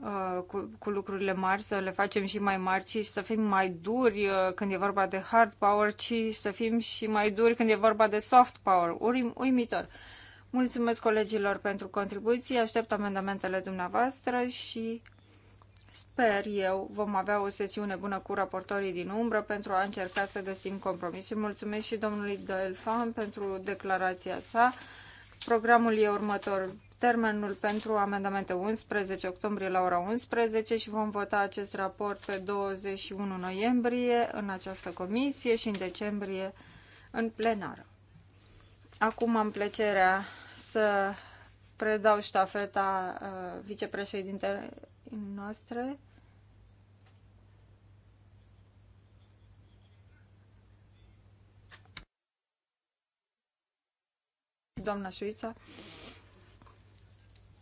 Uh, cu, cu lucrurile mari, să le facem și mai mari, și să fim mai duri uh, când e vorba de hard power, ci să fim și mai duri când e vorba de soft power. Urim, uimitor! Mulțumesc colegilor pentru contribuții, aștept amendamentele dumneavoastră și sper eu vom avea o sesiune bună cu raportorii din umbră pentru a încerca să găsim compromisuri. Mulțumesc și domnului Delfan pentru declarația sa. Programul e următor. Termenul pentru amendamente 11 octombrie la ora 11 și vom vota acest raport pe 21 noiembrie în această comisie și în decembrie în plenară. Acum am plăcerea să predau ștafeta uh, vicepreședintei noastre, doamna Șuița.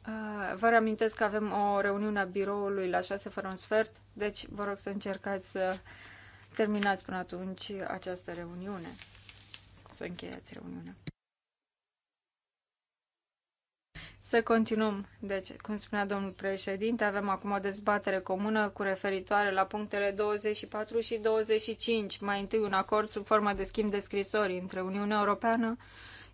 Ah, vă reamintesc că avem o reuniune a biroului la 6 fără un sfert, deci vă rog să încercați să terminați până atunci această reuniune, să încheiați reuniunea. Să continuăm. Deci, cum spunea domnul președinte, avem acum o dezbatere comună cu referitoare la punctele 24 și 25. Mai întâi un acord sub formă de schimb de scrisori între Uniunea Europeană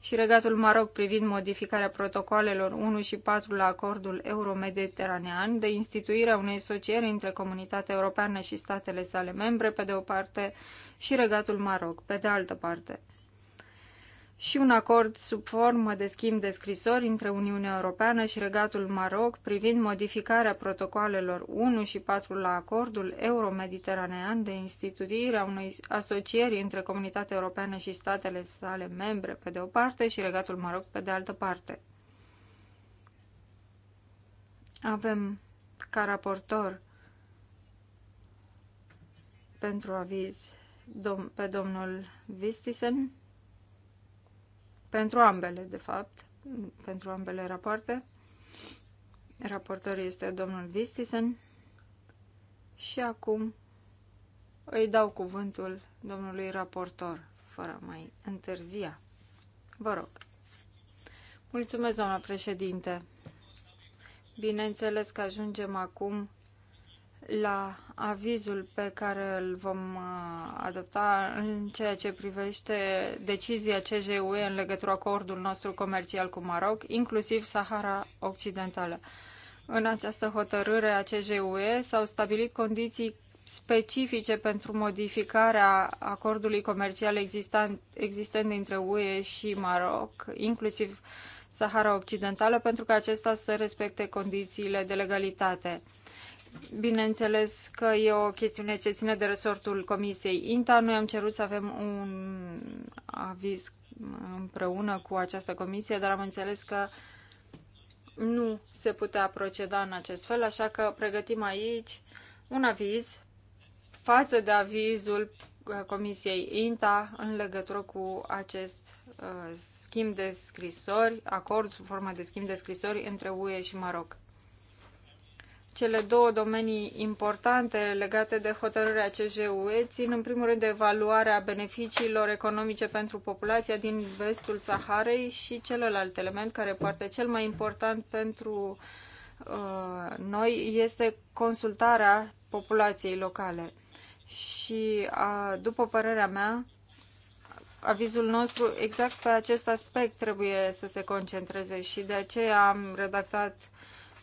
și regatul Maroc privind modificarea protocolelor 1 și 4 la acordul euromediteranean de instituirea unei asocieri între comunitatea europeană și statele sale membre, pe de o parte, și regatul Maroc, pe de altă parte și un acord sub formă de schimb de scrisori între Uniunea Europeană și Regatul Maroc privind modificarea protocoalelor 1 și 4 la acordul euromediteranean de instituire a unei asocieri între Comunitatea Europeană și statele sale membre pe de o parte și Regatul Maroc pe de altă parte. Avem ca raportor pentru aviz dom pe domnul Vistisen, pentru ambele, de fapt, pentru ambele rapoarte. raportorul este domnul Vistisen. Și acum îi dau cuvântul domnului raportor, fără mai întârzia. Vă rog. Mulțumesc, doamna președinte. Bineînțeles că ajungem acum la avizul pe care îl vom uh, adopta în ceea ce privește decizia CJUE în legătură cu acordul nostru comercial cu Maroc, inclusiv Sahara Occidentală. În această hotărâre a CJUE s-au stabilit condiții specifice pentru modificarea acordului comercial existent, existent dintre UE și Maroc, inclusiv Sahara Occidentală, pentru că acesta să respecte condițiile de legalitate. Bineînțeles că e o chestiune ce ține de resortul Comisiei INTA. Noi am cerut să avem un aviz împreună cu această comisie, dar am înțeles că nu se putea proceda în acest fel, așa că pregătim aici un aviz față de avizul uh, Comisiei INTA în legătură cu acest uh, schimb de scrisori, acord sub formă de schimb de scrisori între UE și Maroc cele două domenii importante legate de hotărârea CJUE țin în primul rând de evaluarea beneficiilor economice pentru populația din vestul Saharei și celălalt element care poate cel mai important pentru uh, noi este consultarea populației locale. Și uh, după părerea mea, avizul nostru exact pe acest aspect trebuie să se concentreze și de aceea am redactat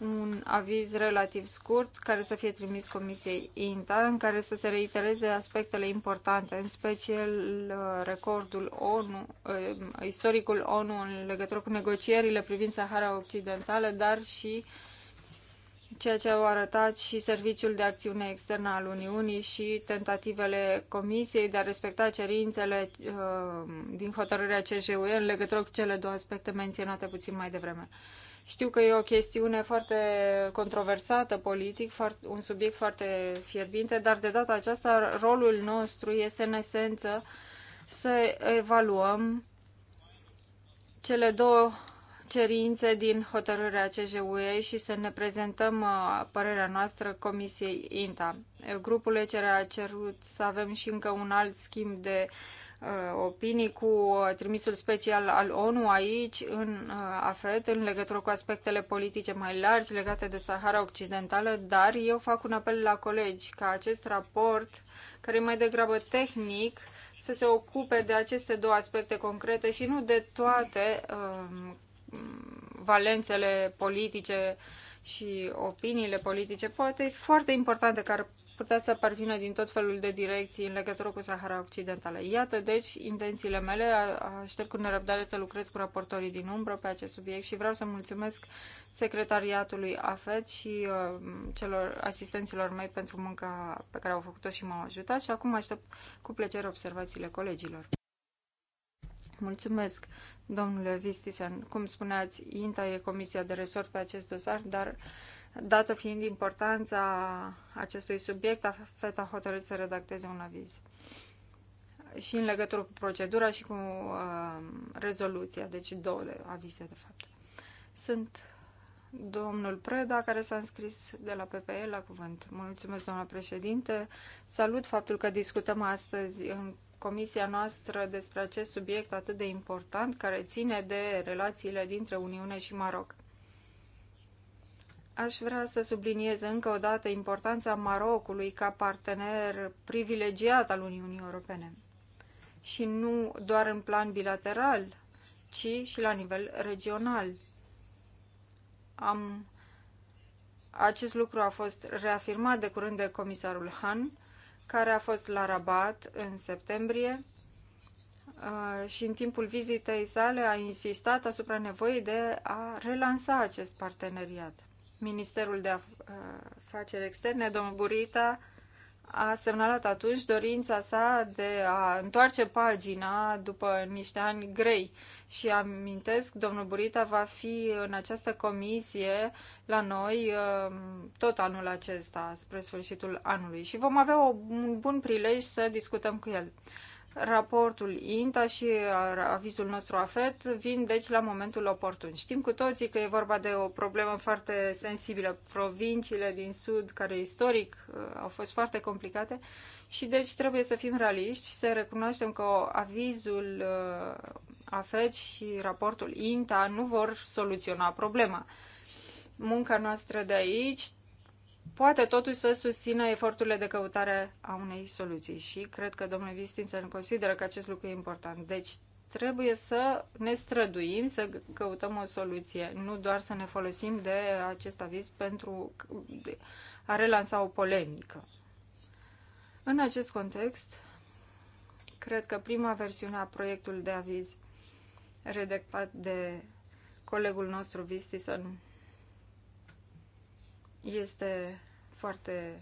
un aviz relativ scurt care să fie trimis Comisiei INTA, în care să se reitereze aspectele importante, în special uh, recordul ONU, uh, istoricul ONU în legătură cu negocierile privind Sahara Occidentală, dar și ceea ce au arătat și Serviciul de Acțiune Externă al Uniunii și tentativele Comisiei de a respecta cerințele uh, din hotărârea CJUE în legătură cu cele două aspecte menționate puțin mai devreme. Știu că e o chestiune foarte controversată politic, un subiect foarte fierbinte, dar de data aceasta rolul nostru este în esență să evaluăm cele două cerințe din hotărârea CJUE și să ne prezentăm uh, părerea noastră Comisiei INTA. Grupul ECR a cerut să avem și încă un alt schimb de uh, Uh, opinii cu uh, trimisul special al ONU aici, în uh, AFET, în legătură cu aspectele politice mai largi legate de Sahara Occidentală, dar eu fac un apel la colegi ca acest raport, care e mai degrabă tehnic, să se ocupe de aceste două aspecte concrete și nu de toate um, valențele politice și opiniile politice. Poate e foarte importante ca putea să parvină din tot felul de direcții în legătură cu Sahara Occidentală. Iată, deci, intențiile mele. Aștept cu nerăbdare să lucrez cu raportorii din umbră pe acest subiect și vreau să mulțumesc secretariatului AFED și uh, celor asistenților mei pentru munca pe care au făcut-o și m-au ajutat și acum aștept cu plăcere observațiile colegilor. Mulțumesc, domnule Vistisen. Cum spuneați, INTA e comisia de resort pe acest dosar, dar uh, Dată fiind importanța acestui subiect, a a hotărât să redacteze un aviz și în legătură cu procedura și cu uh, rezoluția, deci două de avize de fapt. Sunt domnul Preda, care s-a înscris de la PPE la cuvânt. Mulțumesc, doamna președinte. Salut faptul că discutăm astăzi în comisia noastră despre acest subiect atât de important care ține de relațiile dintre Uniune și Maroc. Aș vrea să subliniez încă o dată importanța Marocului ca partener privilegiat al Uniunii Europene. Și nu doar în plan bilateral, ci și la nivel regional. Am... Acest lucru a fost reafirmat de curând de comisarul Han, care a fost la Rabat în septembrie uh, și în timpul vizitei sale a insistat asupra nevoii de a relansa acest parteneriat. Ministerul de uh, Afaceri Externe, domnul Burita, a semnalat atunci dorința sa de a întoarce pagina după niște ani grei. Și amintesc, domnul Burita va fi în această comisie la noi uh, tot anul acesta, spre sfârșitul anului. Și vom avea un bun prilej să discutăm cu el. Raportul INTA și avizul nostru AFET vin deci la momentul oportun. Știm cu toții că e vorba de o problemă foarte sensibilă. Provinciile din sud, care istoric uh, au fost foarte complicate și deci trebuie să fim realiști și să recunoaștem că avizul uh, AFET și raportul INTA nu vor soluționa problema munca noastră de aici poate totuși să susțină eforturile de căutare a unei soluții. Și cred că domnul Vistinsen consideră că acest lucru e important. Deci trebuie să ne străduim, să căutăm o soluție, nu doar să ne folosim de acest aviz pentru a relansa o polemică. În acest context, cred că prima versiune a proiectului de aviz redactat de colegul nostru Vistison este foarte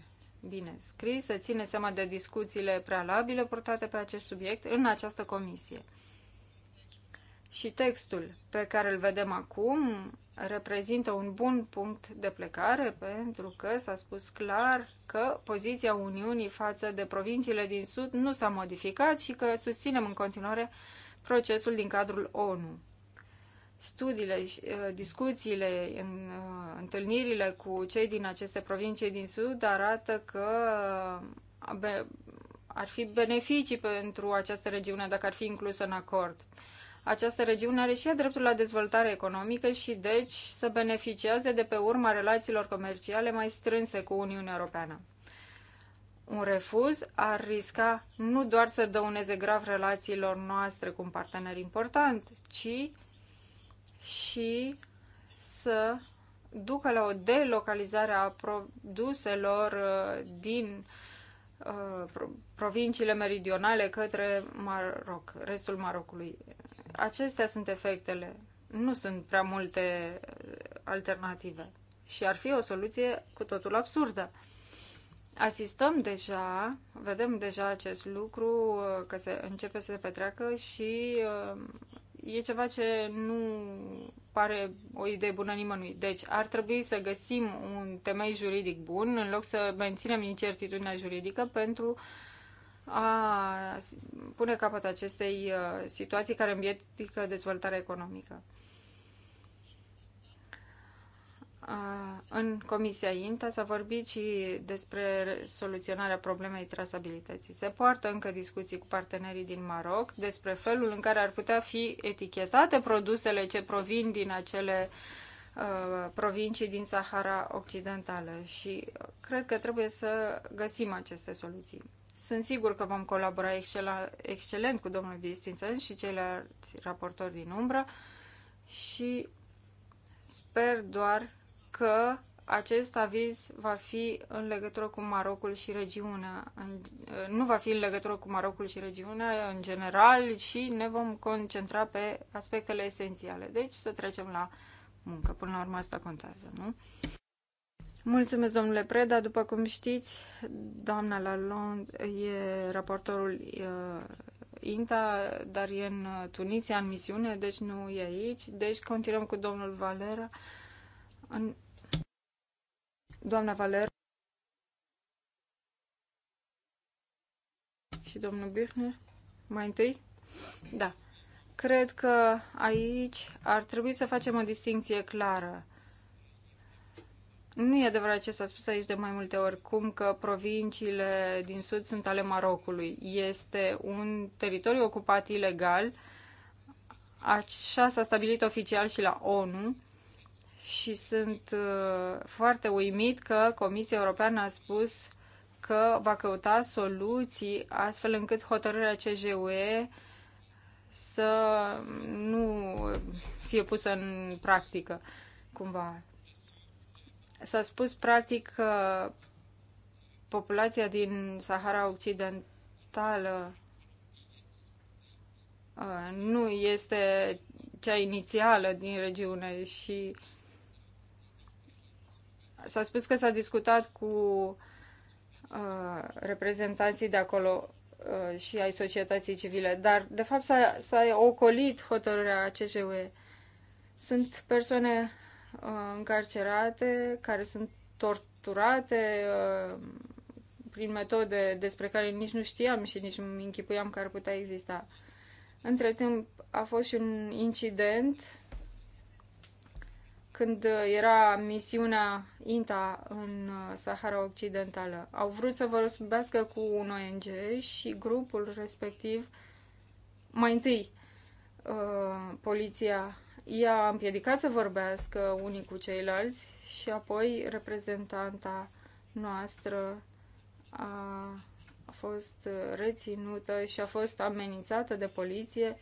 bine scris, să ține seama de discuțiile prealabile purtate pe acest subiect în această comisie. Și textul pe care îl vedem acum reprezintă un bun punct de plecare pentru că s-a spus clar că poziția Uniunii față de provinciile din Sud nu s-a modificat și că susținem în continuare procesul din cadrul ONU studiile, uh, discuțiile, în, uh, întâlnirile cu cei din aceste provincii din Sud arată că uh, ar fi beneficii pentru această regiune dacă ar fi inclusă în acord. Această regiune are și ea dreptul la dezvoltare economică și deci să beneficieze de pe urma relațiilor comerciale mai strânse cu Uniunea Europeană. Un refuz ar risca nu doar să dăuneze grav relațiilor noastre cu un partener important, ci și să ducă la o delocalizare a produselor uh, din uh, provinciile meridionale către Maroc, restul Marocului. Acestea sunt efectele. Nu sunt prea multe uh, alternative. Și ar fi o soluție cu totul absurdă. Asistăm deja, vedem deja acest lucru că se începe să se petreacă și e ceva ce nu pare o idee bună nimănui. Deci ar trebui să găsim un temei juridic bun în loc să menținem incertitudinea juridică pentru a pune capăt acestei uh, situații care îmbietică dezvoltarea economică în Comisia INTA s-a vorbit și despre soluționarea problemei trasabilității. Se poartă încă discuții cu partenerii din Maroc despre felul în care ar putea fi etichetate produsele ce provin din acele provincii din Sahara Occidentală și cred că trebuie să găsim aceste soluții. Sunt sigur că vom colabora excel excelent cu domnul Distinsen și ceilalți raportori din umbră și sper doar că acest aviz va fi în legătură cu Marocul și regiunea. Nu va fi în legătură cu Marocul și regiunea în general și ne vom concentra pe aspectele esențiale. Deci să trecem la muncă. Până la urmă asta contează, nu? Mulțumesc, domnule Preda. După cum știți, doamna Lalonde e raportorul uh, INTA, dar e în uh, Tunisia, în misiune, deci nu e aici. Deci continuăm cu domnul Valera. În doamna Valer și domnul Birner. Mai întâi? Da. Cred că aici ar trebui să facem o distinție clară. Nu e adevărat ce s-a spus aici de mai multe ori, cum că provinciile din sud sunt ale Marocului. Este un teritoriu ocupat ilegal, așa s-a stabilit oficial și la ONU, și sunt uh, foarte uimit că Comisia Europeană a spus că va căuta soluții astfel încât hotărârea CJUE să nu fie pusă în practică cumva. S-a spus practic că populația din Sahara Occidentală uh, nu este cea inițială din regiune și S-a spus că s-a discutat cu uh, reprezentanții de acolo uh, și ai societății civile, dar de fapt s-a, s-a ocolit hotărârea CCUE. Sunt persoane uh, încarcerate care sunt torturate uh, prin metode despre care nici nu știam și nici nu închipuiam că ar putea exista. Între timp a fost și un incident când uh, era misiunea INTA în uh, Sahara Occidentală. Au vrut să vorbească cu un ONG și grupul respectiv, mai întâi, uh, poliția i-a împiedicat să vorbească unii cu ceilalți și apoi reprezentanta noastră a fost reținută și a fost amenințată de poliție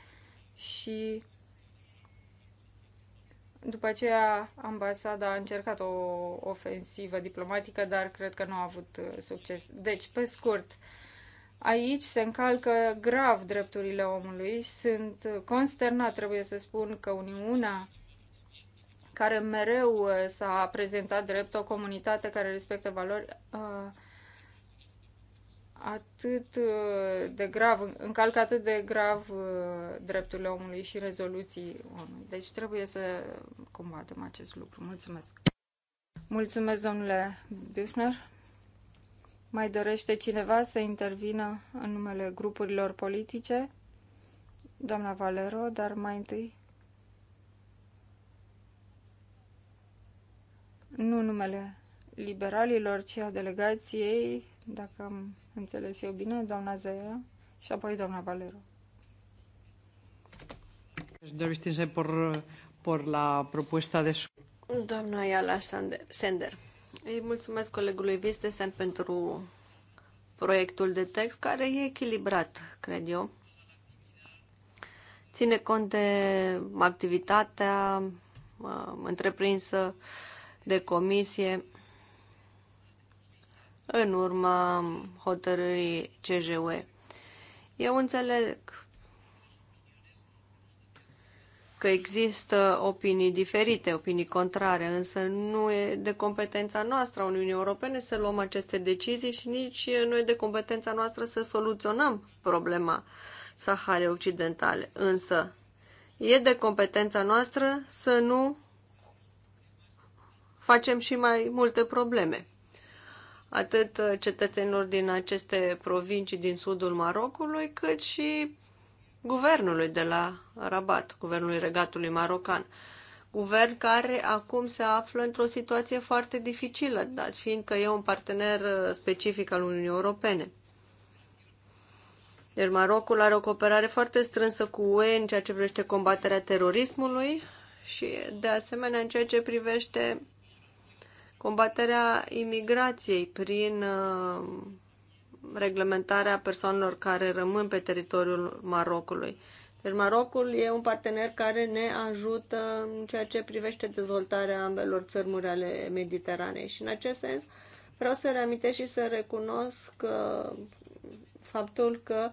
și după aceea, ambasada a încercat o ofensivă diplomatică, dar cred că nu a avut uh, succes. Deci, pe scurt, aici se încalcă grav drepturile omului. Sunt uh, consternat, trebuie să spun, că Uniunea, care mereu uh, s-a prezentat drept o comunitate care respectă valori, uh, atât uh, de grav, încalcă atât de grav uh, drepturile omului și rezoluții omului. Deci trebuie să combatem acest lucru. Mulțumesc! Mulțumesc, domnule Büchner. Mai dorește cineva să intervină în numele grupurilor politice? Doamna Valero, dar mai întâi... Nu numele liberalilor, ci a delegației dacă am înțeles eu bine, doamna Zaia și apoi doamna Valero. Doamna distinse por, por la propuesta de su... Doamna Iala Sender, îi mulțumesc colegului Vistesen pentru proiectul de text care e echilibrat, cred eu. Ține cont de activitatea întreprinsă de comisie în urma hotărârii CJU. Eu înțeleg că există opinii diferite, opinii contrare, însă nu e de competența noastră a Uniunii Europene să luăm aceste decizii și nici nu e de competența noastră să soluționăm problema Saharei Occidentale. Însă e de competența noastră să nu facem și mai multe probleme atât uh, cetățenilor din aceste provincii din sudul Marocului, cât și guvernului de la Rabat, guvernului regatului marocan. Guvern care acum se află într-o situație foarte dificilă, dar fiindcă e un partener uh, specific al Uniunii Europene. Deci Marocul are o cooperare foarte strânsă cu UE în ceea ce privește combaterea terorismului și, de asemenea, în ceea ce privește combaterea imigrației prin uh, reglementarea persoanelor care rămân pe teritoriul Marocului. Deci Marocul e un partener care ne ajută în ceea ce privește dezvoltarea ambelor țărmuri ale Mediteranei. Și în acest sens vreau să reamintesc și să recunosc că uh, faptul că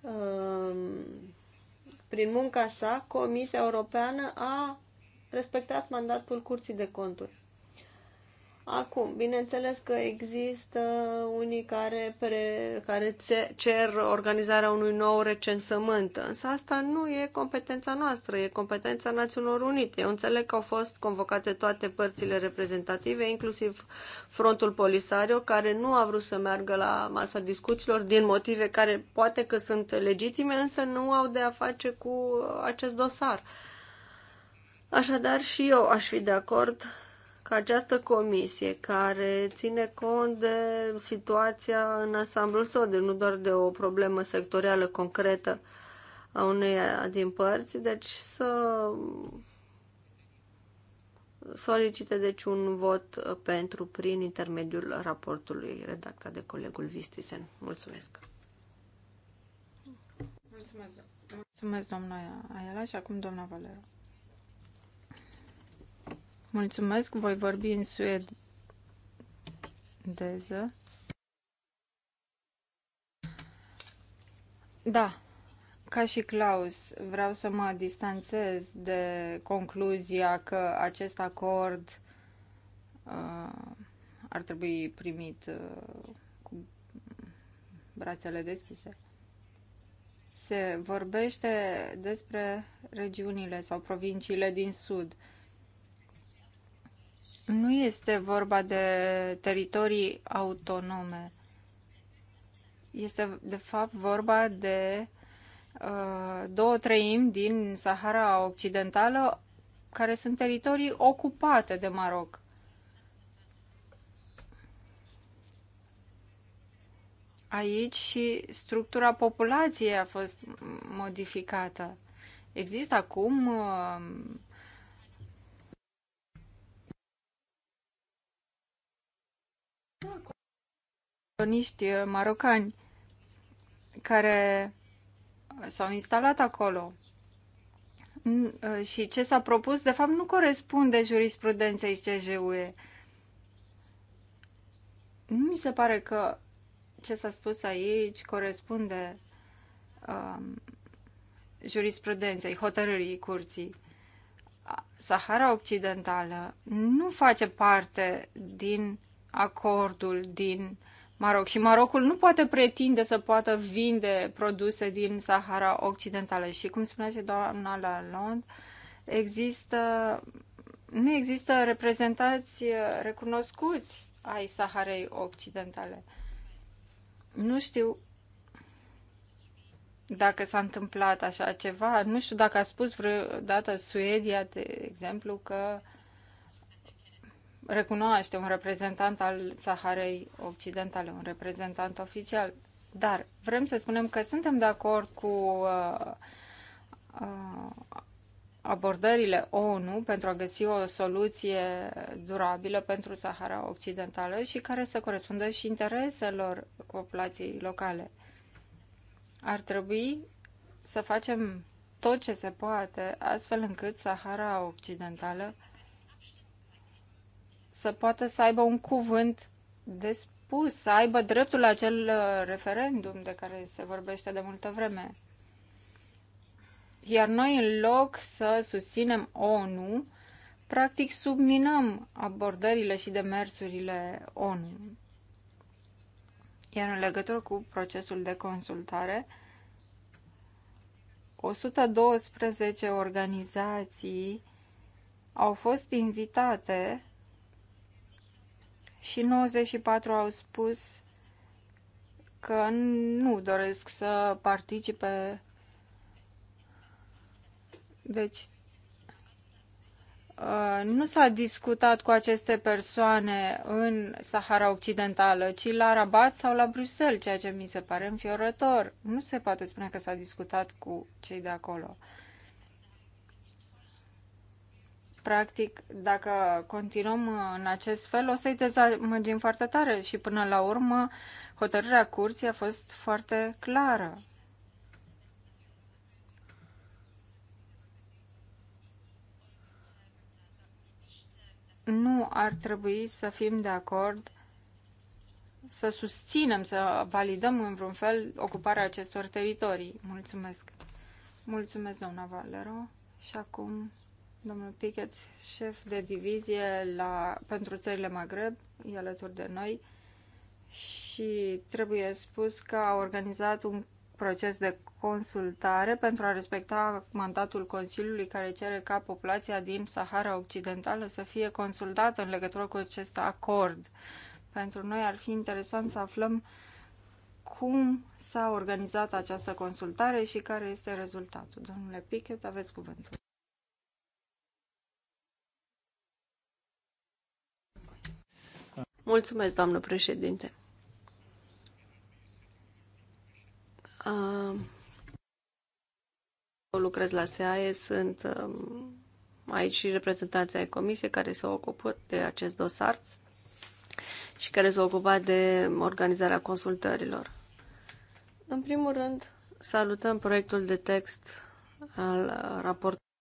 um, prin munca sa, Comisia Europeană a respectat mandatul Curții de Conturi. Acum, bineînțeles că există unii care, pre, care cer organizarea unui nou recensământ, însă asta nu e competența noastră, e competența Națiunilor Unite. Eu înțeleg că au fost convocate toate părțile reprezentative, inclusiv Frontul Polisario, care nu a vrut să meargă la masa discuțiilor din motive care poate că sunt legitime, însă nu au de a face cu acest dosar. Așadar, și eu aș fi de acord ca această comisie care ține cont de situația în ansamblul său, de nu doar de o problemă sectorială concretă a uneia din părți, deci să solicite deci un vot pentru prin intermediul raportului redactat de colegul Vistisen. Mulțumesc! Mulțumesc, Mulțumesc domnule Ayala și acum doamna Valero. Mulțumesc, voi vorbi în suedeză. Da, ca și Claus, vreau să mă distanțez de concluzia că acest acord uh, ar trebui primit uh, cu brațele deschise. Se vorbește despre regiunile sau provinciile din sud. Uh, nu este vorba de teritorii autonome. Este, de fapt, vorba de uh, două treimi din Sahara Occidentală, care sunt teritorii ocupate de Maroc. Aici și structura populației a fost modificată. Există acum uh, coloniști uh, marocani care s-au instalat acolo. Uh, și ce s-a propus, de fapt, nu corespunde jurisprudenței CJUE. Nu mi se pare că ce s-a spus aici corespunde um, jurisprudenței, hotărârii curții. Sahara Occidentală nu face parte din acordul din Maroc. Și Marocul nu poate pretinde să poată vinde produse din Sahara Occidentală. Și cum spunea și doamna Lalonde, există, nu există reprezentați eh, recunoscuți ai Saharei Occidentale. Nu știu dacă s-a întâmplat așa ceva. Nu știu dacă a spus vreodată Suedia, de exemplu, că uh, recunoaște un reprezentant al Saharei Occidentale, un reprezentant oficial. Dar vrem să spunem că suntem de acord cu uh, uh, abordările ONU pentru a găsi o soluție durabilă pentru Sahara Occidentală și care să corespundă și intereselor populației locale. Ar trebui să facem tot ce se poate, astfel încât Sahara Occidentală să poată să aibă un cuvânt de spus, să aibă dreptul la acel uh, referendum de care se vorbește de multă vreme. Iar noi, în loc să susținem ONU, practic subminăm abordările și demersurile ONU. Iar în legătură cu procesul de consultare, 112 organizații au fost invitate și 94 au spus că nu doresc să participe. Deci, uh, nu s-a discutat cu aceste persoane în Sahara Occidentală, ci la Rabat sau la Bruxelles, ceea ce mi se pare înfiorător. Nu se poate spune că s-a discutat cu cei de acolo. Practic, dacă continuăm în acest fel, o să-i dezamăgim foarte tare și până la urmă hotărârea curții a fost foarte clară. Nu ar trebui să fim de acord să susținem, să validăm în vreun fel ocuparea acestor teritorii. Mulțumesc! Mulțumesc, doamna Valero! Și acum Domnul Pichet, șef de divizie la, pentru țările Maghreb, e alături de noi și trebuie spus că a organizat un proces de consultare pentru a respecta mandatul Consiliului care cere ca populația din Sahara Occidentală să fie consultată în legătură cu acest acord. Pentru noi ar fi interesant să aflăm cum s-a organizat această consultare și care este rezultatul. Domnule Pichet, aveți cuvântul. Mulțumesc, doamnă președinte. Eu lucrez la SEAE. sunt um, aici și reprezentanții ai comisiei care se ocupă de acest dosar și care s-a ocupat de organizarea consultărilor. În primul rând, salutăm proiectul de text al raportului